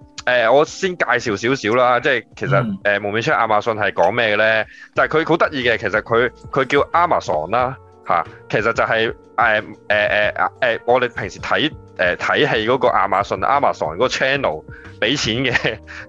誒我先介紹少少啦，即係其實誒幪面超人亞馬遜係講咩嘅咧？就係佢好得意嘅，其實佢佢叫亞馬遜啦嚇，其實就係誒誒誒誒我哋平時睇。誒睇戲嗰個亞馬遜 Amazon 嗰個 channel 俾錢嘅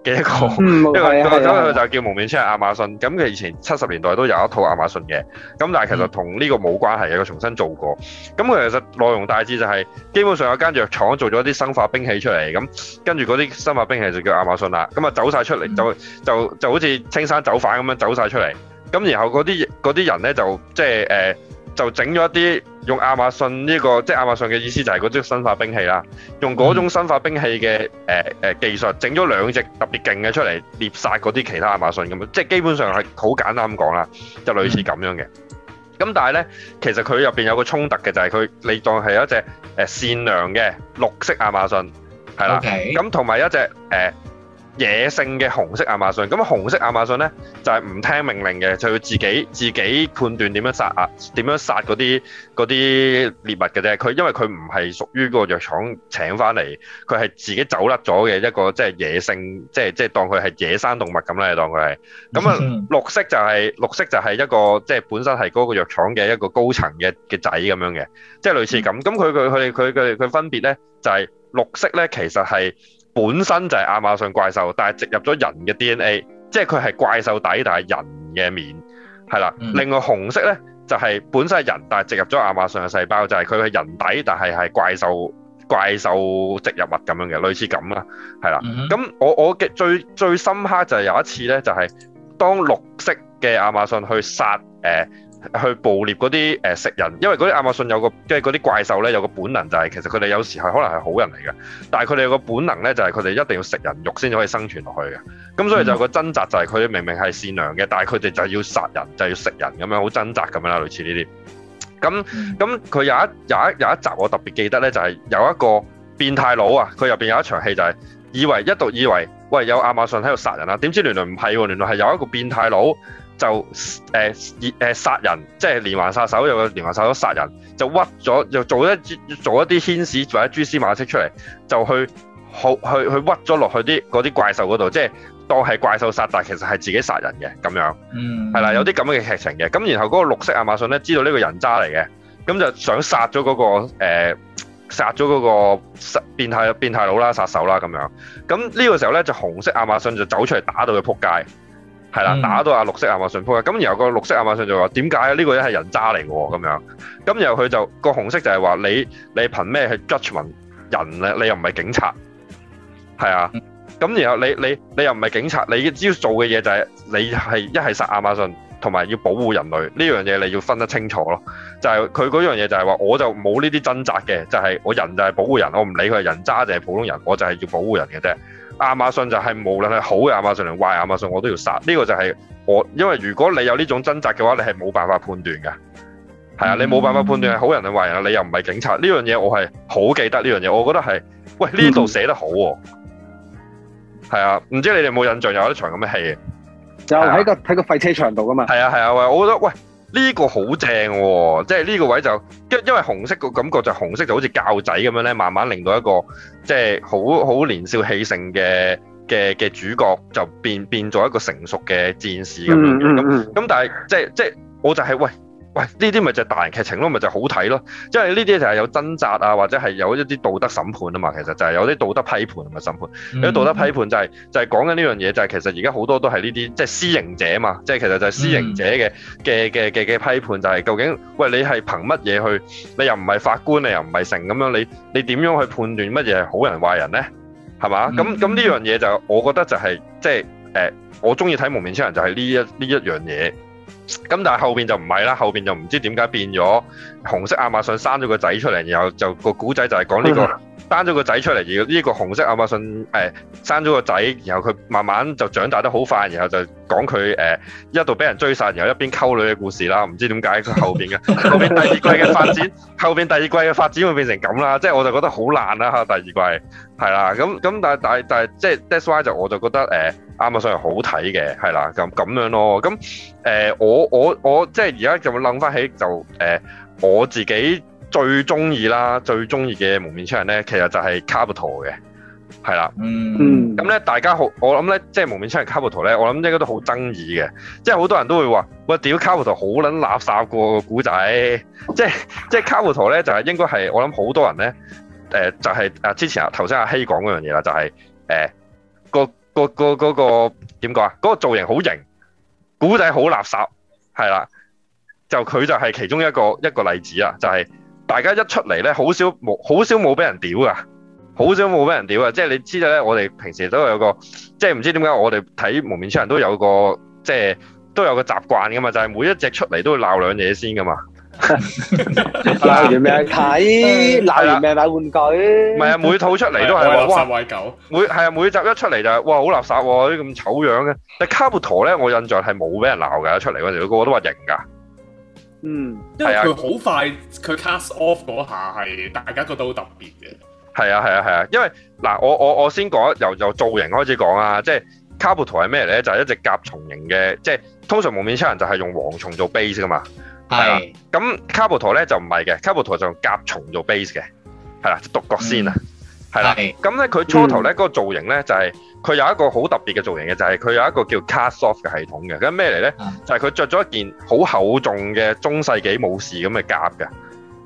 嘅一個，嗯、因為佢就叫幪面超人亞馬遜。咁佢的以前七十年代都有一套亞馬遜嘅，咁、嗯、但係其實同呢個冇關係嘅，佢重新做過。咁佢其實內容大致就係、是、基本上有間藥廠做咗啲生化兵器出嚟，咁跟住嗰啲生化兵器就叫亞馬遜啦。咁啊走晒出嚟、嗯，就就就好似青山走反咁樣走晒出嚟。咁然後嗰啲啲人咧就即係誒就整咗一啲。用亞馬遜呢、這個，即係亞馬遜嘅意思就係嗰啲生化兵器啦。用嗰種生化兵器嘅誒誒技術，整咗兩隻特別勁嘅出嚟，獵殺嗰啲其他亞馬遜咁樣！即係基本上係好簡單咁講啦，就類似咁樣嘅。咁、嗯嗯、但係咧，其實佢入邊有個衝突嘅，就係、是、佢你當係一隻誒、呃、善良嘅綠色亞馬遜，係啦。咁同埋一隻誒。呃野性嘅紅色亞馬遜，咁啊紅色亞馬遜咧就係唔聽命令嘅，就要自己自己判斷點樣殺啊，點樣殺嗰啲嗰啲獵物嘅啫。佢因為佢唔係屬於嗰個藥廠請翻嚟，佢係自己走甩咗嘅一個，即係野性，即係即係當佢係野生動物咁啦，你當佢係。咁啊綠色就係綠色就係一個即係本身係嗰個藥廠嘅一個高層嘅嘅仔咁樣嘅，即係類似咁。咁佢佢佢佢佢佢分別咧就係綠色咧其實係。本身就係亞馬遜怪獸，但係植入咗人嘅 DNA，即係佢係怪獸底，但係人嘅面，係啦。另外紅色呢就係本身係人，但係植入咗亞馬遜嘅細胞，就係佢係人底，但係係怪獸怪獸植入物咁樣嘅，類似咁啦，係啦。咁我我嘅最最深刻就係有一次呢，就係當綠色嘅亞馬遜去殺誒，去捕獵嗰啲誒食人，因為嗰啲亞馬遜有個即係嗰啲怪獸咧，有個本能就係其實佢哋有時係可能係好人嚟嘅，但係佢哋有個本能咧就係佢哋一定要食人肉先至可以生存落去嘅。咁所以就有個掙扎就係佢明明係善良嘅，但係佢哋就要殺人，就要食人咁樣好掙扎咁樣啦，類似呢啲。咁咁佢有一有一有一集我特別記得咧，就係有一個變態佬啊，佢入邊有一場戲就係以為一度以為喂有亞馬遜喺度殺人啦，點知原來唔係喎，原來係有一個變態佬。就誒，誒、欸欸、殺人，即係連環殺手，有個連環殺手殺人，就屈咗，又做，做一做一啲牽絲，或者蛛絲馬跡出嚟，就去好去去屈咗落去啲啲怪獸嗰度，即係當係怪獸殺，但其實係自己殺人嘅咁樣。嗯，係啦，有啲咁嘅劇情嘅。咁然後嗰個綠色亞馬遜咧，知道呢個人渣嚟嘅，咁就想殺咗嗰、嗰個誒殺咗嗰個殺變態變態佬啦，殺手啦咁樣。咁呢個時候咧，就紅色亞馬遜就走出嚟打到佢撲街。係啦，打到阿綠色亞馬遜，咁然後個綠色亞馬遜就話：點解呢個人係人渣嚟㗎、哦？咁樣，咁然後佢就個紅色就係話：你你憑咩去 judge 人咧？你又唔係警察，係啊？咁然後你你你又唔係警察，你只要做嘅嘢就係、是、你係一係殺亞馬遜，同埋要保護人類呢樣嘢，這個、你要分得清楚咯。就係佢嗰樣嘢就係話，我就冇呢啲掙扎嘅，就係、是、我人就係保護人，我唔理佢係人渣定係普通人，我就係要保護人嘅啫。亞馬遜就係無論係好嘅亞馬遜定壞亞馬遜，我都要殺。呢個就係我，因為如果你有呢種掙扎嘅話，你係冇辦法判斷嘅。係啊，嗯、你冇辦法判斷係好人定壞人啊！你又唔係警察，呢樣嘢我係好記得呢樣嘢。我覺得係，喂，呢度寫得好。係啊，唔、嗯啊、知你哋有冇印象有一場咁嘅戲？就喺個喺、啊、個廢車場度噶嘛。係啊係啊，啊，喂，我覺得喂。呢個好正喎，哦，即係呢個位就因因為紅色個感覺就紅色就好似教仔咁樣咧，慢慢令到一個即係好好年少氣盛嘅嘅嘅主角就變變咗一個成熟嘅戰士咁樣咁咁，嗯嗯嗯，但係即即我就係，是，喂。喂，呢啲咪就係大劇情咯，咪就是、好睇咯。因為呢啲就係有掙扎啊，或者係有一啲道德審判啊嘛。其實就係有啲道德批判同埋審判。有啲、嗯、道德批判就係就係講緊呢樣嘢，就係、是就是、其實而家好多都係呢啲即係私刑者嘛。即、就、係、是、其實就係私刑者嘅嘅嘅嘅嘅批判，就係究竟喂你係憑乜嘢去？你又唔係法官，你又唔係成咁樣，你你點樣去判斷乜嘢係好人壞人咧？係嘛？咁咁呢樣嘢就我覺得就係即係誒，我中意睇幪面超人就係、是、呢一呢、就是、一樣嘢。咁但係後邊就唔係啦，後邊就唔知點解變咗紅色亞馬遜生咗個仔出嚟，然後就，就個古仔就係講呢個。生咗個仔出嚟，而呢個紅色亞馬遜誒，生咗個仔，然後佢慢慢就長大得好快，然後就講佢誒一度俾人追殺，然後一邊溝女嘅故事啦，唔知點解佢後邊嘅，後邊第二季嘅發展，後邊第二季嘅發展會變成咁啦，即係我就覺得好爛啦吓，第二季係啦，咁咁但係但係但係即係 That’s why 就我就覺得誒，亞馬遜係好睇嘅，係啦咁咁樣咯，咁誒我我我即係而家就會諗翻起就誒我自己。最中意啦，最中意嘅幪面超人咧，其實就係卡布托嘅，係啦。嗯，咁咧大家好，我諗咧即係幪面超人卡布托咧，我諗應該都好爭議嘅，即係好多人都會話，喂，屌卡布托好撚垃圾、啊個古仔，即係即係卡布托咧就係、是、應該係我諗好多人咧，誒、嗯、就係、是、啊之前啊頭先阿希講嗰樣嘢啦，one, 就係、是、誒、嗯個、個、個嗰個點講啊，嗰、個造型好型，古仔好垃圾，係啦，就佢就係其中一個一個例子啊，就係、是。大家一出嚟咧，好少冇好少冇俾人屌啊！好少冇俾人屌啊！即係你知道咧，我哋平時都有個，即係唔知點解我哋睇幪面超人都有個，即係都有個習慣噶嘛，就係、是、每一隻出嚟都會鬧兩嘢先噶嘛。鬧 完命睇，鬧、啊、完命買玩具。唔係啊，啊，每套出嚟都係話 哇， 每係啊，每集一出嚟就係、是、哇，好垃圾喎、啊，啲咁醜樣嘅。但卡布陀咧，我印象係冇俾人鬧噶，出嚟嗰陣佢個個都話型噶。嗯，因為佢好快佢，啊、cast off 嗰下係大家覺得好特別嘅，啊。係啊係啊係啊，因為嗱我我我先講由由造型開始講啊，即係卡布托係咩咧？就係一隻甲蟲型嘅，即係通常幪面超人就係用蝗蟲做 base 噶嘛，係啦。咁卡布托咧就唔係嘅，卡布托就用甲蟲做 base 嘅，係啦，獨角仙啊，係啦。咁咧佢初頭咧嗰，嗯、個造型咧就係、是。佢有一個好特別嘅造型嘅，就係佢有一個叫 cast off 嘅系統嘅。咁咩嚟咧？就係佢著咗一件好厚重嘅中世紀武士咁嘅甲嘅，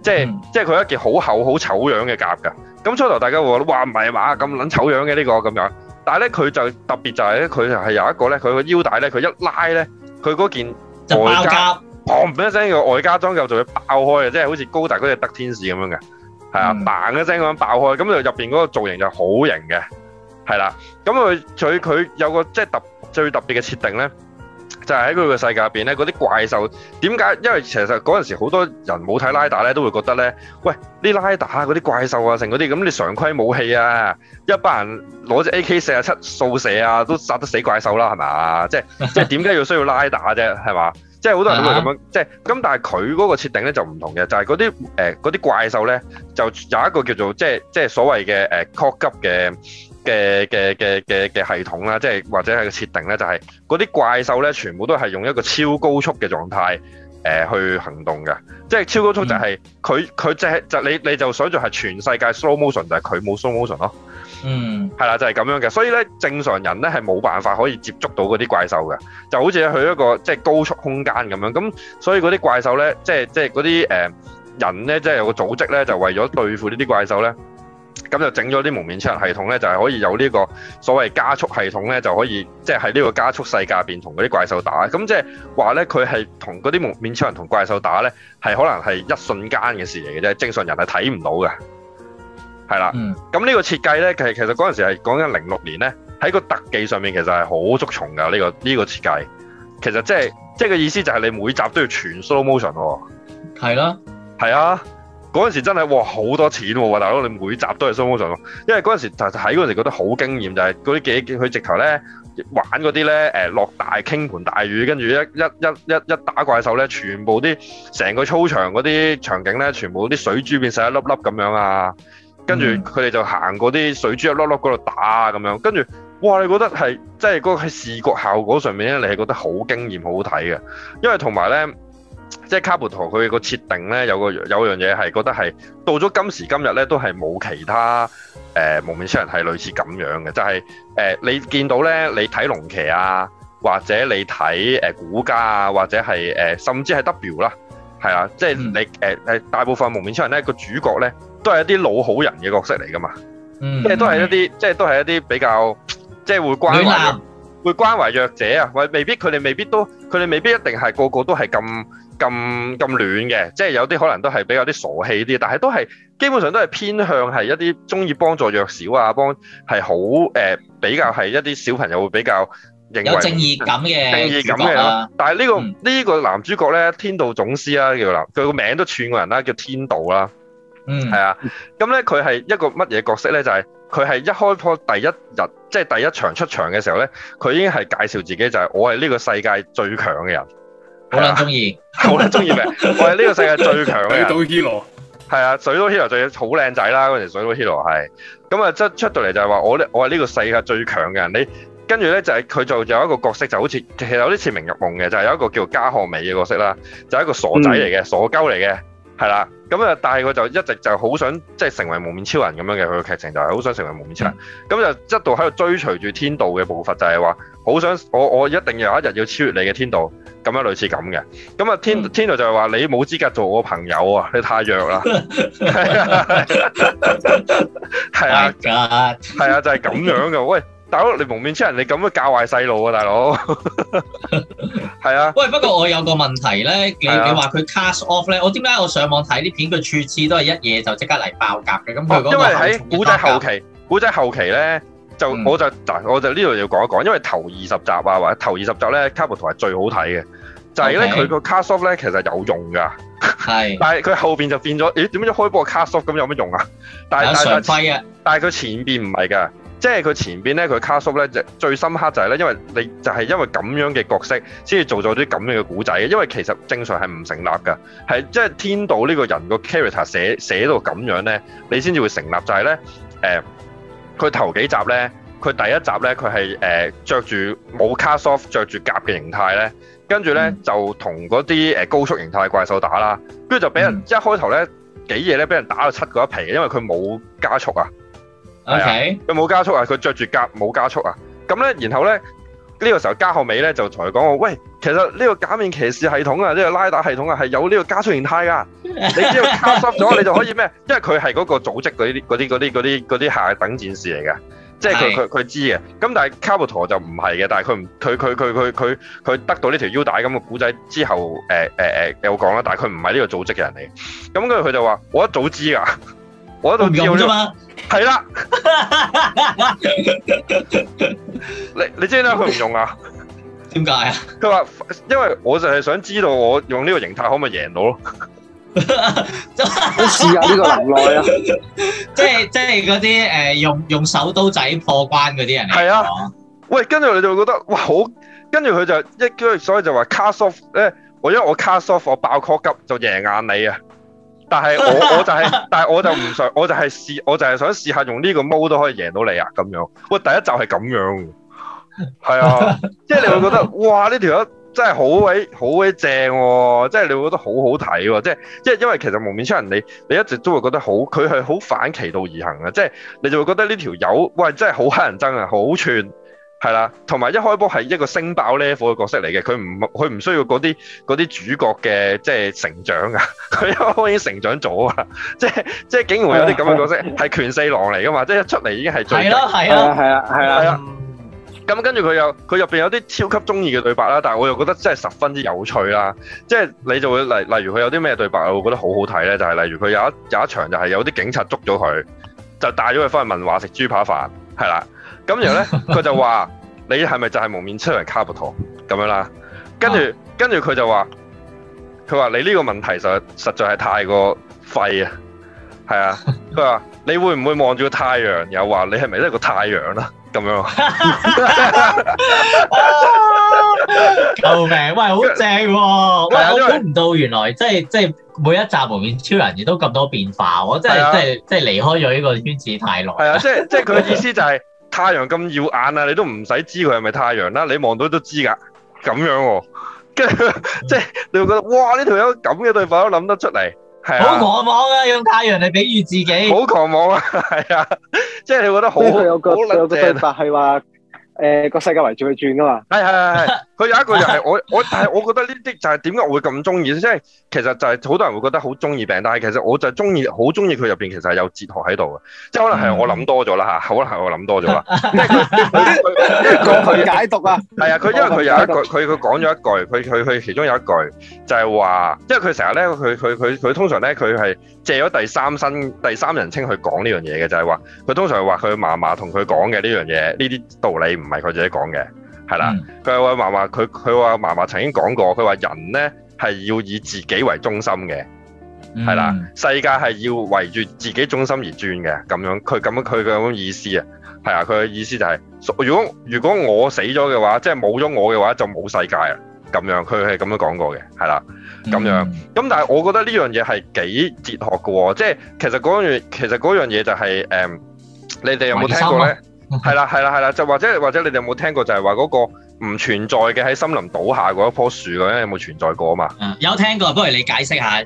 即係即係佢一件好厚、好醜樣嘅甲噶。咁初頭大家會話：「哇唔係嘛，咁撚醜樣嘅呢個咁樣。但係咧佢就特別就係咧，佢就係有一個咧，佢個腰帶咧，佢一拉咧，佢嗰件外加砰一聲嘅外加裝又仲要爆開嘅，即係好似高達嗰隻德天使咁樣嘅，係啊，砰一聲咁樣爆開，咁就入邊嗰個造型就好型嘅。係啦，咁佢佢有個即係特最特別嘅設定咧，就係喺佢個世界入邊咧，嗰啲怪獸點解？因為其實嗰陣時好多人冇睇拉打咧，都會覺得咧，喂，啲拉打嗰啲怪獸啊，成嗰啲咁，你常規武器啊，一班人攞隻 A K 四啊七掃射啊，都殺得死怪獸啦，係咪？即 即點解要需要拉打啫？係嘛？即好多人都會咁樣，即咁但係佢嗰個設定咧就唔同嘅，就係嗰啲誒啲怪獸咧，就有一個叫做即即所謂嘅誒鶴急嘅。呃嘅嘅嘅嘅嘅系統啦，即係或者係個設定咧，就係嗰啲怪獸咧，全部都係用一個超高速嘅狀態誒、呃、去行動嘅，即係超高速就係佢佢即係就，就你你就想像係全世界 slow motion 就係佢冇 slow motion 咯，嗯，係啦就係、是、咁樣嘅，所以咧正常人咧係冇辦法可以接觸到嗰啲怪獸嘅，就好似喺佢一個即係高速空間咁樣，咁所以嗰啲怪獸咧，即係即係嗰啲誒人咧，即係、呃、有個組織咧，就為咗對付呢啲怪獸咧。咁就整咗啲幪面超人系統咧，就係、是、可以有呢個所謂加速系統咧，就可以即係喺呢個加速世界入邊同嗰啲怪獸打。咁即係話咧，佢係同嗰啲幪面超人同怪獸打咧，係可能係一瞬間嘅事嚟嘅啫。正常人係睇唔到嘅，係啦。咁呢、嗯、個設計咧，其實其實嗰陣時係講緊零六年咧，喺個特技上面其實係好著重嘅呢個呢、呢個設計。其實即係即係個意思就係你每集都要全 slow motion 喎。係啦，係啊。嗰陣時真係哇好多錢喎！大佬你每集都係 s u p 因為嗰陣時睇嗰陣時覺得好驚豔，就係嗰啲幾佢直頭咧玩嗰啲咧誒落大傾盆大雨，跟住一一一一一打怪獸咧，全部啲成個操場嗰啲場景咧，全部啲水珠變成一粒粒咁樣啊，跟住佢哋就行嗰啲水珠一粒粒嗰度打啊咁樣，跟住哇你覺得係即係嗰個喺視覺效果上面咧，你係覺得好驚豔好好睇嘅，因為同埋咧。即係卡布托佢個設定咧，有個有樣嘢，係覺得係到咗今時今日咧，都係冇其他，誒幪面超人係類似咁樣嘅，就係誒你見到咧，你睇龍騎啊，或者你睇誒古迦啊，或者係誒甚至係 W 啦，係啊。即係你誒誒大部分幪面超人咧，個主角咧都係一啲老好人嘅角色嚟噶嘛，即係都係一啲即係都係一啲比較即係會關懷會關懷弱者啊，或未必佢哋未必都佢哋未必一定係個個都係咁。咁咁暖嘅，即係有啲可能都係比較啲傻氣啲，但係都係基本上都係偏向係一啲鍾意幫助弱小啊，幫係好誒比較係一啲小朋友會比較認為有正義感嘅正義感主角啦、啊。但係、這、呢個呢、嗯、個男主角咧，天道總司啊叫啦，佢個名都串過人啦，叫、啊、叫天道啦、啊嗯啊。嗯，係啊，咁咧佢係一個乜嘢角色咧？就係佢係一開波第一日，即、就、係、是、第一場出場嘅時候咧，佢已經係介紹自己就係我係呢個世界最強嘅人。好啦，中意、啊，好啦，中意咩？我係呢個世界最強嘅水都 hero，係啊，水都 hero 最好靚仔啦，嗰條水都 hero 係，咁啊，就出出到嚟就係話我咧，我係呢個世界最強嘅人。你跟住咧就係佢就有一個角色就好似其實有啲似明日夢嘅，就係、是、有一個叫加賀美嘅角色啦，就是、一個傻仔嚟嘅，傻鳩嚟嘅。係啦，咁啊，但係佢就一直就好想即係成為幪面超人咁樣嘅，佢嘅劇情就係、是、好想成為幪面超人，咁、mm hmm. 嗯、就一度喺度追隨住天道嘅步伐，就係話好想我我一定要有一日要超越你嘅天道，咁樣類似咁嘅，咁、嗯、啊 天天道就係話你冇資格做我朋友啊，你太弱啦，係啊，係啊，就係、是、咁、就是、樣嘅，喂。大佬，你幪面超人你咁樣教壞細路啊！大佬，係 啊。喂，不過我有個問題咧，你你話佢 cast off 咧，我點解我上網睇啲片佢處次都係一夜就即刻嚟爆格嘅？咁佢、哦、因為喺古仔後期，古仔後期咧就、嗯、我就嗱，我就呢度要講一講，因為頭二十集啊或者頭二十集咧 Kabuto 係最好睇嘅，就係咧佢個 cast off 咧其實有用噶，係是，但係佢後邊就變咗，咦？點解開播 cast off 咁有乜用啊？但係常規啊，但係佢前邊唔係噶。即係佢前面咧，佢 cast off 咧就最深刻就係咧，因為你就係因為咁樣嘅角色，先至做咗啲咁樣嘅古仔嘅。因為其實正常係唔成立噶，係即係天道呢個人個 character 寫寫到咁樣咧，你先至會成立就呢。就係咧，誒，佢頭幾集咧，佢第一集咧，佢係誒着住冇 cast off 着住甲嘅形態咧，跟住咧就同嗰啲誒高速形態怪獸打啦，跟住就俾人、嗯、一開頭咧幾嘢咧，俾人打到七個一皮，因為佢冇加速啊。係啊，冇 Okay. 加速啊？佢着住甲冇加速啊？咁咧，然後咧呢、這個時候加賀美咧就同佢講我喂，其實呢個假面騎士系統啊，呢、這個拉打系統啊，係有呢個加速形態噶。你只要卡濕咗，你就可以咩？因為佢係嗰個組織嗰啲啲啲啲啲下等戰士嚟嘅，即係佢佢佢知嘅。咁但係卡布托就唔係嘅，但係佢唔佢佢佢佢佢佢得到呢條腰帶咁個古仔之後，誒誒誒有講啦。但係佢唔係呢個組織嘅人嚟，咁跟住佢就話我一早知噶。我喺度叫啫嘛，係啦。你你知唔知佢唔用啊？點解啊？佢話因為我就係想知道我用呢個形態可唔可以贏到咯。 你試下呢個能耐啊！即係即係嗰啲誒用用手刀仔破關嗰啲人嚟講，啊。喂，跟住你就覺得哇好！跟住佢就一，所以就話 cast off 咧。我因為我 cast off，我爆 call 急就贏硬你啊！但係我 我就係、是，但係我就唔想，我就係試，我就係想試下用呢個毛都可以贏到你啊！咁樣，喂，第一集係咁樣，係啊， 即係你會覺得，哇！呢條友真係好鬼好鬼正喎，即係你會覺得好好睇喎，即係即係因為其實幪面超人你你一直都會覺得好，佢係好反其道而行啊，即係你就會覺得呢條友喂真係好乞人憎啊，好串。係啦，同埋一開波係一個升爆 level 嘅角色嚟嘅，佢唔佢唔需要嗰啲啲主角嘅即係成長啊，佢已經成長咗啊，即係即係竟然會有啲咁嘅角色，係 拳四郎嚟噶嘛，即係一出嚟已經係最勁，係咯，係咯，係啊，係啊，咁跟住佢又佢入邊有啲超級中意嘅對白啦，但係我又覺得真係十分之有趣啦，即係你就會例例如佢有啲咩對白我會覺得好好睇咧，就係、是、例如佢有一有一場就係有啲警察捉咗佢，就帶咗佢翻去文華食豬扒飯，係啦。咁 然後咧，佢就話：你係咪就係幪面超人卡布托咁樣啦？跟住跟住佢就話：佢話你呢個問題實實在係太過廢啊！係啊，佢話你會唔會望住個太陽，又話你係咪都係個太陽啦？咁樣， 救命！喂，好正喎！為喂，我估唔到原來即係即係每一集幪面超人亦都咁多變化我真係、啊、即係即係離開咗呢個圈子太耐。係啊，即係即係佢嘅意思就係、是。 太陽咁耀眼啊，你都唔使知佢係咪太陽啦，你望到都知噶，咁樣喎、哦，跟即係你會覺得哇，呢條友咁嘅對白都諗得出嚟。啊、好狂妄啊，用太陽嚟比喻自己， 好狂妄啊，係啊，即 係你覺得好好靚嘅對白係話。誒，個世界圍住佢轉噶嘛？係係係係，佢有一句就係我我，但係我覺得呢啲就係點解我會咁中意，即係其實就係好多人會覺得好中意病，但係其實我就中意好中意佢入邊其實係有哲學喺度嘅，即係可能係我諗多咗啦吓，嗯、可能係我諗多咗啦，即係佢解讀啊。係啊，佢因為佢有一句，佢佢講咗一句，佢佢佢其中有一句就係話，因為佢成日咧，佢佢佢佢通常咧，佢係。借咗第三身、第三人稱去講呢樣嘢嘅，就係話佢通常係話佢嫲嫲同佢講嘅呢樣嘢，呢啲道理唔係佢自己講嘅，係啦。佢話嫲嫲，佢佢話嫲嫲曾經講過，佢話人呢係要以自己為中心嘅，係啦，嗯、世界係要圍住自己中心而轉嘅，咁樣佢咁樣佢嘅咁意思啊，係啊，佢嘅意思就係、是，如果如果我死咗嘅話，即係冇咗我嘅話，就冇、是、世界啊，咁樣佢係咁樣講過嘅，係啦。咁樣，咁、嗯、但係我覺得呢樣嘢係幾哲學嘅，即係其實嗰樣其實嗰樣嘢就係、是、誒、嗯，你哋有冇聽過咧？係啦係啦係啦，就或者或者你哋有冇聽過就係話嗰個唔存在嘅喺森林倒下嗰一棵樹嘅，有冇存在過啊？嘛、嗯，有聽過，不如你解釋下。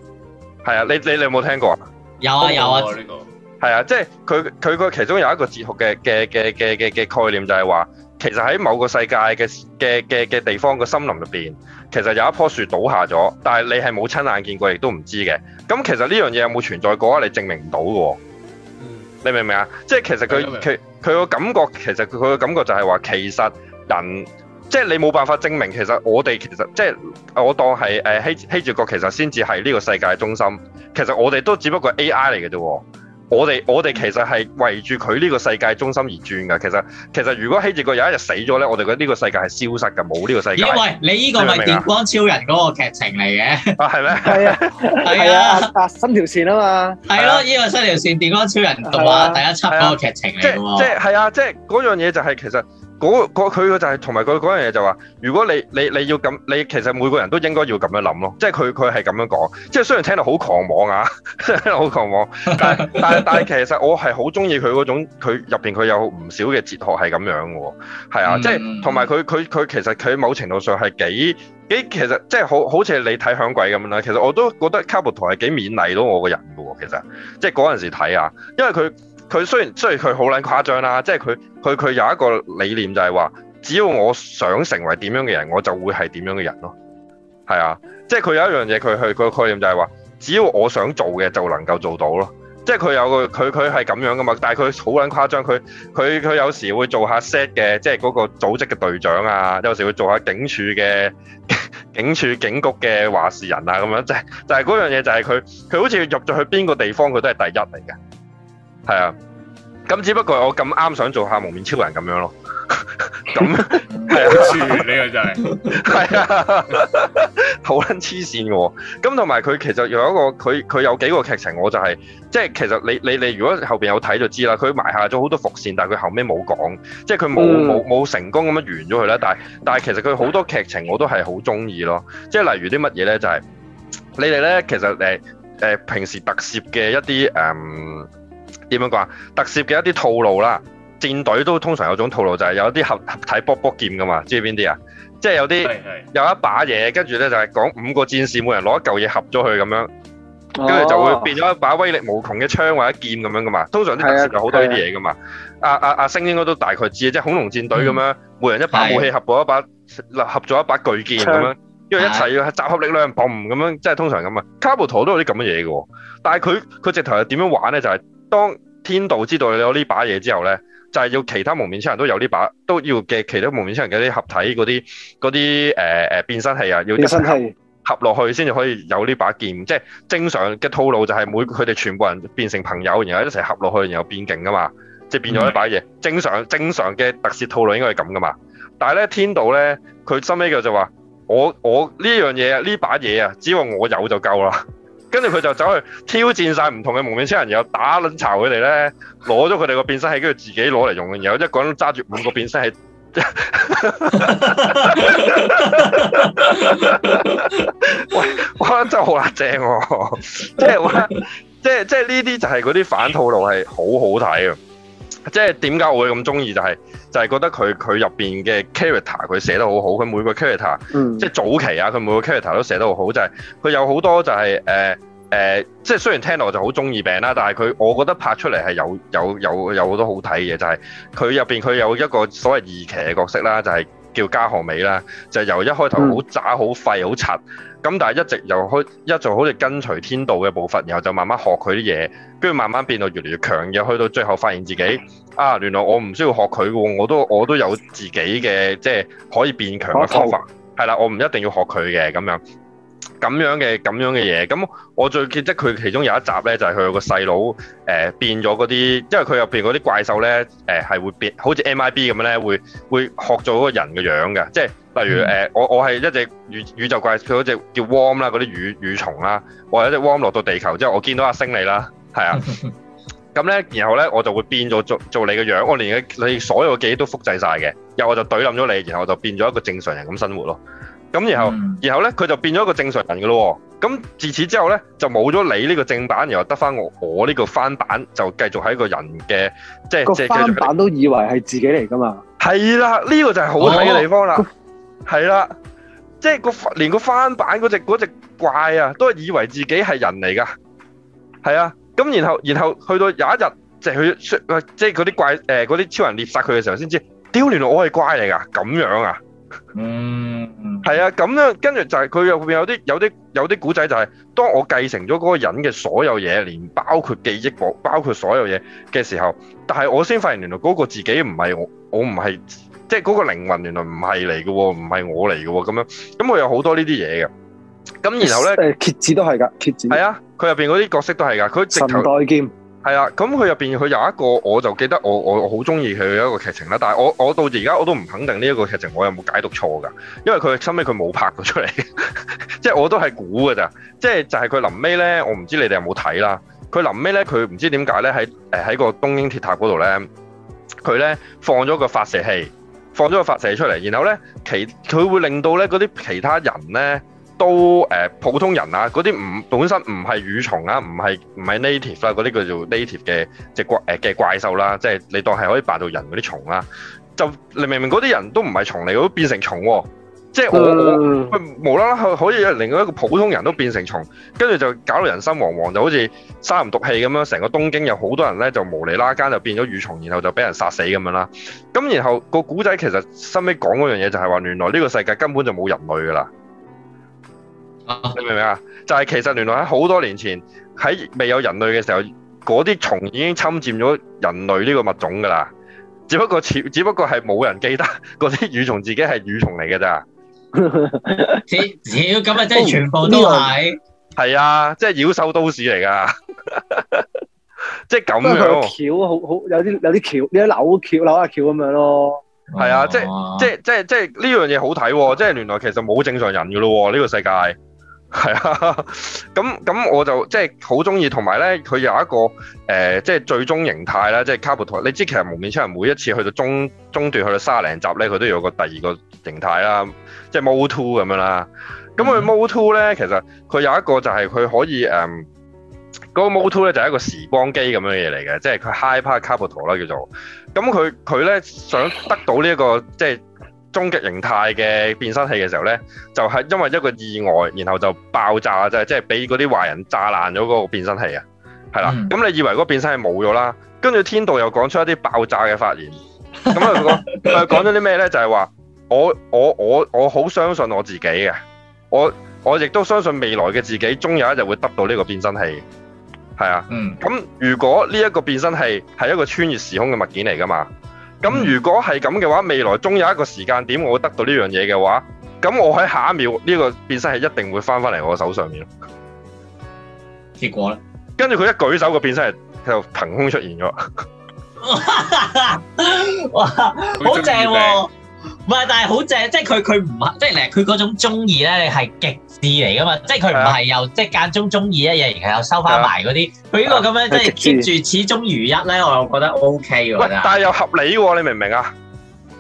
係啊，你你你有冇聽過啊？有啊有啊，呢個係啊，這個、即係佢佢個其中有一個哲學嘅嘅嘅嘅嘅概念就係話。其實喺某個世界嘅嘅嘅嘅地方個森林入邊，其實有一棵樹倒下咗，但係你係冇親眼見過，亦都唔知嘅。咁其實呢樣嘢有冇存在過咧？你證明唔到嘅。嗯、你明唔明啊？即係其實佢佢佢個感覺，其實佢佢個感覺就係話，其實人即係你冇辦法證明，其實我哋其實即係我當係誒、呃、希希治閣，其實先至係呢個世界中心。其實我哋都只不過 AI 嚟嘅啫。我哋我哋其實係圍住佢呢個世界中心而轉噶，其實其實如果希治閣有一日死咗咧，我哋覺得呢個世界係消失噶，冇呢個世界。因為你呢個咪電光超人嗰個劇情嚟嘅，係咩、啊？係 啊係啊，新條線啊嘛。係咯、啊，呢、啊、個新條線電光超人動畫第一輯嗰、啊、個劇情嚟嘅喎。即即係啊，即係嗰、啊、樣嘢就係、是、其實。佢、那個那個那個、就係同埋佢嗰樣嘢就話，如果你你你要咁，你其實每個人都應該要咁樣諗咯。即係佢佢係咁樣講，即係雖然聽到好狂妄啊，好 狂妄，但係 但係但係其實我係好中意佢嗰種，佢入邊佢有唔少嘅哲學係咁樣嘅喎。係啊，啊嗯、即係同埋佢佢佢其實佢某程度上係幾幾其實即係好好似你睇響鬼咁樣啦。其實我都覺得 Kabuto 係幾勉勵到我個人嘅喎、啊，其實即係嗰陣時睇啊，因為佢。佢雖然雖然佢好撚誇張啦、啊，即係佢佢佢有一個理念就係話，只要我想成為點樣嘅人，我就會係點樣嘅人咯。係啊，即係佢有一樣嘢，佢去佢個概念就係話，只要我想做嘅，就能夠做到咯。即係佢有個佢佢係咁樣噶嘛，但係佢好撚誇張，佢佢佢有時會做下 set 嘅，即係嗰個組織嘅隊長啊，有時會做下警署嘅 警署警局嘅話事人啊，咁樣就係就係嗰樣嘢，就係佢佢好似入咗去邊個地方，佢都係第一嚟嘅。係啊，咁只不過我咁啱想做下幪面超人咁樣咯，咁 係樣 啊，呢個真係係啊，好撚黐線嘅，咁同埋佢其實有一個佢佢有幾個劇情，我就係、是、即係其實你你你如果後邊有睇就知啦，佢埋下咗好多伏線，但係佢後尾冇講，即係佢冇冇冇成功咁樣完咗佢咧，但係但係其實佢好多劇情我都係好中意咯，即係例如啲乜嘢咧就係、是、你哋咧，其實誒誒、呃、平時特攝嘅一啲誒。嗯點樣講？特攝嘅一啲套路啦，戰隊都通常有種套路，就係有一啲合合體卜卜劍噶嘛。知唔知邊啲啊？即係有啲有一把嘢，跟住咧就係講五個戰士每人攞一嚿嘢合咗佢咁樣，跟住就會變咗一把威力無窮嘅槍或者劍咁樣噶嘛。通常啲特攝就好多呢啲嘢噶嘛。阿阿阿星應該都大概知啊，即係恐龍戰隊咁樣，每人一把武器合過一把，合合咗一把巨劍咁樣，因為一齊要集合力量，嘣咁樣，即係通常咁啊。卡布托都有啲咁嘅嘢噶，但係佢佢直頭係點樣玩咧？就係當天道知道有呢把嘢之後咧，就係、是、要其他幪面超人都有呢把都要嘅其他幪面超人嘅啲合體嗰啲嗰啲誒誒變身器啊，要一齊合落去先至可以有呢把劍。係即係正常嘅套路就係每佢哋全部人變成朋友，然後一齊合落去，然後變勁噶嘛，即係變咗呢把嘢、嗯。正常正常嘅特攝套路應該係咁噶嘛。但係咧天道咧，佢收尾嘅就話：我我呢樣嘢呢把嘢啊，只要我有就夠啦。跟住佢就走去挑戰晒唔同嘅幪面超人，然後打撚巢佢哋咧，攞咗佢哋個變身器，跟住自己攞嚟用，然後一個人揸住五個變身器，我我覺得真係好正喎！即係我即係即係呢啲就係嗰啲反套路係好好睇啊！即係點解我會咁中意就係、是、就係覺得佢佢入邊嘅 character 佢寫得好好，佢每個 character，嗯、即係早期啊，佢每個 character 都寫得好好，就係、是、佢有好多就係誒誒，即係雖然聽落就好中二病啦，但係佢我覺得拍出嚟係有有有有好多好睇嘅，就係佢入邊佢有一個所謂二騎嘅角色啦，就係、是、叫加賀美啦，就是、由一開頭好渣好廢好柒。咁但係一直又開，一直好似跟隨天道嘅步伐，然後就慢慢學佢啲嘢，跟住慢慢變到越嚟越強嘅，去到最後發現自己啊，原來我唔需要學佢，我都我都有自己嘅即係可以變強嘅方法，係啦、oh, oh.，我唔一定要學佢嘅咁樣，咁樣嘅咁樣嘅嘢。咁我最記得佢其中有一集呢，就係、是、佢有個細佬，誒、呃、變咗嗰啲，因為佢入邊嗰啲怪獸呢，誒、呃、係會變，好似 MIB 咁樣呢，會會學咗個人嘅樣嘅，即係。例如誒、呃，我我係一隻宇宇宙怪，佢嗰隻叫 worm 啦，嗰啲宇宇蟲啦，我有一隻 worm 落到地球之後，我見到阿星你啦，係啊，咁咧，然後咧我就會變咗做做，做你嘅樣，我連你所有嘅記憶都複製晒嘅，然後我就對冧咗你，然後就變咗一個正常人咁生活咯。咁然後、嗯、然後咧佢就變咗一個正常人嘅咯。咁自此之後咧就冇咗你呢個正版，然後得返我我呢個翻版，就繼續喺一個人嘅即係個翻版都以為係自己嚟噶嘛。係啦，呢、呢個就係好睇嘅地方啦。哦。係啦，即係、那個連個翻版嗰隻嗰隻怪啊，都係以為自己係人嚟噶，係啊。咁然後然後去到有一日，就去、是、即係嗰啲怪誒，啲、呃、超人獵殺佢嘅時候，先知，屌！原來我係怪嚟噶，咁樣啊。嗯，係、嗯、啊，咁樣，跟住就係佢入邊有啲有啲有啲古仔，就係當我繼承咗嗰個人嘅所有嘢，連包括記憶包括所有嘢嘅時候，但係我先發現原來嗰個自己唔係我，我唔係。即係嗰個靈魂，原來唔係嚟嘅，唔係我嚟嘅，咁樣，咁、嗯、佢有好多呢啲嘢嘅。咁然後咧，蠍子都係噶，蠍子係啊，佢入邊嗰啲角色都係噶，佢直頭神代劍係啊。咁佢入邊佢有一個，我就記得我我我好中意佢嘅一個劇情啦。但係我我到而家我都唔肯定呢一個劇情，我有冇解讀錯噶？因為佢收尾佢冇拍到出嚟， 即係我都係估噶咋。即係就係佢臨尾咧，我唔知你哋有冇睇啦。佢臨尾咧，佢唔知點解咧喺誒喺個東京鐵塔嗰度咧，佢咧放咗個發射器。放咗個發射出嚟，然後咧，其佢會令到咧嗰啲其他人咧都誒、呃、普通人啊，嗰啲唔本身唔係羽蟲啊，唔係唔係 native 啦，嗰啲、啊、叫做 native 嘅隻怪誒嘅、呃、怪獸啦、啊，即係你當係可以扮到人嗰啲蟲啦、啊，就明明明嗰啲人都唔係蟲嚟，都變成蟲喎、啊。即係我、嗯、我，我無啦啦可以令到一個普通人都變成蟲，跟住就搞到人心惶惶，就好似沙林毒氣咁樣，成個東京有好多人咧就無厘啦間就變咗羽蟲，然後就俾人殺死咁樣啦。咁然後、那個古仔其實收尾講嗰樣嘢就係、是、話，原來呢個世界根本就冇人類噶啦。啊、你明唔明啊？就係、是、其實原來喺好多年前喺未有人類嘅時候，嗰啲蟲已經侵占咗人類呢個物種噶啦。只不過只不過係冇人記得嗰啲羽蟲自己係羽蟲嚟噶咋。屌，咁啊， 真係全部都係、哦，係啊，即係妖獸都市嚟噶，即係咁樣有，有橋，好好，有啲有啲橋，有啲扭橋，扭吓橋咁樣咯，係啊，即係、啊、即係即係即係呢樣嘢好睇，即係、這個哦、原來其實冇正常人噶咯，呢、這個世界，係啊，咁 咁、嗯、我就即係好中意，同埋咧，佢有一個誒、呃，即係最終形態啦，即係卡布托，你知其實幪面超人每一次去到中中段去到卅零集咧，佢都有個第二個。形態啦，即係 Moto 咁樣啦。咁佢 Moto 咧，其實佢有一個就係佢可以誒，嗰、呃那個 Moto 咧就係、是、一個時光機咁樣嘢嚟嘅，即係佢 High Park Capital 啦叫做 ital,。咁佢佢咧想得到呢、這、一個即係終極形態嘅變身器嘅時候咧，就係、是、因為一個意外，然後就爆炸即係即係俾嗰啲壞人炸爛咗嗰個變身器啊。係啦，咁、mm hmm. 你以為嗰變身器冇咗啦，跟住天道又講出一啲爆炸嘅發言。咁佢講咗啲咩咧？就係、是、話。我我我我好相信我自己嘅，我我亦都相信未來嘅自己，終有一日會得到呢個變身器，係啊。咁、嗯、如果呢一個變身器係一個穿越時空嘅物件嚟噶嘛？咁如果係咁嘅話，未來終有一個時間點我會得到呢樣嘢嘅話，咁我喺下一秒呢、呢個變身器一定會翻翻嚟我手上面咯。結果咧？跟住佢一舉手個變身器就喺度憑空出現咗， 哇，好正喎、啊！唔係，但係好正，即係佢佢唔係，即係嚟，佢嗰種中意咧，你係極致嚟噶嘛，即係佢唔係又即係間中中意一樣，然後又收翻埋嗰啲。佢呢個咁樣即係 keep 住始終如一咧，我又覺得 O K 嘅。喂但係又合理喎，你明唔明啊？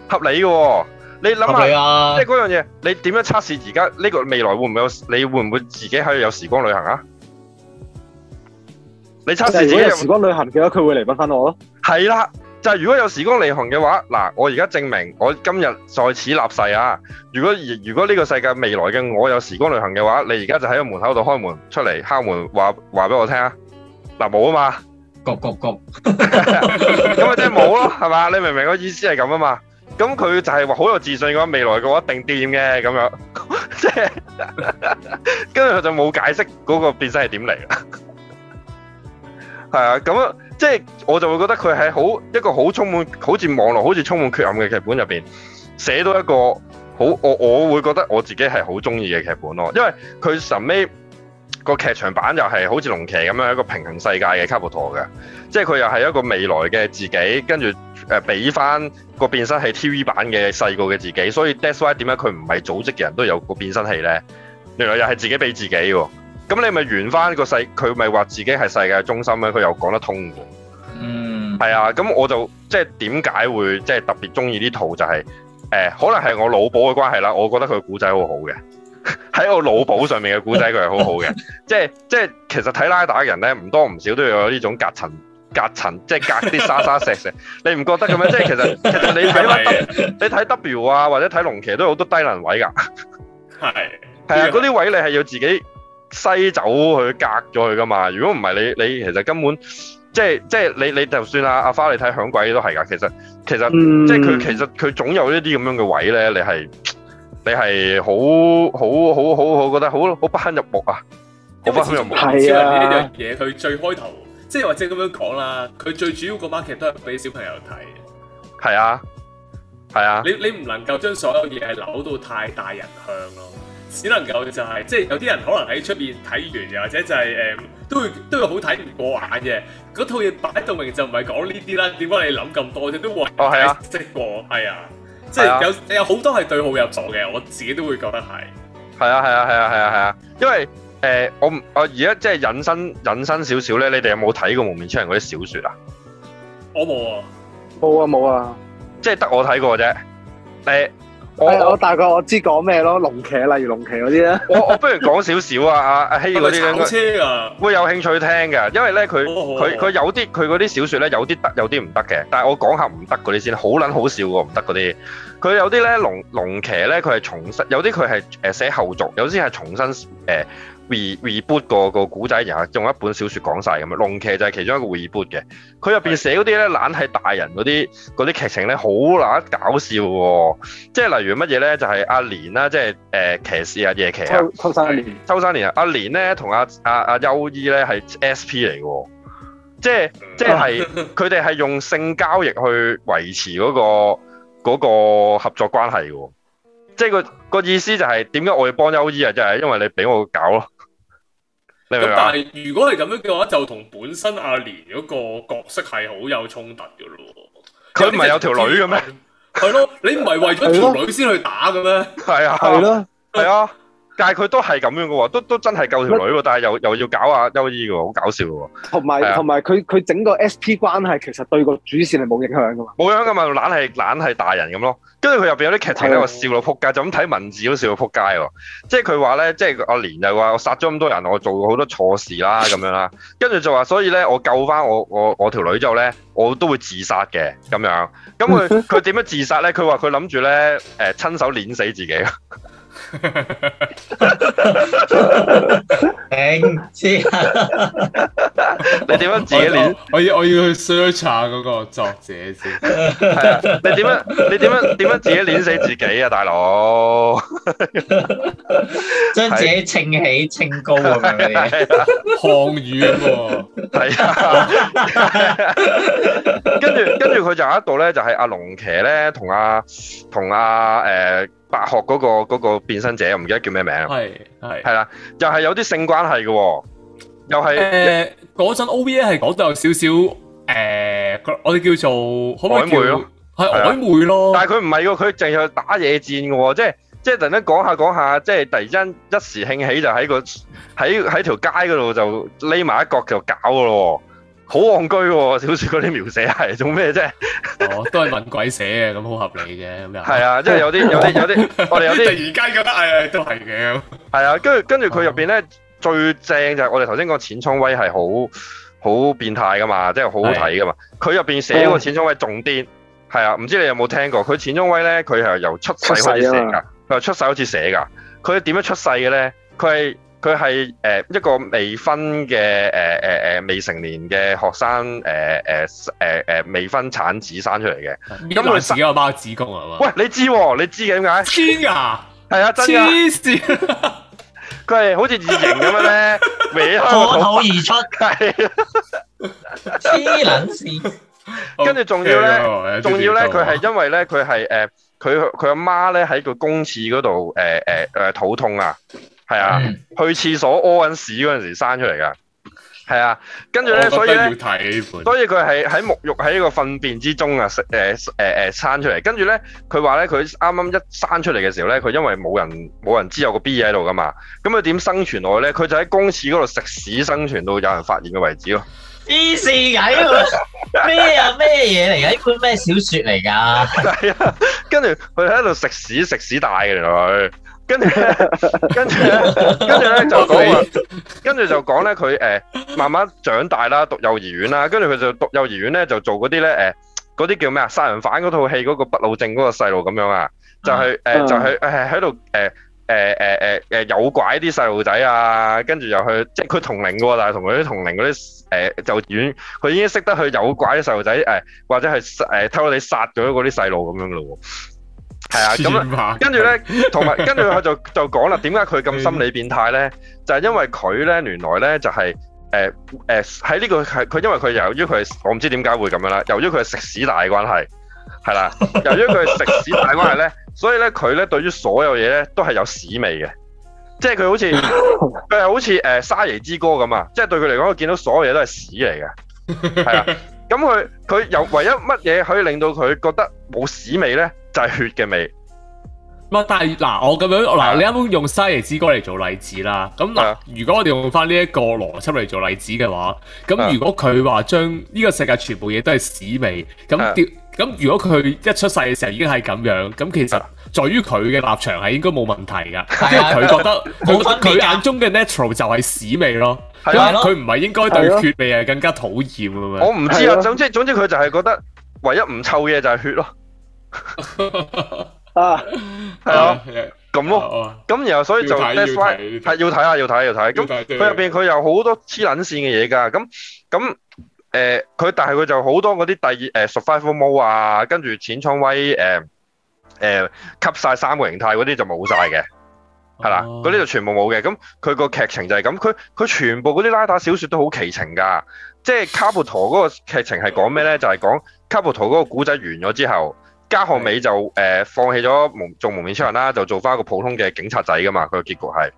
合理嘅，哦，你諗下，即係嗰樣嘢，你點樣測試而家呢個未來會唔會有？你會唔會自己喺度有時光旅行啊？你測試自己有時光旅行，嘅話佢會嚟翻翻我咯。係啦。就係如果有時光旅行嘅話，嗱，我而家證明我今日在此立誓啊！如果如果呢個世界未來嘅我有時光旅行嘅話，你而家就喺個門口度開門出嚟敲門，話話俾我聽啊！嗱，冇啊嘛，焗焗焗，咁咪即係冇咯，係嘛？你明唔明我意思係咁啊嘛？咁佢就係話好有自信嘅，未來嘅話一定掂嘅咁樣，即係跟住佢就冇解釋嗰個變身係點嚟嘅，係啊，咁啊。即係我就會覺得佢係好一個好充滿好似網絡好似充滿缺陷嘅劇本，入邊寫到一個好，我我會覺得我自己係好中意嘅劇本咯，因為佢後尾個劇場版又係好似龍騎咁樣一個平行世界嘅卡布托嘅，即係佢又係一個未來嘅自己，跟住誒俾翻個變身器 TV 版嘅細個嘅自己，所以 That's why 點解佢唔係組織嘅人都有個變身器呢？原來又係自己俾自己喎。咁你咪圓翻個世，佢咪話自己係世界中心咧？佢又講得通嘅。嗯，係啊。咁我就即係點解會即係特別中意呢套就係、是、誒、呃，可能係我腦補嘅關係啦。我覺得佢古仔好好嘅，喺我腦補上面嘅古仔佢係好好嘅。即係即係，其實睇拉打嘅人咧唔多唔少都要有呢種隔層隔層，即、就、係、是、隔啲沙沙石石。你唔覺得咁樣？即係其實其實,其實你睇 你睇 W 啊或者睇龍騎都有好多低能位噶。係係啊，嗰啲位你係要自己。西走佢隔咗佢噶嘛。如果唔係你你，其實根本即係即係，你你，就算啊阿花你睇響鬼都係噶，其實其實、嗯、即係佢其實佢總有一啲咁樣嘅位咧，你係你係好好好好，我覺得好好不堪入目啊，好不堪入目。係啊，呢樣嘢佢最開頭即係或者咁樣講啦，佢最主要個 market 都係俾小朋友睇。係啊，係啊。你你唔能夠將所有嘢係扭到太大人向咯。只能夠就係、是，即係有啲人可能喺出邊睇完，又或者就係、是、誒、呃，都會都會好睇唔過眼嘅。嗰套嘢擺到明就唔係講呢啲啦。點解你諗咁多啫？都話哦係啊，識喎係啊，即係、啊、有有好多係對號入座嘅，我自己都會覺得係。係啊係啊係啊係啊係啊，因為誒、呃、我我而家即係隱身隱身少少咧。你哋有冇睇過《幪面超人》嗰啲小說啊？我冇啊，冇啊冇啊，即係得我睇過啫。誒、欸。我、哎、我大概我知講咩咯，龍騎例如龍騎嗰啲咧， 我我不如講少少啊，阿阿希嗰啲咧，hey、是是會有興趣聽嘅，因為咧佢佢佢有啲佢嗰啲小說咧有啲得有啲唔得嘅，但係我講下唔得嗰啲先說說，好撚好笑嘅唔得嗰啲，佢有啲咧龍龍騎咧佢係重新，有啲佢係誒寫後續，有啲係重新誒。呃 reboot 個個古仔然後用一本小説講晒。咁啊，《龍騎》就係其中一個 reboot 嘅。佢入邊寫嗰啲咧，懶係的大人嗰啲啲劇情咧，好乸搞笑喎、哦。即係例如乜嘢咧，就係、是、阿蓮啦，即係誒、呃、騎士啊，夜騎秋秋山蓮，秋山蓮啊。阿蓮咧同阿阿阿優衣咧係 S P 嚟嘅，即係即係佢哋係用性交易去維持嗰、那個那個合作關係嘅，即係個、那個意思就係點解我要幫優衣啊？即係因為你俾我搞咯。咁但係如果係咁樣嘅話，就同本身阿蓮嗰個角色係好有衝突噶咯。佢唔係有條女嘅咩？係 咯，你唔係為咗條女先去打嘅咩？係 啊，係咯，係啊。 但係佢都係咁樣嘅喎，都都真係救條女喎，麼但係又又要搞阿優衣喎，好搞笑喎。同埋同埋佢佢整個 S.P. 關係其實對個主線係冇影響嘅嘛，冇影響嘅嘛，懶係懶係大人咁咯。跟住佢入邊有啲劇情咧，的我笑到撲街，就咁睇文字都笑到撲街喎。即係佢話咧，即係阿蓮又話我殺咗咁多人，我做好多錯事啦咁 樣啦。跟住就話，所以咧我救翻我我我條女之後咧，我都會自殺嘅咁樣。咁佢佢點樣自殺咧？佢話佢諗住咧誒親手摙死自己。 姓氏， 你點樣自己練？我要我要去 search 下嗰個作者先。係 啊，你點樣？你點樣？點樣自己摙死自己啊，大佬！將自己稱起稱高咁樣嘅，漢語喎。係啊，跟住跟住佢就有一度咧，就係阿龍騎咧，同阿同阿誒。白學嗰、那個嗰、那個、變身者，我唔記得叫咩名啊？係係係啦，又係有啲性關係嘅、哦，又係誒嗰陣 OVA 係講得有少少誒，我哋叫做好曖昧咯，係曖昧咯。但係佢唔係喎，佢淨係去打野戰嘅喎、哦，即係即係突然間講下講下，即係突然之間一時興起就喺個喺喺條街嗰度就匿埋一角就搞咯、哦。好戇居喎，小說嗰啲描寫係做咩啫？ 哦，都係問鬼寫嘅，咁好合理嘅，咁又係啊！即係有啲有啲有啲， 我哋有啲而家覺得誒誒、哎、都係嘅。係啊，跟住跟住佢入邊咧最正就係我哋頭先講淺倉威係好好變態噶嘛，即係好好睇噶嘛。佢入邊寫個淺倉威重癲，係啊，唔知你有冇聽過？佢淺倉威咧，佢係由出世開始寫㗎，佢由出世、啊、出開始寫㗎。佢點樣出世嘅咧？佢係佢係誒一個未婚嘅誒誒誒未成年嘅學生誒誒誒誒未婚產子生出嚟嘅，咁佢自己包子宮係嘛？喂，你知喎、啊？你知嘅點解？黐牙，係、欸、啊，黐線，佢係好似異形咁樣咧，破口 而出，黐撚線。 跟住仲還 Okay 要咧，仲要咧，佢係因為咧，佢係誒，佢佢阿媽咧喺個公廁嗰度誒誒誒肚痛啊！呃呃呃呃係啊，去廁所屙緊屎嗰陣時生出嚟噶，係啊，跟住咧，所以咧，所以佢係喺沐浴喺呢個糞便之中啊，食誒誒誒生出嚟。跟住咧，佢話咧，佢啱啱一生出嚟嘅時候咧，佢因為冇人冇人知有個 B 喺度噶嘛，咁佢點生存落去咧？佢就喺公廁嗰度食屎生存到有人發現嘅為止咯。B 視仔，咩啊咩嘢嚟噶？呢本咩小說嚟噶？係啊，跟住佢喺度食屎食屎大嘅原來佢。跟住，跟住，跟住咧就講啊！跟住就講咧，佢誒慢慢長大啦，讀幼兒園啦。跟住佢就讀幼兒園咧，就做嗰啲咧誒，嗰啲叫咩啊？殺人犯嗰套戲嗰個不老症嗰個細路咁樣啊，就係誒，就係誒喺度誒誒誒誒誒誘拐啲細路仔啊！跟住又去，即係佢同齡嘅，但係同佢啲同齡嗰啲誒，就幼，佢已經識得去誘拐啲細路仔誒，或者係誒偷你殺咗嗰啲細路咁樣咯。係啊，咁啦，跟住咧，同埋跟住佢就就講啦，點解佢咁心理變態咧？就係因為佢咧，原來咧就係誒誒喺呢個係佢，因為佢由於佢我唔知點解會咁樣啦，由於佢係食屎大關係，係啦，由於佢係食屎大關係咧，所以咧佢咧對於所有嘢咧都係有屎味嘅，即係佢好似佢係好似誒沙耶之歌咁啊，即係對佢嚟講，佢見到所有嘢都係屎嚟嘅。係啊，咁佢佢由唯一乜嘢可以令到佢覺得冇屎味咧？就係血嘅味，嘛？但係嗱，我咁樣嗱，你啱啱用《西耶斯歌》嚟做例子啦。咁嗱，如果我哋用翻呢一個邏輯嚟做例子嘅話，咁如果佢話將呢個世界全部嘢都係屎味，咁咁如果佢一出世嘅時候已經係咁樣，咁其實在於佢嘅立場係應該冇問題噶，因為佢覺得，佢眼中嘅 natural 就係屎味咯，因為佢唔係應該對血味係更加討厭啊嘛。我唔知啊，總之總之佢就係覺得唯一唔臭嘅就係血咯。啊，係啊，咁咯，咁然後所以就係要睇下，要睇要睇，咁佢入邊佢有好多黐捻線嘅嘢噶，咁咁誒，佢但係佢就好多嗰啲第二誒 Survival Mode 啊，跟住淺倉威誒誒吸晒三個形態嗰啲就冇晒嘅，係啦，嗰啲就全部冇嘅，咁佢個劇情就係咁，佢佢全部嗰啲拉打小說都好奇情噶，即係卡布托嗰個劇情係講咩咧？就係講卡布托嗰個古仔完咗之後。加後尾就誒、呃、放棄咗蒙做蒙面超人啦，就做翻一個普通嘅警察仔噶嘛。佢嘅結局係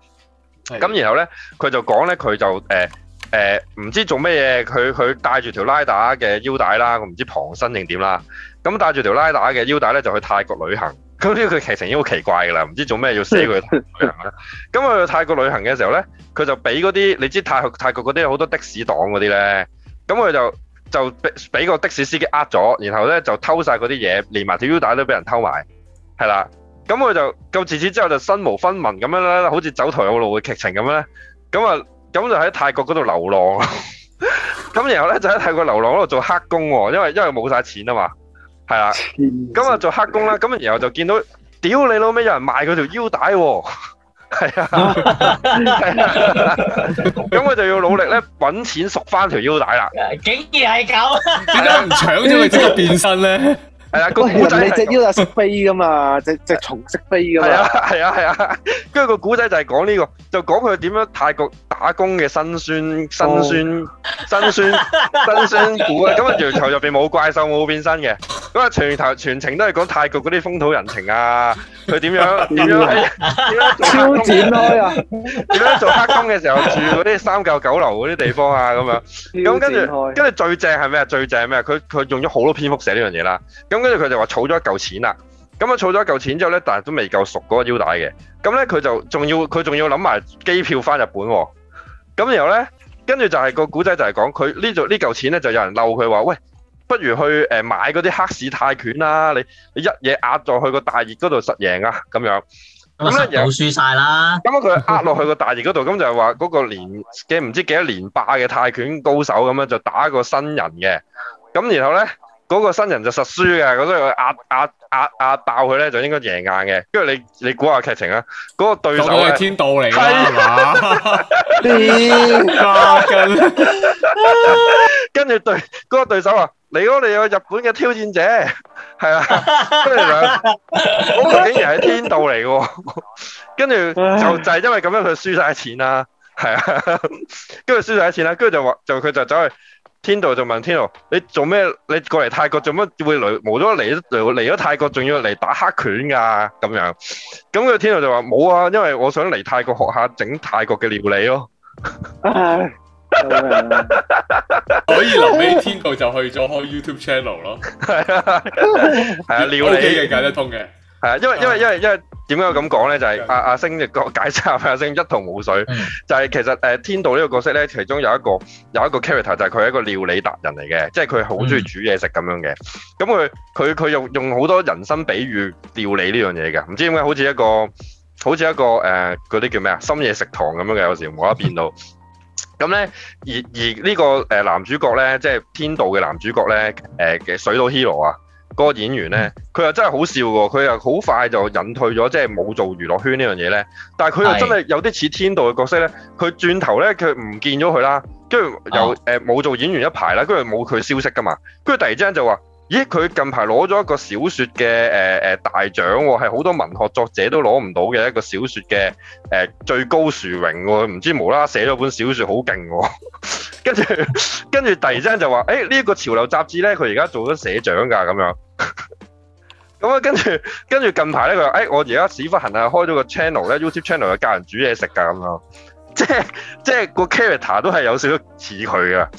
咁，的然後咧佢就講咧佢就誒誒唔知做咩嘢，佢佢帶住條拉打嘅腰帶啦，我唔知旁身定點啦。咁帶住條拉打嘅腰帶咧，就去泰國旅行。咁呢個劇情已經好奇怪噶啦，唔知做咩要死佢去泰國旅行咧。咁去泰國旅行嘅 時候咧，佢就俾嗰啲你知泰泰國嗰啲好多的士黨嗰啲咧，咁佢就。就俾俾個的士司機呃咗，然後咧就偷晒嗰啲嘢，連埋條腰帶都俾人偷埋，係啦。咁佢就夠自此，此之後就身無分文咁樣啦，好似走投有路嘅劇情咁咧。咁啊，咁就喺泰國嗰度流浪。咁 然後咧就喺泰國流浪嗰度做黑工喎、哦，因為因為冇晒錢啊嘛，係啦。咁天啊做黑工啦，咁然後就見到屌你老味，尾有人賣佢條腰帶喎、哦。係啊，咁我 就要努力咧揾錢，贖翻條腰帶啦。竟然係狗，點解唔搶咗佢即刻變身咧？係啊，個古仔你隻腰啊識飛噶嘛，隻隻蟲識飛噶嘛。係啊，係啊，係啊。跟住個古仔就係講呢個，就講佢點樣泰國打工嘅辛酸，辛酸，辛酸，辛酸古啊。咁啊，全球入邊冇怪獸冇變身嘅，咁啊，全頭全程都係講泰國嗰啲風土人情啊，佢點樣，點樣，點樣超展開啊？點樣做黑工嘅時候住嗰啲三教九流嗰啲地方啊？咁樣咁跟住，跟住最正係咩啊？最正咩？佢佢用咗好多篇幅寫呢樣嘢啦。咁跟住佢就話儲咗一嚿錢啦，咁啊，儲咗一嚿錢之後咧，但係都未夠熟嗰個腰帶嘅，咁咧，佢就仲要佢仲要諗埋機票翻日本。哦，咁然後咧，跟住就係個古仔就係講佢呢度呢嚿錢咧，就有人嬲佢話喂，不如去誒買嗰啲黑市泰拳啦，你一嘢壓咗去個大熱嗰度實贏啊，咁樣，咁咧又輸晒啦，咁佢壓落去個大熱嗰度，咁就係話嗰個年嘅唔知幾多連霸嘅泰拳高手咁樣就打個新人嘅，咁然後咧。嗰個新人就實輸嘅，咁所以壓壓壓壓爆佢咧，就應該贏硬嘅。跟住你你估下劇情啊？嗰個對手係天道嚟㗎嘛？跟住對嗰個對手話：嚟咯，你有日本嘅挑戰者，係啊。跟住兩，竟然係天道嚟嘅。跟住就就係因為咁樣，佢輸晒錢啦。係啊，跟住輸晒錢啦。跟住就話就佢就走去。天道就問天道：你做咩？你過嚟泰國做乜會嚟？冇咗嚟都嚟咗泰國，仲要嚟打黑拳噶、啊、咁樣？咁、個天道就話：冇啊，因為我想嚟泰國學下整泰國嘅料理、喔、 咯。所以留俾天道，就去咗開 YouTube channel 咯。係啊，係啊，料理嘅解得通嘅。係 啊，因為因為因為因為。 點解我咁講咧？就係阿阿星嘅解解説，阿星一頭霧水，嗯、就係其實誒、呃、天道呢個角色咧，其中有一個有一個 character 就係佢係一個料理達人嚟嘅，即係佢好中意煮嘢食咁樣嘅。咁佢佢佢用用好多人生比喻料理呢樣嘢嘅，唔知點解好似一個好似一個誒嗰啲叫咩啊深夜食堂咁樣嘅，有時唔覺得變到。咁咧、嗯、而而呢個誒男主角咧，即係天道嘅男主角咧，誒、呃、嘅水到 hero 啊。個演員咧，佢又真係好笑喎，佢又好快就隱退咗，即係冇做娛樂圈呢樣嘢咧。但係佢又真係有啲似天道嘅角色咧，佢轉頭咧佢唔見咗佢啦，跟住又誒冇做演員一排啦，跟住冇佢消息㗎嘛，跟住突然之間就話。咦，佢近排攞咗一個小說嘅誒誒大獎喎，哦，係好多文學作者都攞唔到嘅一個小說嘅誒、呃、最高殊榮喎，唔知無啦啦寫咗本小說好勁喎，跟住跟住突然之間就話誒呢個潮流雜誌咧，佢而家做咗社長噶咁樣，咁 啊跟住跟住近排咧佢話誒我而家屎忽痕啊，開咗個 channel 咧 YouTube channel 去教人煮嘢食噶咁樣， 即係即係個 character 都係有少少似佢噶。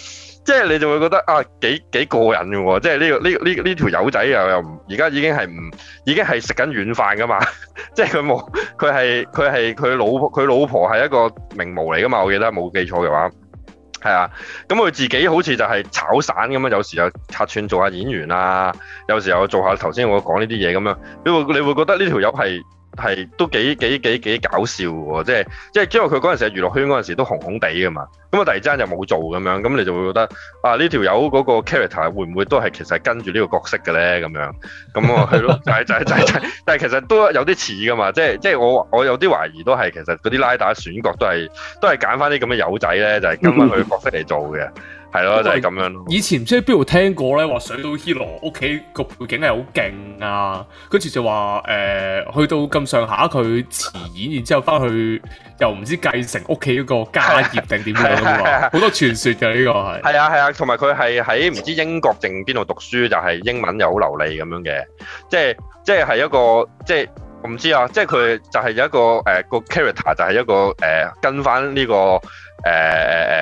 即係你就會覺得啊幾幾過癮嘅喎、啊，即係呢、呢個呢呢呢條友仔又又唔而家已經係唔已經係食緊軟飯㗎嘛，即係佢冇佢係佢係佢老婆佢老婆係一個名模嚟㗎嘛，我記得冇記錯嘅話，係啊，咁、嗯、佢自己好似就係炒散咁樣，有時候拆穿做下演員啊，有時候做下頭先我講呢啲嘢咁樣，你會你會覺得呢條友係。係都幾幾幾幾搞笑喎，即係即係，因為佢嗰陣時喺娛樂圈嗰陣時都紅紅地嘅嘛，咁啊，突然之間又冇做咁樣，咁你就會覺得啊，呢條友嗰個 character 會唔會都係其實跟住呢個角色嘅咧？咁樣，咁啊係咯，就係就係就係，但係其實都有啲似噶嘛，即係即係我我有啲懷疑都係其實嗰啲拉打選角都係都係揀翻啲咁嘅友仔咧，就係、是、跟翻佢角色嚟做嘅。係咯，就係、是、咁樣咯。以前唔知喺邊度聽過咧，話水嶋ヒロ屋企個背景係好勁啊，跟住就話誒、呃、去到咁上下，佢辭演，然之後翻去又唔知繼承屋企嗰個家業定點樣好 的多傳說㗎呢個係。係啊係啊，同埋佢係喺唔知英國定邊度讀書，就係、是、英文又好流利咁樣嘅。即係即係係一個即係我唔知啊。即係佢就係有一個誒、呃那個 character 就係一個誒、呃、跟翻呢、這個。誒誒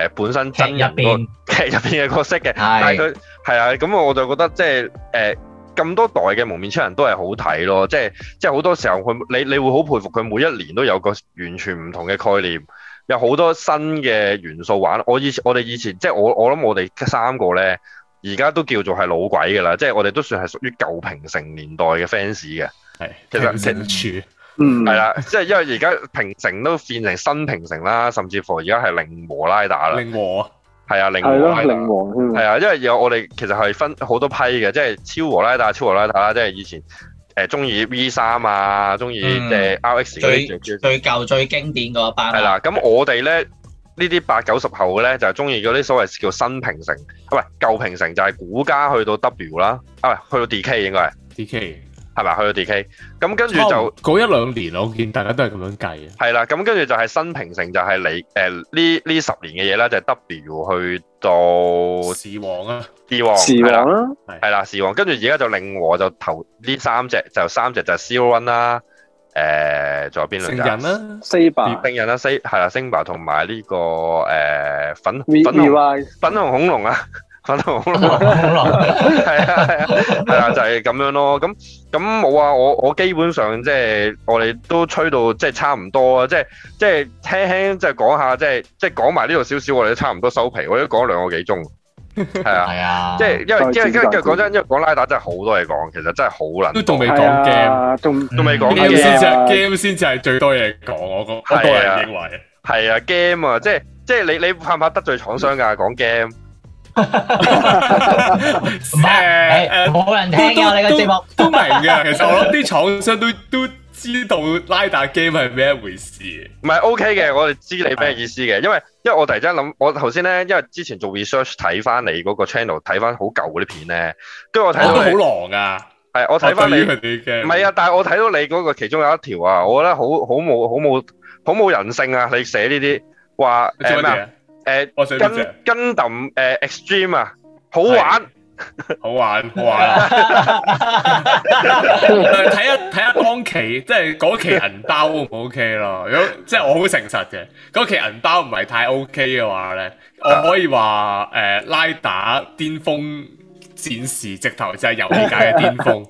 誒，本身真人、嗰個、劇入邊劇入邊嘅角色嘅，是但係佢係啊，咁我就覺得即係誒咁多代嘅蒙面超人都係好睇咯，即係即係好多時候佢你你會好佩服佢每一年都有個完全唔同嘅概念，有好多新嘅元素玩。我以前我哋以前即係我我諗我哋三個咧，而家都叫做係老鬼㗎啦，即係我哋都算係屬於舊平成年代嘅 fans 嘅，係平成初。實嗯，係啦、mm.，即係因為而家平成都變成新平成啦，甚至乎而家係令和拉打啦。令和，係啊，令和，係咯的，令和，係啊的和，因為有我哋其實係分好多批嘅，即係昭和拉打，昭和拉打啦，即係以前誒中意 V 三啊，中意誒 RX 最最，最舊最經典嗰一班，啊。係啦，咁我哋咧呢啲八九十後嘅咧就係中意嗰啲所謂叫新平成，喂，唔係舊平成，就係古家去到 W 啦，啊，啊去到應該 DK 應該係 DK。係咪去到 D K？咁跟住就嗰一兩年，我見大家都係咁樣計。係啦，咁跟住就係新平成，就係你誒呢呢十年嘅嘢啦，就 W 去到時王啊，時王，時王啦，係啦時王。跟住而家就令和就投呢三隻，就三隻就 Zero One 啦，誒仲有邊兩隻人啦，四巴，冰人啦，四係啦，星巴同埋呢個誒粉粉紅粉紅恐龍啊。翻好啦，係啊，係啊，係啊，就係咁樣咯。咁咁冇啊，我我基本上即係我哋都吹到即係差唔多啊，即係即係輕輕即係講下，即係即係講埋呢度少少，我哋都差唔多收皮。我哋都講兩個幾鐘，係啊，係啊。即係因為因為因為嗰陣，因為講拉打真係好多嘢講，其實真係好難。都仲未講 game，仲仲未講 game，game 先至係最多嘢講。我覺好多人認為係啊，game 啊，即係即係你你怕唔怕得罪廠商㗎？講 game。誒誒，冇人聽啊！都你個節目都，都明嘅， 其實我諗啲廠商都都知道拉打 game 係咩回事。唔係 OK 嘅，我哋知你咩意思嘅，因為因為我突然間諗，我頭先咧，因為之前做 research 睇翻你嗰個 channel，睇翻好舊嗰啲片咧，跟住我睇到好狼啊，係我睇翻你，唔係啊，但係我睇到你嗰個其中有一條啊，我覺得好好冇好冇好冇人性啊！你寫呢啲話咩誒，uh, 我想跟跟 Gundam 誒 extreme 啊，好玩，好玩，好玩啦，啊！睇下睇一，看一看當期，即係嗰期銀包唔 ok 咯。如果即係，就是，我好誠實嘅，嗰期銀包唔係太 ok 嘅話咧，我可以話誒、呃、拉打巔峰。戰時直頭就係遊戲界嘅巔峰，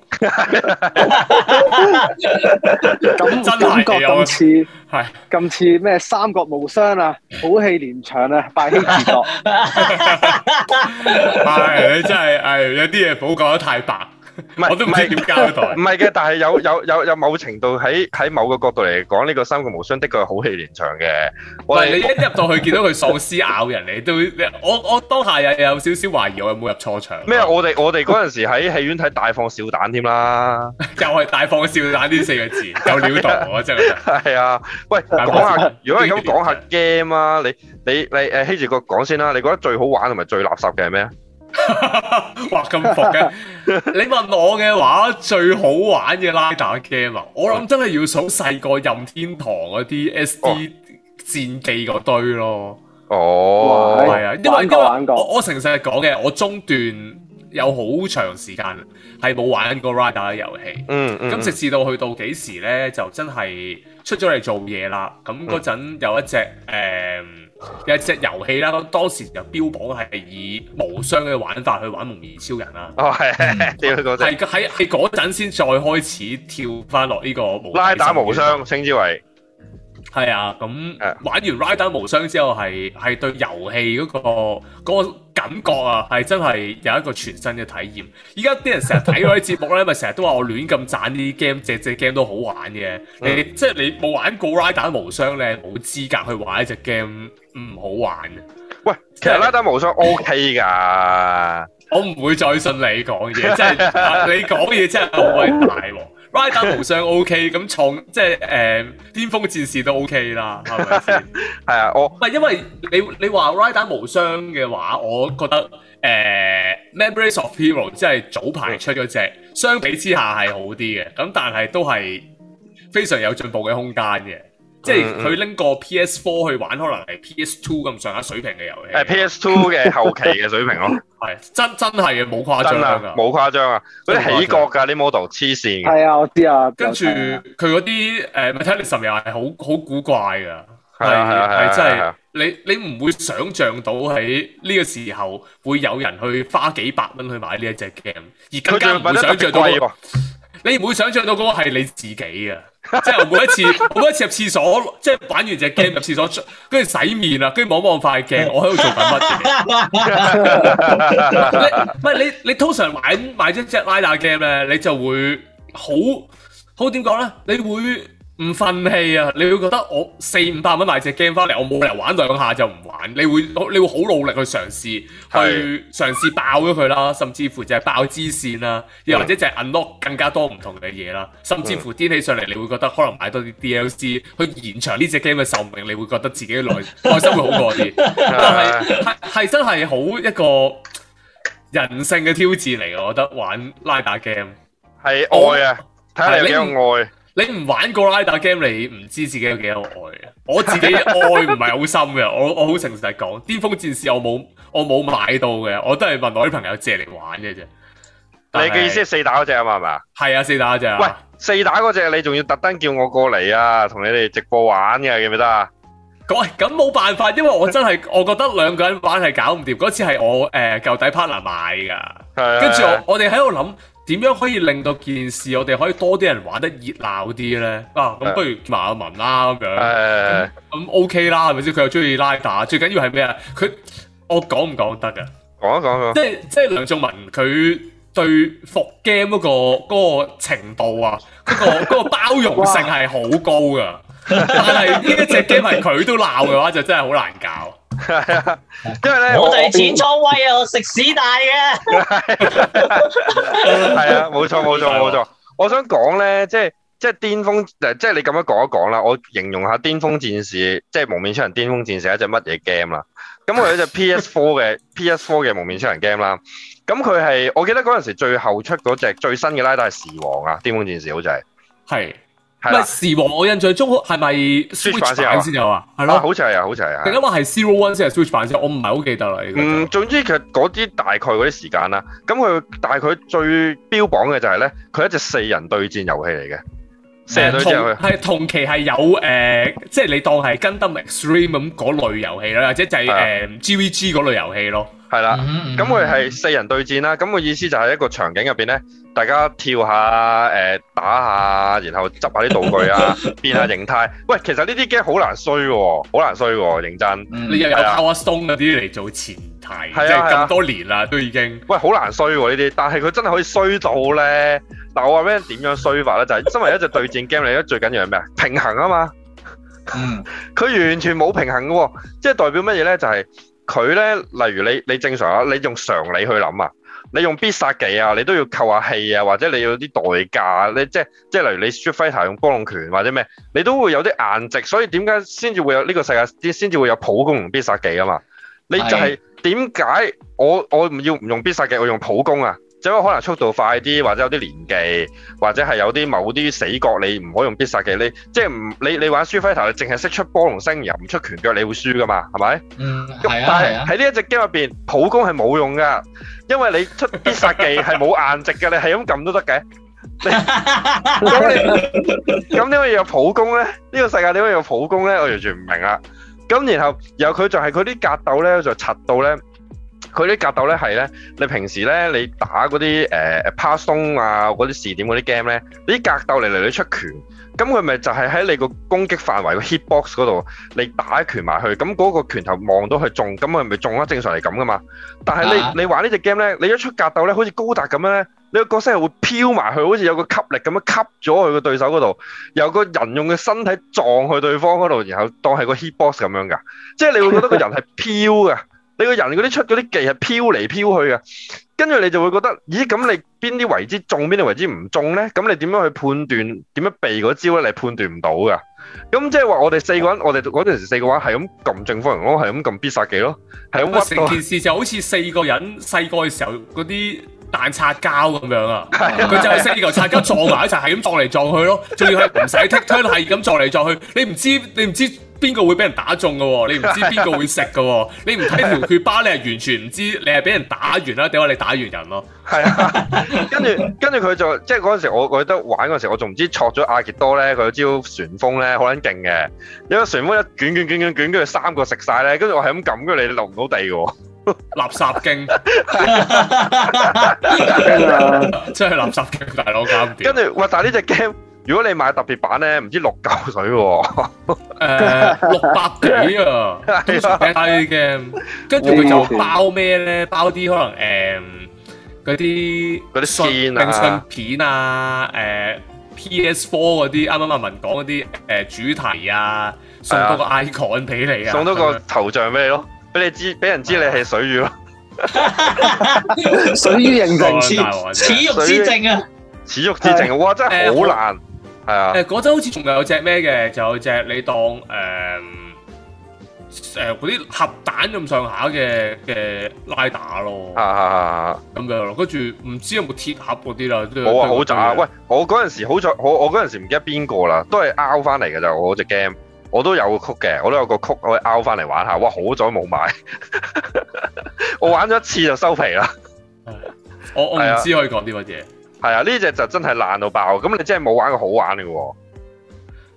咁真係講今次係今次咩？三國無雙啊，好戲連場啊，拜興自覺，係、 哎、你真係係、哎、有啲嘢唔好講得太白。唔係，我都唔係點交代，唔係嘅，但係有有有有某程度喺喺某個角度嚟講，呢個三個無雙的確係好戲連場嘅。我係你一入到去見到佢喪屍咬人，你都我我當下又有少少懷疑我有冇入錯場？咩啊？我哋我哋嗰陣時喺戲院睇大放笑彈添啦，又係大放笑彈呢四個字，有料到我真係。係啊，喂，講下，如果係咁講下 game 啦，你你你誒，揮住個講先啦，你覺得最好玩同埋最垃圾嘅係咩啊？ 哇咁服嘅，啊！ 你問我嘅話，最好玩嘅拉打 game 啊，我諗真係要數細個任天堂嗰啲 SD、oh. 戰記嗰堆咯。哦、oh.，係啊，玩過玩過。因為我成世講嘅，我中段有好長時間係冇玩過 Rider 遊戲。咁、mm hmm. 直至到去到幾時呢，就真係出咗嚟做嘢啦。咁嗰陣有一隻誒。Mm hmm. 嗯有一隻遊戲啦，當時就標榜係以無雙嘅玩法去玩《幪面超人》啊。哦，係，係嗰陣先再開始跳翻落呢個拉打無雙，稱之為係啊。咁玩完拉打無雙之後，係係對遊戲嗰個嗰、嗰個感覺啊，係真係有一個全新嘅體驗。而家啲人成日睇嗰啲節目咧，咪成日都話我亂咁讚啲 game，只只 game 都好玩嘅。嗯、你即係你冇玩過拉打無雙咧，冇資格去玩一隻 game。唔好玩。喂，即係、其實 Rider 無雙 O K 噶，我唔會再信你講嘢，即係你講嘢真係好偉大。 Rider 無雙 O K，咁創即係誒巔峰戰士都 O K 啦，係咪先？係 啊，啊，我唔係因為你你話 Rider 無雙嘅話，我覺得誒、呃、Memories of Hero 即係早排出咗隻， 相比之下係好啲嘅，咁但係都係非常有進步嘅空間嘅。嗯、即係佢拎個 PS4 去玩，可能係 PS2 咁上下水平嘅遊戲。係 PS2 嘅、啊、後期嘅水平咯、啊。 係真真係冇誇張啊！冇誇張啊！啲起角噶啲 model，黐線。係啊，我知我、呃 um、啊。跟住佢嗰啲誒 metallic samuel 係好好古怪噶。係係係真係你你唔會想象到喺呢個時候會有人去花幾百蚊去買呢一隻 game，而更加唔會想象到、那個。你唔會想象到嗰個係你自己啊！即係我 每一次， 每一次入廁所，即、就、係、是、玩完隻 game 入廁所出，跟住洗面啦，跟住望望塊鏡，我喺度做緊乜嘢？唔係你你，你通常玩玩一隻拉打 game 咧，你就會好好點講咧？你會。唔忿氣啊！你會覺得我四五百蚊買隻 game 翻嚟，我冇理由玩兩下就唔玩。你會你會好努力去嘗試，去嘗試爆咗佢啦，甚至乎就係爆支線啦、啊，又或者就係 unlock 更加多唔同嘅嘢啦，甚至乎癲起上嚟，你會覺得可能買多啲 DLC，嗯、去延長呢隻 game 嘅壽命，你會覺得自己耐耐心會好過啲。但係係係真係好一個人性嘅挑戰嚟，我覺得玩拉打 game 係愛啊！睇下你用愛。你唔玩過拉打 Game，你唔知自己有幾多愛啊！我自己愛唔係好深嘅，我我好誠實講，巔峰戰士我冇我冇買到嘅，我都係問我啲朋友借嚟玩嘅啫。你嘅意思係四打嗰隻啊嘛？係嘛？係啊，四打嗰隻。喂，四打嗰隻你仲要特登叫我過嚟啊，同你哋直播玩嘅，記唔記得啊？喂，咁冇辦法，因為我真係我覺得兩個人玩係搞唔掂。嗰次係我誒舊底 partner 買噶，跟住我我哋喺度諗。點樣可以令到件事我哋可以多啲人玩得熱鬧啲咧？啊，咁、嗯、的不如馬文啦咁樣，咁的 OK 啦，係咪先？佢又中意拉打，最緊要係咩啊？佢我講唔講得噶？講一講即係即係梁仲文佢對復 game 嗰個程度啊，嗰、嗰個嗰個包容性係好高噶， 哇 但係呢一隻 game 係佢都鬧嘅話，就真係好難搞。係啊，因為咧我就係淺倉威啊，食屎大嘅。係啊，冇錯冇錯冇錯。我想講咧，即係即係巔峰，嗱，即係你咁樣講一講啦。我形容下巔峰戰士，即係幪面超人巔峰戰士一隻乜嘢 game 啦。咁我有隻 PS Four 嘅 PS Four 嘅幪面超人 game 啦。咁佢係，我記得嗰陣時最後出嗰隻最新嘅拉打都係時王啊。巔峰戰士好似，係。唔係時王，我印象中係咪 Switch 版先有啊？係咯，好似係啊，好似係啊。點解話係 Zero One 先係 Switch 版先？我唔係好記得啦。嗯，總之其實嗰啲大概嗰啲時間啦。咁佢大概最標榜嘅就係、是、咧，佢係一隻四人對戰遊戲嚟嘅。四人對戰遊戲。同係同期係有誒、呃，即係你當係《Gundam Extreme》咁嗰類遊戲啦，或者就係誒 GVG 嗰類遊戲咯。係啦，咁佢係四人對戰啦，咁佢意思就係一個場景入邊咧，大家跳下誒打下，然後執下啲道具啊，變下形態。喂，其實呢啲 game 好難衰嘅，好難衰嘅，認真。你又有 Power Stone 嗰啲嚟做前提，即係咁多年啦，都已經。喂，好難衰呢啲，但係佢真係可以衰到咧。嗱，我話俾你點樣衰法咧，就係身為一隻對戰 game 嚟，你覺得最緊要係咩啊？平衡啊嘛。嗯。佢完全冇平衡嘅，即係代表乜嘢咧？就係。佢咧，例如你，你正常啊，你用常理去諗啊，你用必殺技啊，你都要扣下氣啊，或者你要啲代價啊，你即係即係例如你 Street Fighter 用波浪拳或者咩，你都會有啲硬直，所以點解先至會有呢個世界先至會有普攻同必殺技啊嘛？你就係點解我我唔要唔用必殺技，我用普攻啊？就可能速度快啲，或者有啲年紀，或者係有啲某啲死角你唔可以用必殺技。你即係唔你你玩書飛頭，你淨係識出波龍升，又唔出拳腳，你會輸噶嘛？係咪？嗯，係啊，係啊。喺呢一隻 game 入邊，普攻係冇用噶，因為你出必殺技係冇硬直嘅，你係咁撳都得嘅。咁你咁點解要有普攻咧？呢個世界點解要有普攻咧？我完全唔明啦。咁然後然後佢就係佢啲格鬥咧就柒到咧。佢啲格鬥咧係咧，你平時咧你打嗰啲誒 person 啊嗰啲視點嗰啲 game 咧，啲格鬥嚟嚟你出拳，咁佢咪就係喺你個攻擊範圍個 hitbox 嗰度，你打一拳埋去，咁嗰個拳頭望到佢中，咁佢咪中咯，正常係咁噶嘛。但係你你玩隻呢隻 game 咧，你一出格鬥咧，好似高達咁樣咧，你個角色係會飄埋去，好似有個吸力咁樣吸咗佢個對手嗰度，有個人用嘅身體撞去對方嗰度，然後當係個 hitbox 咁樣噶，即係你會覺得個人係飄噶。 你個人嗰啲出嗰啲技係飄嚟飄去嘅，跟住你就會覺得，咦咁你邊啲為之中，邊啲為之唔中咧？咁你點樣去判斷？點樣避嗰招咧？你判斷唔到㗎。咁即係話，我哋四個人，哦、我哋嗰陣時四個人係咁撳正方形咯，係咁撳必殺技咯，係咁屈。成件事就好似四個人細個嘅時候嗰啲。彈擦膠咁樣啊！佢、啊、就係呢球擦膠撞埋一齊，係咁 撞嚟撞去咯。仲要係唔使踢，係咁撞嚟撞去。你唔知你唔知邊個會俾人打中嘅喎、哦，你唔知邊個會食嘅喎。你唔睇條血巴，你係完全唔知你係俾人打完啦，定話你打完人咯？係啊。跟住跟住佢就即係嗰陣時，我時，我時，我覺得玩嗰陣時，我仲唔知錯咗阿杰多咧。佢招旋風咧好撚勁嘅，有個旋風一卷卷卷卷卷，跟住三個食晒咧。跟住我係咁撳，跟住你落唔到地喎。垃圾 game 真係垃圾 game，大佬搞掂。跟住哇！但係呢隻 game 如果你買特別版咧，唔知六嚿水喎、哦。誒、 呃，六百幾啊，最平低嘅。 跟住佢就包咩咧？包啲可能誒，嗰啲明信片啊，誒，P S Four 嗰啲啱啱阿文講嗰啲誒主題啊，送多個 icon 俾你啊，啊送多個頭像俾你咯。 俾你知，俾人知你係水魚咯， 水魚形似似玉之正啊，似玉之正啊，哇真係好難，係啊，誒嗰周好似仲有隻咩嘅，就有隻你當誒誒嗰啲核彈咁上下嘅嘅拉打咯，咁、啊啊啊啊、樣咯，跟住唔知有冇鐵盒嗰啲啦，冇啊好、啊、正、啊啊啊，喂我嗰陣時好在我我陣時唔記得邊個啦，都係拗 u t 翻嚟噶咋我隻 game。我都有個曲嘅，我都有個曲，我可我拗翻嚟玩下，哇！好彩冇買， 我玩咗一次就收皮啦。我我唔知可以講啲乜嘢？係啊，呢隻、啊、就真係爛到爆。咁你真係冇玩過好玩嘅喎。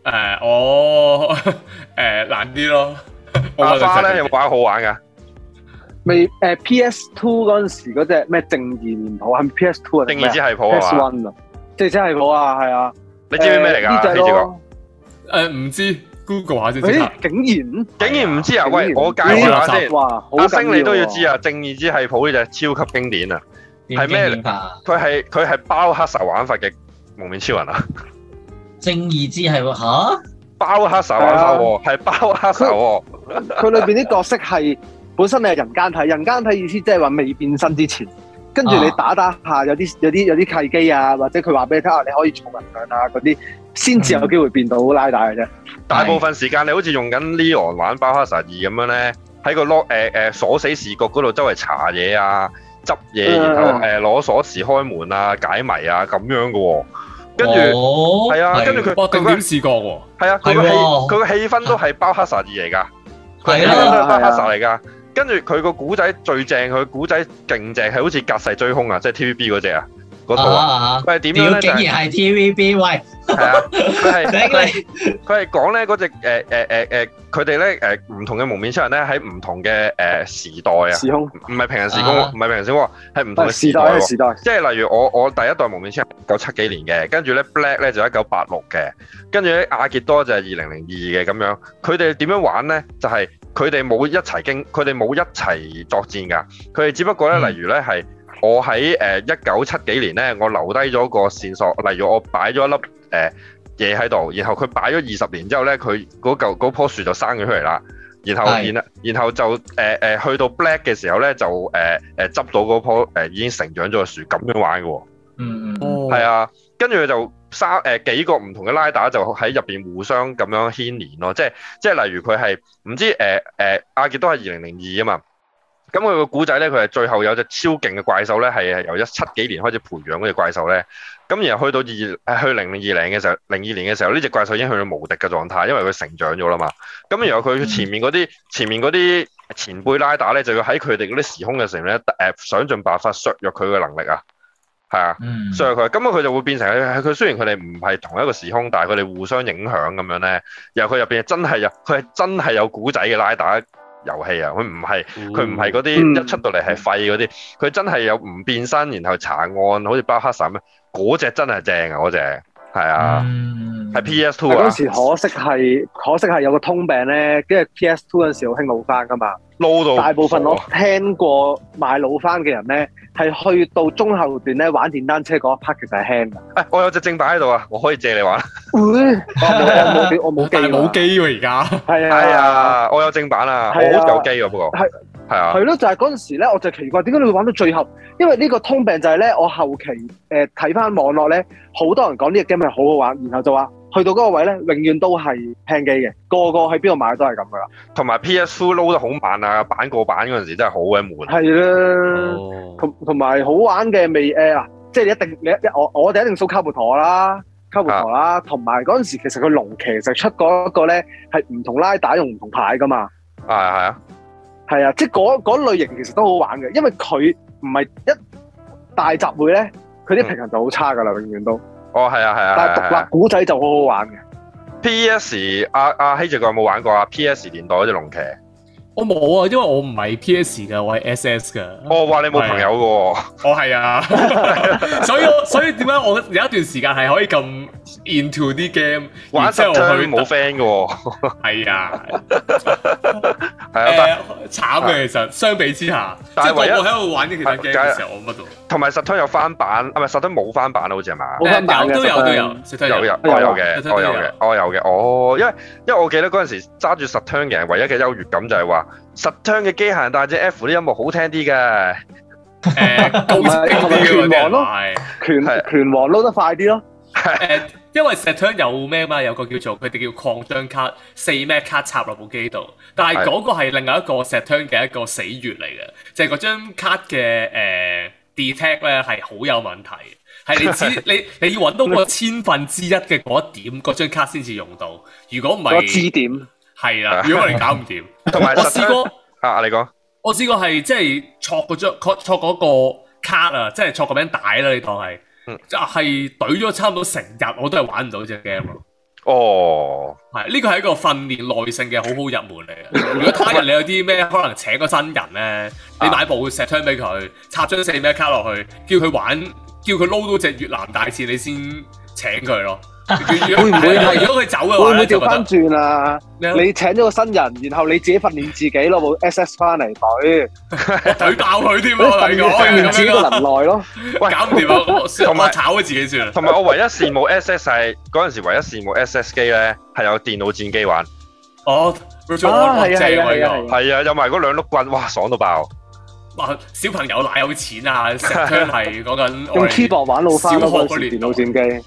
誒，我誒爛啲咯。阿、啊、花咧有冇玩好玩嘅？未誒，P S two 嗰陣時嗰隻咩正義之系譜係咪 P S two 啊？正義之系譜啊？One 啊？正義之系譜啊？係啊。你知唔知咩嚟㗎？呢隻、呃、咯？誒唔、呃、知。Google 下先，竟然竟然唔知啊！喂，我介紹下先。哇，好星你都要知啊！正義之系譜呢隻超級經典啊！係咩嚟？佢係佢係包黑手玩法嘅幪面超人啊！正義之系喎嚇？包黑手玩法喎，係包黑手喎。佢裏邊啲角色係本身你係人間體，人間體意思即係話未變身之前，跟住你打打下有啲有啲有啲契機啊，或者佢話俾你聽下，你可以重人量啊嗰啲。先至有機會變到拉打嘅啫。大部分時間你好似用緊 Leon 玩包黑十二咁樣咧，喺個 lock 誒誒鎖死視角嗰度周圍查嘢啊、執嘢，然後誒攞鎖匙開門啊、解謎啊咁樣嘅喎。跟住係啊，跟住佢佢佢佢點試過？係啊，佢氣佢個氣氛都係包黑十二嚟噶，佢係包黑十二嚟噶。跟住佢個古仔最正，佢古仔勁正，係好似隔世追兇啊，即係 TVB 嗰隻啊。嗰度啊！佢係點樣？竟然係 TVB 喂，係啊！ 佢係佢係講咧嗰隻誒誒誒誒，佢哋咧誒唔同嘅幪面超人咧喺唔同嘅誒、呃、時代啊，時空唔係平衡時空，唔係平衡時空係唔同嘅時代喎，時代,時代。即係例如我我第一代幪面超人九七幾年嘅，跟住咧 Black 咧就一九八六嘅，跟住咧亞傑多就係二零零二嘅咁樣。佢哋點樣玩咧？就係佢哋冇一齊經，佢哋冇一齊作戰噶。佢哋只不過咧，例如咧係。Mm hmm. 我喺誒一九七幾年咧，我留低咗個線索，例如我擺咗一粒誒嘢喺度，然後佢擺咗二十年之後咧，佢嗰嚿棵樹就生咗出嚟啦。然後是的 然啦，然後就誒誒、呃、去到 Black 嘅時候咧，就誒誒執到嗰棵誒已經成長咗嘅樹，咁樣玩嘅喎、哦。嗯嗯、哦，係啊，跟住佢就三誒、呃、幾個唔同嘅拉打就喺入邊互相咁樣牽連咯、哦，即係即係例如佢係唔知誒誒，阿、呃、傑、呃啊啊啊啊、都係二零零二啊嘛。咁佢個古仔咧，佢係最後有隻超勁嘅怪獸咧，係由一七幾年開始培養嗰隻怪獸咧。咁然後去到二，去零二零嘅時候，零二年嘅時候，呢隻怪獸已經去到無敵嘅狀態，因為佢成長咗啦嘛。咁然後佢前面嗰啲，前面嗰啲前輩拉打咧，就要喺佢哋嗰啲時空嘅時候咧，誒、呃、想盡辦法削弱佢嘅能力啊，係啊，削弱佢。咁啊佢就會變成佢雖然佢哋唔係同一個時空，但係佢哋互相影響咁樣咧。然後佢入邊真係有，佢係真係有古仔嘅拉打。遊戲啊，佢唔係佢唔係嗰啲一出到嚟係廢嗰啲，佢、嗯嗯、真係有唔變身，然後查案，好似包黑神咩？嗰隻真係正啊！嗰隻係啊，係 P S Two、嗯、啊！嗰時可惜係可惜係有個通病咧，跟住 P S Two 嗰時好興老翻㗎嘛，老到大部分我聽過買老翻嘅人咧。係去到中後段咧，玩電單車嗰一 part 其實係輕嘅，我有隻正版喺度啊，我可以借你玩。我冇表，我冇機，冇機喎而家。係啊、哎，我有正版啊，我好有機啊。不過。係係啊。係咯，就係嗰陣時咧，我就奇怪點解你會玩到最後？因為呢個通病就係咧，我後期誒睇翻網絡咧，好多人講呢個 game 係好好玩，然後就話。去到嗰個位咧，永遠都係平機嘅，個個喺邊度買都係咁噶啦。同埋 PS2 load 得好慢啊，板過板嗰陣時真係好鬼悶。係啦的，同同埋好玩嘅未誒嗱、呃，即係你一定你一我我哋一定數卡布陀啦，卡布陀啦，同埋嗰陣時其實佢龍騎其實出嗰個咧係唔同拉打用唔同牌噶嘛。係係啊，係啊，即係嗰類型其實都好玩嘅，因為佢唔係一大集會咧，佢啲平衡就好差噶啦，嗯、永遠都。哦，係啊，係啊，但係獨立古仔就好好玩嘅。PS，啊啊，希治閣有冇玩過啊？PS 年代嗰隻龍騎。我冇啊，因為我唔係 PS 噶，我係 SS 噶。我話你冇朋友嘅喎。我係啊，所以我所以點解我有一段時間係可以咁 into 啲 game，玩 set turn 冇 friend 嘅喎。係啊，係啊，但慘嘅其實。相比之下，但係我喺度玩啲其他 game 嘅時候，我乜同埋 set turn 有翻版啊？唔係 set turn 冇翻版好似係嘛？都有都有，set turn 有有我有嘅我有嘅我有嘅哦，因為因為我記得嗰陣時揸住 set turn 嘅唯一嘅優越感就係話。十張嘅機械人帶只 F 啲音樂好聽啲嘅，誒同埋拳王咯，拳拳是王撈得快啲咯。誒、呃，因為 Saturn 有咩啊嘛？有個叫做佢哋叫擴張卡，四咩卡，卡插落部機度，但係嗰個係另外一個 Saturn 嘅一個死穴嚟嘅，就係嗰張卡嘅誒、呃、detect 咧係好有問題，係你只你你要揾到個千分之一嘅嗰一點，嗰張卡先至用到，如果唔係，個支點。係啦，如果你搞唔掂， 有我試過 啊，你講，我試過係即係錯嗰張，錯個卡啊，即係錯個名帶啦，你當係就係懟咗差唔多成日，我都係玩唔到隻 game 咯。哦，係呢個係一個訓練耐性嘅好好入門嚟嘅。如果他人你有啲咩 可能請個新人咧，你買部 Saturn 俾佢，插張四咩卡落去，叫佢玩，叫佢撈到隻越南大戰，你先請佢咯。會唔會係如果佢走嘅話，會唔會調翻轉啊？你請咗個新人，然後你自己訓練自己咯，部 SS 翻嚟隊，隊爆佢添啊！我訓練自己個能耐咯，搞唔掂啊！同埋炒咗自己算啦。同埋我唯一羨慕 SS 係嗰陣時，唯一羨慕 SS 機咧係有電腦戰機玩。哦，啊係啊係啊係啊，係啊，有埋嗰兩碌棍，哇爽到爆！小朋友哪有錢啊？成日係講緊用 keyboard 玩老翻開個電腦戰機。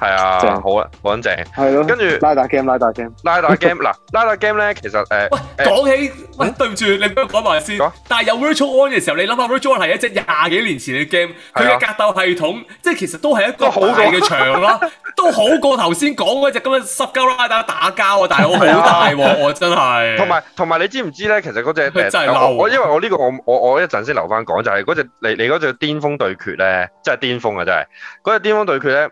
係啊，好啦，講正係咯，跟住拉打 game，拉打 game，拉打 game 嗱，拉打 game 咧，其實誒，喂，講起喂，對唔住，你俾我講埋先，但係有 Virtual On 嘅時候，你諗下 Virtual On 係一隻廿幾年前嘅 game，佢嘅格鬥系統，即係其實都係一個好大嘅場啦，都好過頭先講嗰隻今日濕鳩拉打打交啊，大佬好大喎，真係。同埋同埋，你知唔知咧？其實嗰隻真係撈，我因為我呢個我我我一陣先留翻講，就係嗰隻你嚟嗰隻巔峰對決咧，真係巔峰啊！真係嗰隻巔峰對決咧。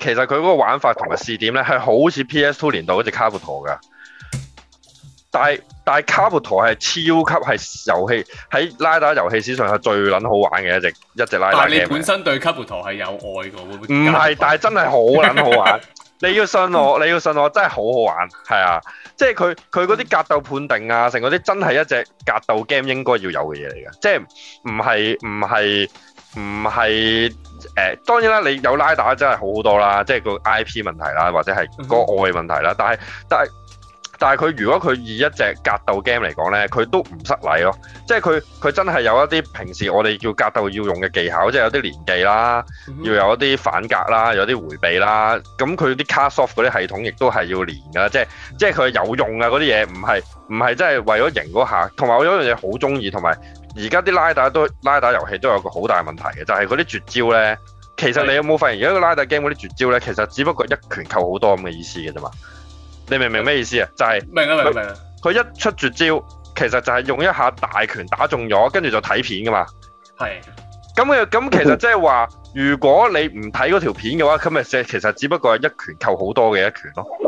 其實佢嗰個玩法同埋試點咧，係好似 PS Two 年代嗰隻卡布陀噶，但係但係卡布陀係超級係遊戲喺拉打遊戲史上係最撚好玩嘅一隻一隻拉打 game。但係你本身對卡布陀係有愛噶，會唔會？唔係，但係真係好撚好玩。 你要信我，你要信我，真係好好玩。係啊，即係佢佢嗰啲格鬥判定啊，成嗰啲真係一隻格鬥 game 應該要有嘅嘢嚟噶，即係唔係唔係。唔係誒，當然啦，你有拉打真係好好多啦，即係個 IP 問題啦，或者係個愛問題啦。但係但係但係佢如果佢以一隻格鬥 game 嚟講呢，佢都唔失禮咯。即係佢佢真係有一啲平時我哋叫格鬥要用嘅技巧，即係有啲連技啦，要有一啲反格啦，有啲迴避啦。咁佢啲 card soft 嗰啲系統亦都係要連㗎，即係即係佢有用啊嗰啲嘢，唔係唔係真係為咗贏嗰下。同埋我有一樣嘢好中意，同埋。而家啲拉打都拉打遊戲都有個好大問題嘅，就係嗰啲絕招呢。其實你有冇發現而家個拉打 game 嗰啲絕招呢，其實只不過一拳扣好多咁嘅意思嘅啫嘛。你明唔明咩意思啊？就係，明啊明啊明啊！佢一出絕招，其實就係用一下大拳打中咗，跟住就睇片噶嘛。係。咁嘅，咁其實即係話，如果你唔睇嗰條片嘅話，今日嘅其實只不過係一拳扣好多嘅一拳咯。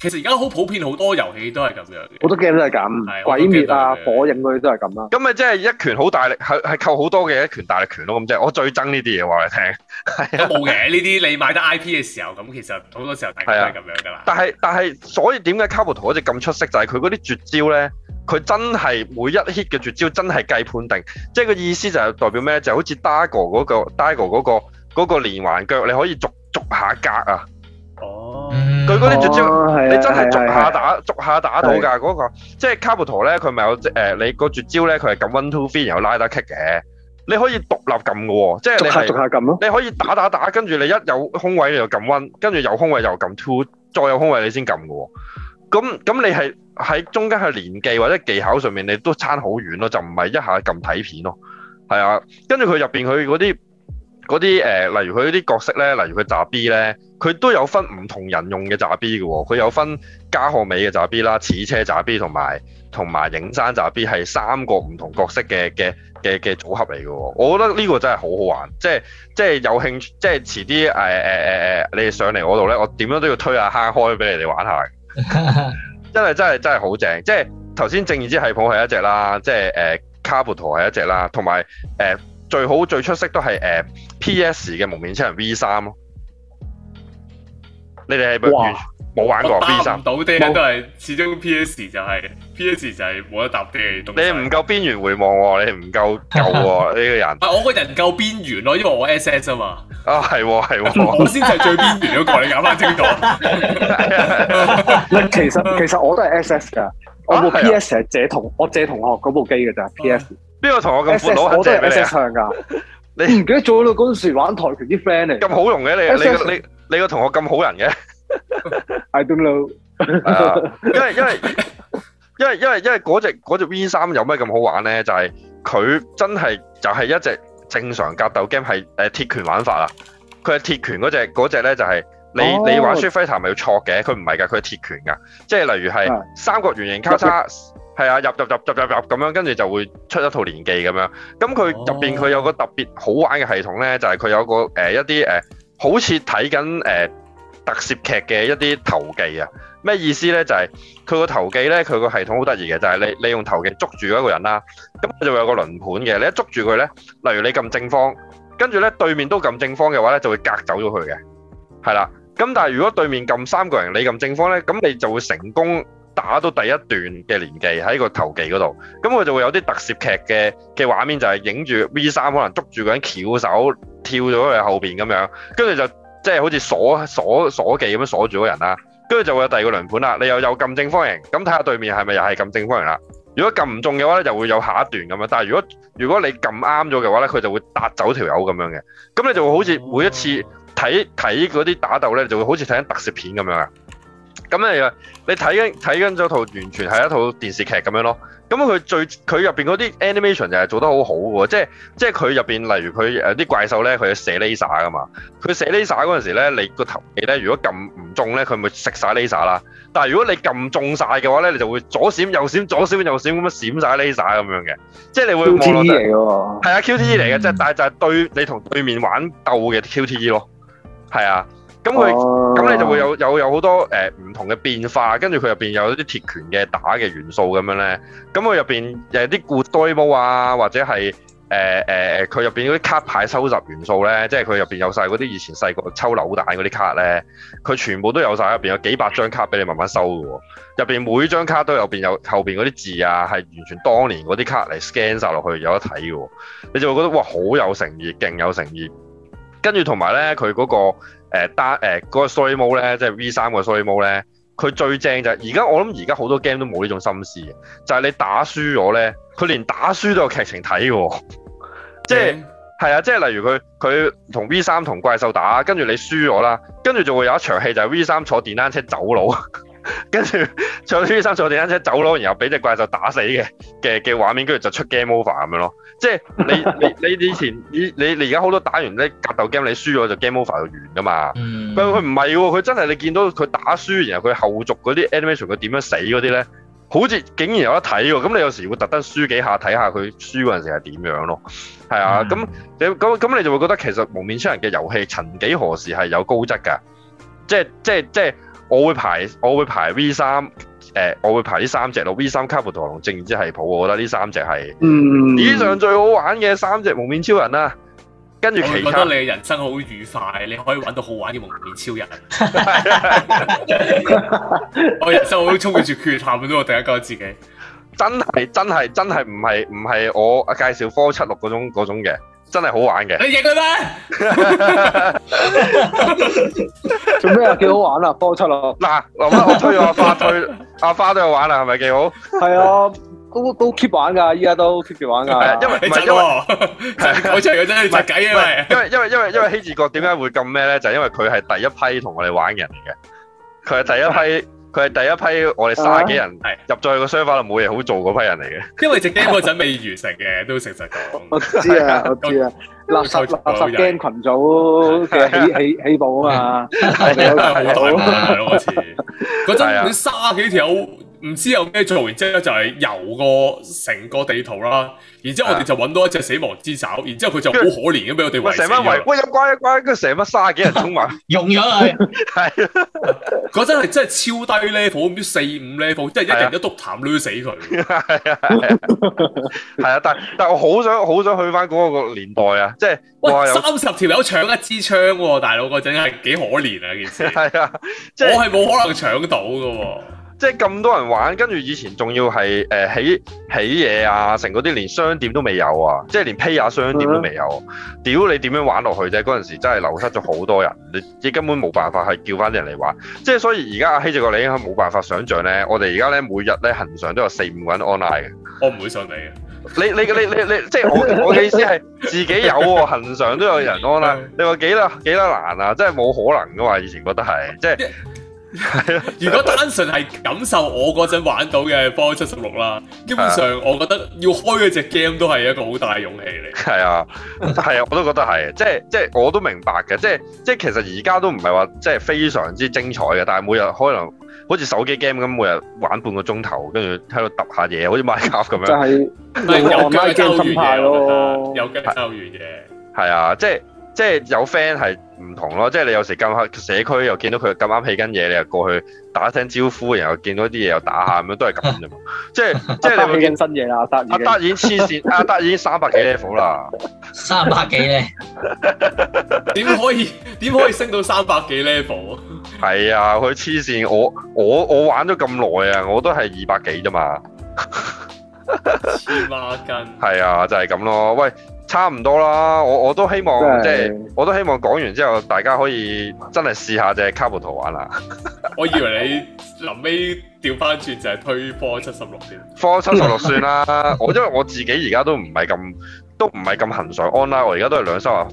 其實而家好普遍，好多遊戲都係咁樣，好多 game 都係咁，對鬼滅啊、對火影嗰啲都係咁啦。咁咪即係一拳好大力，係係扣好多嘅一拳大力拳咯。咁即係我最憎呢啲嘢話你聽。冇 嘢。呢啲，你買得 IP 嘅時候，咁其實好多時候大家都係咁樣噶啦、啊。但係但係，所以點解卡布托嗰隻咁出色？就係佢嗰啲絕招咧，佢真係每一 hit 嘅絕招真係計判定，即係個意思就係代表咩？就好似 Dago 嗰個 Dago 嗰個嗰個連環腳，你可以逐逐下格啊。佢嗰啲絕招，嗯哦、你真係逐下打，啊、逐下打到㗎嗰、啊那個，啊、即係卡布陀咧，佢咪有誒、呃？你個絕招咧，佢係撳 one two three，然後拉打 kick 嘅，你可以獨立撳嘅喎，即係你係逐下逐下撳咯。你可以打打打，跟住你一有空位你就撳 one，跟住有空位又撳 two，再有空位你先撳嘅喎。咁咁你係喺中間係連技或者技巧上面，你都差好遠咯，就唔係一下撳睇片咯，係啊。跟住佢入邊佢嗰啲。嗰啲誒，例如佢啲角色咧，例如佢炸 B 咧，佢都有分唔同人用嘅炸 B 嘅喎、哦，佢有分加賀美嘅炸 B 啦、矢車炸 B 同埋同埋影山炸 B，係三個唔同角色嘅嘅嘅嘅組合嚟嘅喎。我覺得呢個真係好好玩，即係即係有興趣，即、就、係、是、遲啲誒誒誒誒，你哋上嚟嗰度咧，我點樣都要推下坑開俾你哋玩下 真係真係真係好正。即係頭先正義之系譜係一隻啦，即係誒 Kabuto 係一隻啦，同埋誒。呃最好最出色都係誒 PS 嘅幪面超人 V 三咯，你哋係咪冇玩過 V 三，到啲都係始終 PS 就係 PS 就係冇得搭啲你唔夠邊緣回望喎，你唔夠夠喎呢個人。啊，我個人夠邊緣咯，因為我 SS 吖嘛？啊，係喎係喎，我先係最邊緣嗰個，你揀翻清楚。其實其實我都係 SS 㗎，我部 PS 係借同我借同學嗰部機㗎咋 PS 邊個同學咁闊佬，SS, 借我借俾 你啊！你唔記得做到嗰陣時玩跆拳啲 friend 嚟？咁好用嘅你，你個你你個同學咁好人嘅？I don't know。因為因為因為因為因為嗰隻只 V 三有咩咁好玩咧？就係、是、佢真係就係一隻正常格鬥 game 係誒鐵拳玩法啦。佢係鐵拳嗰隻嗰隻咧就係你、oh. 你玩 Super Fighter 咪要錯嘅，佢唔係噶，佢係鐵拳噶，即係例如係三角圓形交叉。係啊，入入入入入入咁樣，跟住就會出一套連技咁樣。咁佢入邊佢有個特別好玩嘅系統咧，就係、是、佢有個誒、呃、一啲誒、呃，好似睇緊誒特攝劇嘅一啲投技啊。咩意思咧？就係佢個投技咧，佢個系統好得意嘅，就係、是、你你用投技捉住嗰個人啦。咁佢就會有一個輪盤嘅，你一捉住佢咧，例如你撳正方，跟住咧對面都撳正方嘅話咧，就會隔走咗佢嘅。係啦，咁但係如果對面撳三個人，你撳正方咧，咁你就會成功。打到第一段嘅連技喺個投技嗰度，咁、嗯、佢就會有啲特攝劇嘅嘅畫面，就係影住 V 三可能捉住嗰人翹手跳咗去後邊咁樣，跟住就即係好似鎖鎖鎖技咁樣鎖住嗰人啦，跟住就會有第二個輪盤啦，你又有撳正方形，咁睇下對面係咪又係撳正方形啦。如果撳唔中嘅話咧，就會有下一段咁樣。但係如果如果你撳啱咗嘅話咧，佢就會搭走條友咁樣嘅，咁你就會好似每一次睇睇嗰啲打鬥咧，就會好似睇緊特攝片咁樣啊！咁啊，你睇緊睇緊咗套完全係一套電視劇咁樣咯。咁佢最佢入邊嗰啲 animation 就係做得好好嘅，即係即係佢入邊，例如佢誒啲怪獸咧，佢射 laser 噶嘛。佢射 laser 嗰陣時咧，你個頭皮咧如果撳唔中咧，佢咪食晒 laser 啦。但係如果你撳中晒嘅話咧，你就會左閃右閃左閃右閃咁樣閃晒 laser 咁樣嘅。即係你會 Q T, T、啊、Q T E 嚟嘅，係啊 Q T E 嚟嘅，即係但係就係對你同對面玩鬥嘅 Q T E 咯，係啊。咁佢，咁你就會有有有好多誒、呃、唔同嘅變化，跟住佢入邊又有啲鐵拳嘅打嘅元素咁樣咧，咁佢入邊誒啲古刀劍啊，或者係誒誒佢入邊嗰啲卡牌收集元素咧，即係佢入邊有晒嗰啲以前細個抽扭蛋嗰啲卡咧，佢全部都有晒。入邊有幾百張卡俾你慢慢收嘅喎、哦，入邊每張卡都有，入邊有後邊嗰啲字啊，係完全當年嗰啲卡嚟 scan 晒落去，有得睇嘅、哦，你就會覺得哇好有誠意，勁有誠意，跟住同埋咧佢嗰個。誒單誒嗰個 Story Mode 咧，即係 V 三個 Story Mode 咧，佢最正就係而家我諗而家好多 game 都冇呢種心思嘅，就係、是、你打輸咗咧，佢連打輸都有劇情睇嘅、哦， 即係係、mm. 啊，即係例如佢佢同 V 三同怪獸打，跟住你輸咗啦，跟住就會有一場戲就係 V 三坐電單車走佬。 跟住坐先生坐電單車走咯，然後俾隻怪獸打死嘅嘅嘅畫面，跟住就出 game over 咁樣咯。即係你你你以前你你而家好多打完咧格鬥 game，你輸咗就 game over 就完噶嘛。嗯、但係佢唔係嘅，佢真係你見到佢打輸，然後佢後續嗰啲 animation 佢點樣死嗰啲咧，好似竟然有得睇嘅。咁你有時會特登輸幾下睇下佢輸嗰陣時係點樣咯。係啊，咁咁咁你就會覺得其實幪面超人嘅遊戲曾幾何時係有高質噶，即係即係即係。即即我會排我會排 V 三誒、呃，我會排呢三隻咯。V 三 Kabuto 龍騎，正義之系譜，我覺得呢三隻係、嗯、史上最好玩嘅三隻幪面超人啦、啊。跟住其他，我覺得你嘅人生好愉快？你可以揾到好玩嘅幪面超人。我人生好充滿住缺陷嘅，我第一個自己 真係真係真係唔係唔係我啊介紹科七六嗰種種嘅。真係好玩嘅，你贏啦咩？做咩啊？幾好玩啊！幫我出咯。嗱，我我推阿花，推阿花都有玩啦，係咪幾好？係啊，都都 keep 玩噶，依家都 keep 住玩噶。係啊，因為你真係，我出嚟真係要計嘅嘛。因為因為因為因為希治閣點解會咁咩咧？就係因為佢係第一批同我哋玩嘅人嚟嘅，佢係第一批。佢係第一批我哋卅幾人，係入咗去個商場就冇嘢好做嗰批人嚟嘅，因為隻 game 嗰陣未完成嘅，都成實講。我知啊，我知啊，垃圾垃圾 game 群組嘅起起起步啊嘛，係啊，係啊，係咯，嗰陣你卅幾條。唔知有咩做，然之後咧就係遊個成個地圖啦，然之後我哋就揾到一隻死亡之手，然之後佢就好可憐咁俾我哋圍死。我成班圍，嗰隻乖乖，佢成班卅幾人衝埋，用咗係，係嗰陣係真係超低 level，五、四五 level，即係一人一督痰，攞死佢。係啊，係係但但係我好想好想去翻嗰個年代啊，即係三十條友搶一支槍，大佬嗰陣係幾可憐啊，件事！係啊，我係冇可能搶到噶。即係咁多人玩，跟住以前仲要係誒、呃、起起嘢啊，成嗰啲連商店都未有啊，即係連 Play、啊、商店都未有、啊。Mm hmm. 屌你點樣玩落去啫？嗰陣時真係流失咗好多人，你亦根本冇辦法係叫返啲人嚟玩。即係所以而家阿希治閣，你應該冇辦法想像咧。我哋而家咧，每日咧恆常都有四五個人 online 嘅。我唔會信你嘅。你你你你你，即係我 我嘅意思係自己有喎，恆常都有人 online、mm。Hmm. 你話幾多幾多難啊？即係冇可能㗎嘛？以前覺得係即係。 係咯， 如果單純係感受我嗰陣玩到嘅《方七十六》啦，基本上我覺得要開嗰隻 game 都係一個好大勇氣嚟。係 啊，係啊，我都覺得係，即係即係，我都明白嘅，即係即係，其實而家都唔係話即係非常之精彩嘅，但係每日可能好似手機 game 咁，每日玩半個鐘頭，跟住喺度揼下嘢，好似買卡咁樣。就係、是，咪又跟抽完嘢咯，又跟抽完嘢。係啊，即係。即係有 friend 係唔同咯，即係你有時撳下社區又見到佢咁啱起緊嘢，你又過去打聲招呼，然後見到啲嘢又打下咁樣，都係咁啫嘛。即係 即係你會見新嘢啦。得，阿德已經黐線，阿德已經三百幾 level 啦。三百幾咧？點 可以點可以升到三百幾 level 啊？係啊，佢黐線。我我我玩咗咁耐啊，我都係二百幾啫嘛。黐孖筋。係 啊，就係咁咯。喂。差唔多啦，我我都希望即係，我都希望講、就是、完之後，大家可以真係試下隻卡布圖玩啦。 我以為你臨尾調翻轉就係推 four 七十六先，four 七十六算啦。 我因為我自己而家都唔係咁，都唔係咁恒常 online。我而家都係兩三日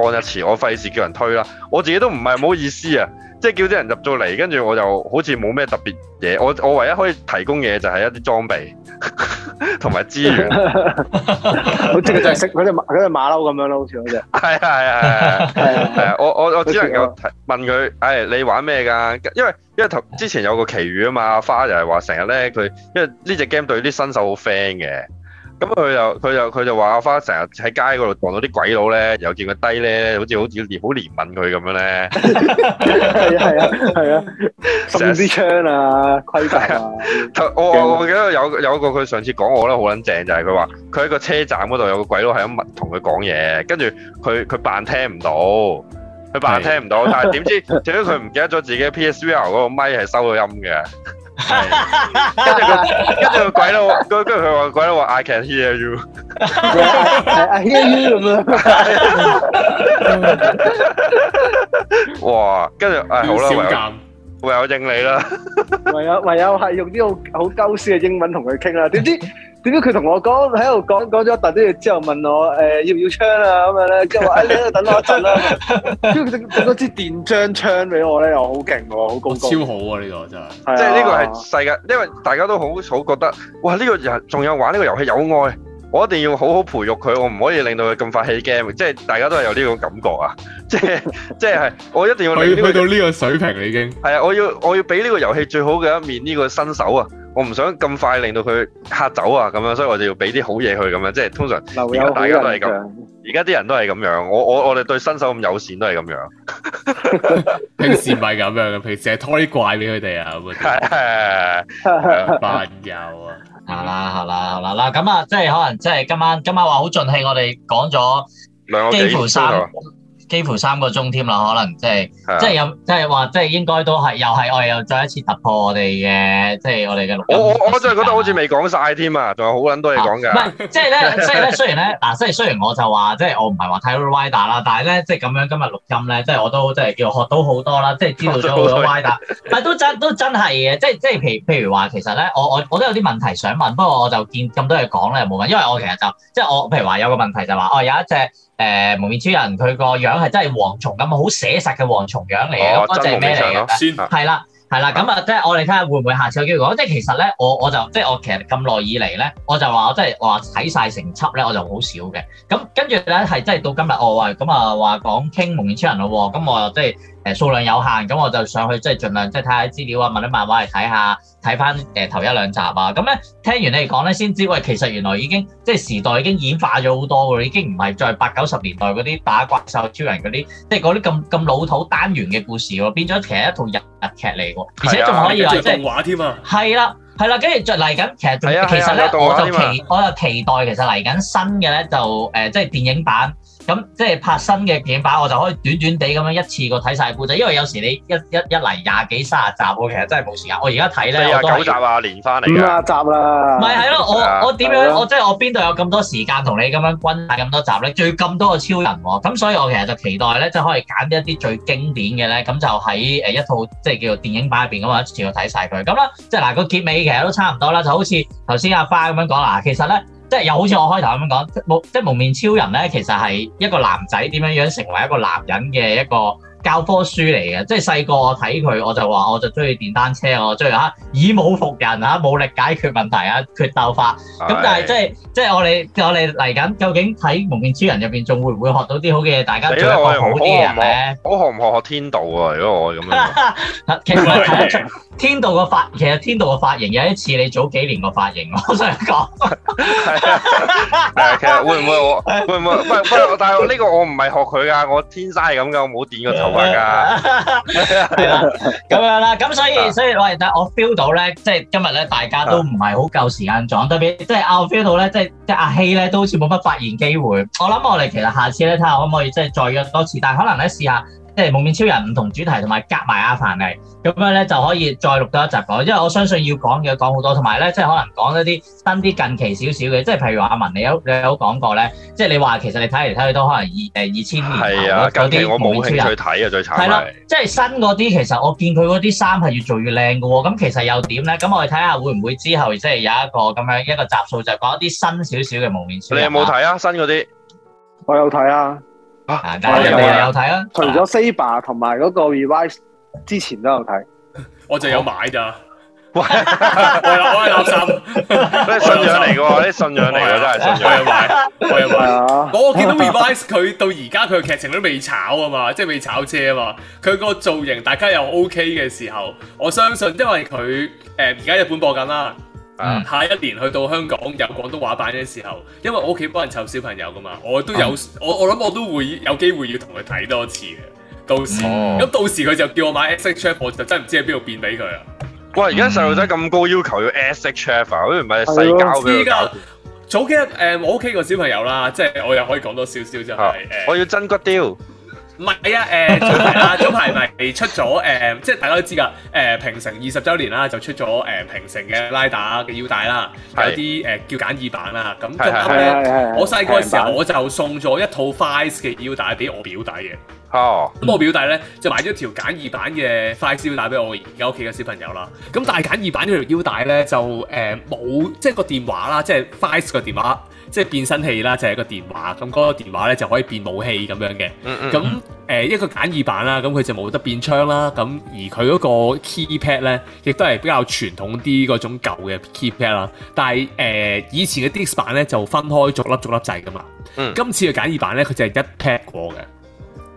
按一次，我費事叫人推啦。我自己都唔係冇意思啊。即係叫啲人入咗嚟，跟住我就好似冇咩特別嘢。我我唯一可以提供嘅嘢就係一啲裝備同埋 資源，好似 就係識嗰隻嗰隻馬騮咁樣咯，好似嗰隻。係啊係啊係啊係啊！我我我只能夠問佢，誒、哎，你玩咩噶？因為因為頭之前有個奇遇啊嘛，阿花又係話成日咧，佢因為呢隻 game 對啲新手好 friend 嘅。咁佢就佢就佢就話阿花成日喺街嗰度撞到啲鬼佬咧，又見佢低咧，好似好似好憐憫佢咁樣咧。係啊係啊係啊！成支槍啊，規矩啊！我我記得有有一個佢上次講，我覺得好撚正，就係佢話佢喺個車站嗰度有個鬼佬係咁同佢講嘢，跟住佢佢扮聽唔到，佢扮聽唔到，但係點知點解佢唔記得咗自己 PSVR 嗰個咪係收咗音嘅。跟住跟住佢鬼佬，跟住佢話鬼佬，I can hear you。I hear you 咁樣。哇，跟住誒，好啦。唯有認你啦 ，唯有唯有係用啲好好鳩屎嘅英文同佢傾啦。點知點知佢同我講喺度講講咗等啲嘢之後問我誒、欸、要唔要槍啊咁樣咧，跟住話哎你喺度等我一陣啦。即係整咗支電漿槍俾我咧，又好勁喎，好高光，超好啊呢、這個真係， 即係呢個係世界，因為大家都好好覺得哇呢、這個遊仲有玩呢個遊戲有愛。我一定要好好培育佢，我唔可以令到佢咁快棄 game，即係大家都係有呢種感覺啊！即係即係，我一定要去，去到呢個水平已經。係啊，我要我要俾呢個遊戲最好嘅一面呢個新手啊，我唔想咁快令到佢嚇走啊咁樣，所以我就要俾啲好嘢佢咁樣。即係通常，大家都係咁。而家啲人都係咁樣，我我我哋對新手咁友善都係咁樣, 樣。平時唔係咁樣嘅，平時係拖怪俾佢哋啊咁啊，扮啊。好啦，好啦，好啦，啦咁啊，即係可能，即係今晚，今晚話好盡興，我哋講咗兩幾乎三。三幾乎三個鐘添啦，可能即係即係有即係話，即係的應該都係又係我哋又再一次突破我哋嘅，即係我哋嘅錄音我。我我真係覺得好似未講晒添啊，仲有好撚多嘢講㗎。唔係即係咧，即係咧，雖然咧嗱，即係 雖，雖然我就話即係我唔係話太拉打啦，但係咧即係咁樣今日錄音咧，即係我都即係又學到好多啦，即係知道咗好多拉打。唔係都真都真係嘅，即係即係譬譬如話，其實咧，我我我都有啲問題想問，不過我就見咁多嘢講咧，冇問，因為我其實就即係我譬如話有個問題就話哦有一隻。誒、呃、幪面超人佢、哦、個樣係真係蝗蟲咁啊，好寫實嘅蝗蟲樣嚟嘅。嗰個係咩嚟嘅？係啦，係啦，咁啊，即係我哋睇下會唔會下次有機會講？即係其實咧，我我就即係我其實咁耐以嚟咧，我就話我真係話睇晒成輯咧，我就好少嘅。咁跟住咧係真係到今日，我話咁啊話講傾幪面超人咯喎，咁我又即係。嗯誒數量有限，咁我就上去即係、就是、盡量即係睇下資料啊，問啲漫畫嚟睇下，睇返誒頭一兩集啊。咁咧聽完你哋講咧，先知喂，其實原來已經即係時代已經演化咗好多喎，已經唔係再八九十年代嗰啲打怪獸超人嗰啲，即係嗰啲咁咁老土單元嘅故事喎，變咗其實一套日日劇嚟喎，啊、而且仲可以話即係動畫添啊。係啦係啦，跟住嚟緊其實、啊啊、其實呢有咧、啊我，我就期我就期待其實嚟緊新嘅咧就誒、呃、即係電影版。咁即係拍新嘅片版，我就可以短短地咁樣一次過睇晒古仔。因為有時你一一一嚟廿幾三十集，我其實真係冇時間。我而家睇咧，我都九集啊，連翻嚟。一集啦。唔係係咯，我我點樣？了我即係我邊度有咁多時間同你咁樣均曬咁多集咧？最咁多個超人喎，咁所以我其實就期待咧，即係可以揀一啲最經典嘅咧，咁就喺誒一套即係叫做電影版入邊咁啊，一次過睇晒佢。咁啦，即係嗱個結尾其實都差唔多啦，就好似頭先阿花咁樣講啦，其實咧。即係又好似我開頭咁樣講，即係幪面超人咧，其實係一個男仔點樣樣成為一個男人嘅一個。教科書嚟嘅，即係細個我睇佢，我就話我就中意電單車，我中意嚇以武服人嚇，武、啊、力解決問題啊，決鬥法。咁的但係即係即係我哋我哋嚟緊，究竟睇幪面超人入邊仲會唔會學到啲好嘅嘢？大家最學好啲嘅人咧，我、嗯、學唔學，學，學天道啊？如果我咁樣， 其實睇得出天道個發，其實天道個髮型有啲似你早幾年個髮型。我想講，的 其實會唔會我會唔 會不不？但係呢個我唔係學佢啊。我天生係咁嘅，我冇電過頭係啦，咁 樣啦，咁所以所以喂，但係我 feel 到咧，即係今日咧，大家都唔係好夠時間撞， 特別即係、啊、我 feel 到咧，即係即係阿希咧，都好似冇乜發言機會。我諗我哋其實下次咧，睇下可唔可以即係再約多次，但係可能咧試下。即係幪面超人唔同主題，同埋夾埋阿凡係，咁樣咧就可以再錄多一集講，因為我相信要講嘅講好多，同埋咧即係可能講一啲新啲近期少少嘅，即係譬如話阿文你有你有講過咧，即係你話其實你睇嚟睇去都可能二誒二千年頭嗰啲幪面超人我冇去睇啊，最慘係，係啦，即係新嗰啲其實我見佢嗰啲衫係越做越靚嘅喎，咁、嗯、其實又點咧？咁我哋睇下會唔會之後即係有一個咁樣一個集數就係講一啲新少少嘅幪面超人。你有冇睇啊？新嗰啲我有睇啊。啊！有睇啊，除咗 Saber 同埋嗰個 Revice 之前都有睇，我就有買咋， 我係我係老襯，所以信仰嚟嘅喎，啲信仰嚟嘅真係，我有買，我有買。我見 到 Revice 佢到而家佢嘅劇情都未炒啊嘛，即係未炒車啊嘛，佢個造型大家又 OK 嘅時候，我相信因為佢誒而家日本播緊啦。嗯、下一年去到香港有廣東話版嘅時候，因為我屋企幫人湊小朋友噶嘛，我都有、嗯、我我諗我都會有機會要同佢睇多次嘅。到時咁、嗯、到時佢就叫我買 S H F，我就真係唔知喺邊度變俾佢啊！哇！而家細路仔咁高要求要、啊、S H F，好似唔係細教嘅、哦。早幾日誒，我屋企個小朋友啦，即係我又可以講多少少就係誒。嗯、我要真骨雕。唔係啊，誒、呃、早排啦、啊，早 排咪出咗誒，即、呃、係大家都知㗎，誒、呃、平成二十周年啦，就出咗誒、呃、平成嘅拉打嘅腰帶啦，是有啲誒、呃、叫簡易版啦。咁啱咧，我細個嘅時候我就送咗一套 Fives 嘅腰帶俾我表弟嘅。哦、嗯，咁我表弟咧就買咗條簡易版嘅 Fives 腰帶俾我而家屋企嘅小朋友啦。咁但係簡易版帶呢條腰帶咧就誒冇、呃，即係個電話啦，即係 Fives 個電話。即係變身器啦，就係、是、一個電話咁，嗰個電話咧就可以變武器咁樣嘅。咁誒、嗯嗯呃、一個簡易版啦，咁、嗯、佢就冇得變槍啦。咁、嗯、而佢嗰個 keypad 咧，亦都係比較傳統啲嗰種舊嘅 keypad 啦。但係誒、呃、以前嘅 DX 版咧就分開逐粒逐粒掣㗎嘛。嗯、今次嘅簡易版咧佢就係一 pad 過嘅。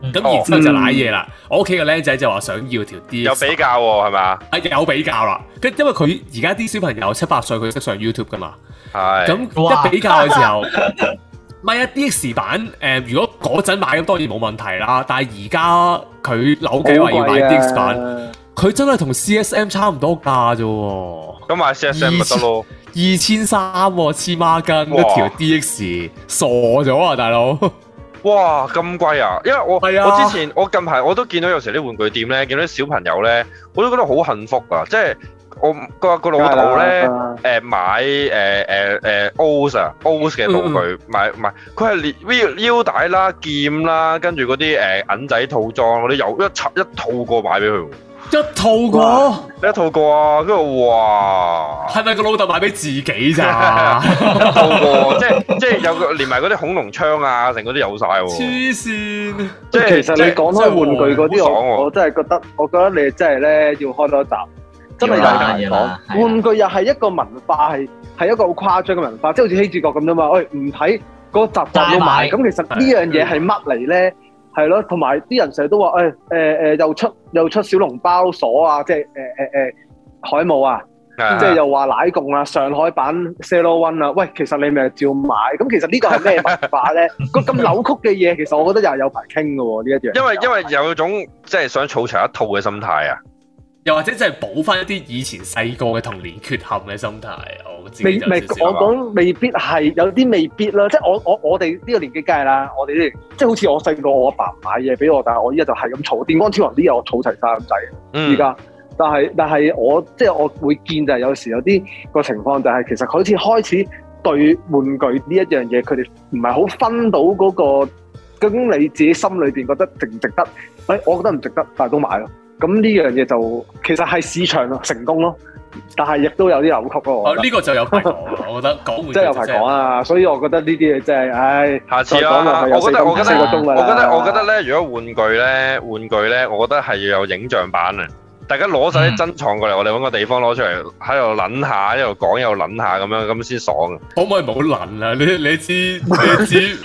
咁然之後就瀨嘢啦，哦嗯、我屋企個僆仔就話想要條 D X，有比較喎係咪？啊有比較啦，跟因為佢而家啲小朋友七八歲佢識上 YouTube 噶嘛，係咁是一比較嘅時候，咪一哇 D X 版誒、嗯，如果嗰陣買咁當然冇問題啦，但係而家佢扭計話要買 D X 版，佢、啊、真係同 C S M 差唔多價啫喎，咁買 C S M 咪得咯。二千三喎，黐孖筋一條 D X，傻咗啊大佬！哇，咁貴啊！因為我係啊我之前我近排我都見到有時啲玩具店咧，見到啲小朋友咧，我都覺得好幸福啊！即係我個個老豆咧，誒、呃、買誒誒誒 o 啊 o 嘅道具，嗯嗯買唔係佢係連腰腰帶啦、劍啦，跟住嗰啲誒銀仔套裝嗰啲，又一插一套過買俾佢。一套過，一套過啊，跟住哇，係咪個老豆買俾自己咋？一套過，即係即係有個連埋嗰啲恐龍槍啊，成個都有晒喎。黐線，即係其實你講開玩具嗰啲我真係覺得，我覺得你真係咧要開多一集，真係大嘢，講玩具又係一個文化，係係一個好誇張嘅文化，即係好似希治閣咁樣，嘛我唔睇個集集要買，咁其實呢樣嘢係乜嚟咧？係咯，同埋啲人成日都話誒誒誒，又出又出小籠包鎖啊，即係誒誒誒，海母啊，即係又話奶共啊，上海版 Cello One 啊，喂，其實你咪照買，咁其實呢個係咩辦法咧？咁 扭曲嘅嘢，其實我覺得又係有排傾噶喎，呢一樣。因為因為有種即係想儲齊一套嘅心態啊。又或者就係補翻一啲以前細個嘅童年缺陷嘅心態，我未未，我講未必係有啲未必咯，即係我我我哋呢個年紀梗係啦，我哋即係好似我細個，我阿爸買嘢俾我，但係我依家就係咁儲《電光超人日日》啲嘢，我儲齊曬咁滯。依家，但係但係我即係我會見就係有時有啲個情況就係、是、其實佢好似開始對玩具呢一樣嘢，佢哋唔係好分到嗰、那個，咁你自己心裏邊覺得值唔值得？誒、哎，我覺得唔值得，但係都買咯。咁呢樣嘢就其實係市場成功咯，但係亦都有啲扭曲咯。呢、哦這個就有排講， 我覺得講即係有排講啊，所以我覺得呢啲嘢真係，唉、哎。下次啊，我覺得我覺得我覺得我覺得咧，如果玩具咧玩具咧，我覺得係要有影像版啊、嗯！大家攞晒啲珍藏過嚟，我哋揾個地方攞出嚟，喺度攆下，喺度講，又攆下咁樣，咁先爽啊！可唔可以冇攆啊？你你知你知。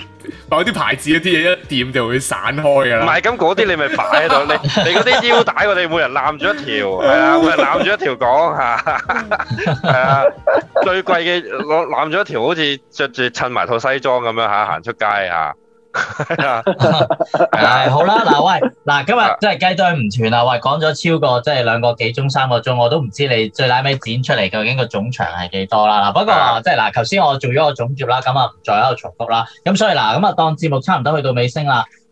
嗱，啲牌子嗰啲嘢一掂就會散開噶啦。唔係，咁嗰啲你咪擺喺度。你你嗰啲腰帶我哋每人攬住一條，係啊， 每人攬住一條講吓，係啊， 最貴嘅攞攬住一條，好似着住襯埋套西裝咁樣吓，行出街啊。係、 哎、好啦，嗱喂，嗱今日真係雞堆唔全啦，喂，講咗 超過即係兩個幾鐘、三個鐘，我都唔知你最尾剪出嚟究竟個總長係幾多啦。嗱，不過 即係嗱，頭先我做咗個總結啦，咁就唔再喺度重複啦。咁所以嗱，咁就當節目差唔多去到尾聲啦。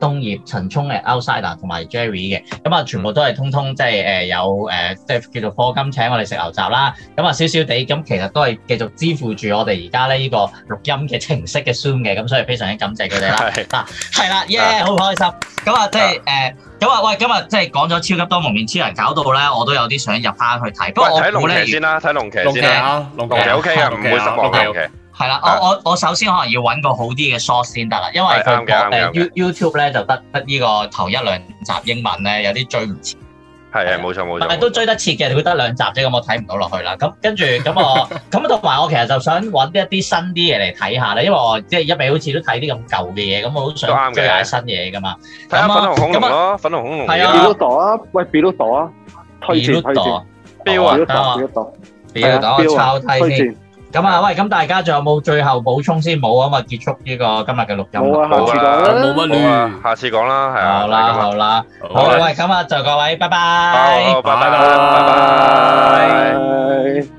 冬葉、陳聰、誒 outsider 同埋 Jerry 嘅，咁啊全部都係通通即係誒有誒，即係叫做課金請我哋食牛雜啦。咁啊少少地，咁其實都係繼續支付住我哋而家咧依個錄音嘅程式嘅 Zoom 嘅，咁所以非常之感謝佢哋啦。嗱，係啦 yeah 好開心。咁啊，即係誒，咁啊，喂，今日即係講咗超級多幪面超人，搞到咧我都有啲想入翻去睇。不過，睇龍騎先啦，睇龍騎先啦，龍騎 OK 啊，唔會失望嘅。係啦，我我我首先可能要揾個好啲嘅 source 先得啦，因為佢我誒 YouTube 咧就得得呢個頭一兩集英文咧有啲追唔切。係啊，冇錯冇錯。都追得切嘅，佢會得兩集啫，咁我睇唔到落去啦。咁跟住咁我咁同埋我其實就想揾一啲新啲嘢嚟睇下咧，因為我即係一味好似都睇啲咁舊嘅嘢，咁我好想追下新嘢噶嘛。睇下咁粉紅恐龍咯，粉紅恐龍。係啊，Builder 啊，喂，Builder 啊，推薦推薦，Builder 啊，Builder 啊，推薦。咁啊，喂，咁大家仲有冇最後補充先？冇啊嘛，結束呢個今日嘅錄音啦。冇啊了，冇乜吧亂，下次講啦，係啊，好啦吧，好啦，好，喂，今日就各位，拜拜，好，拜拜，拜拜，拜拜。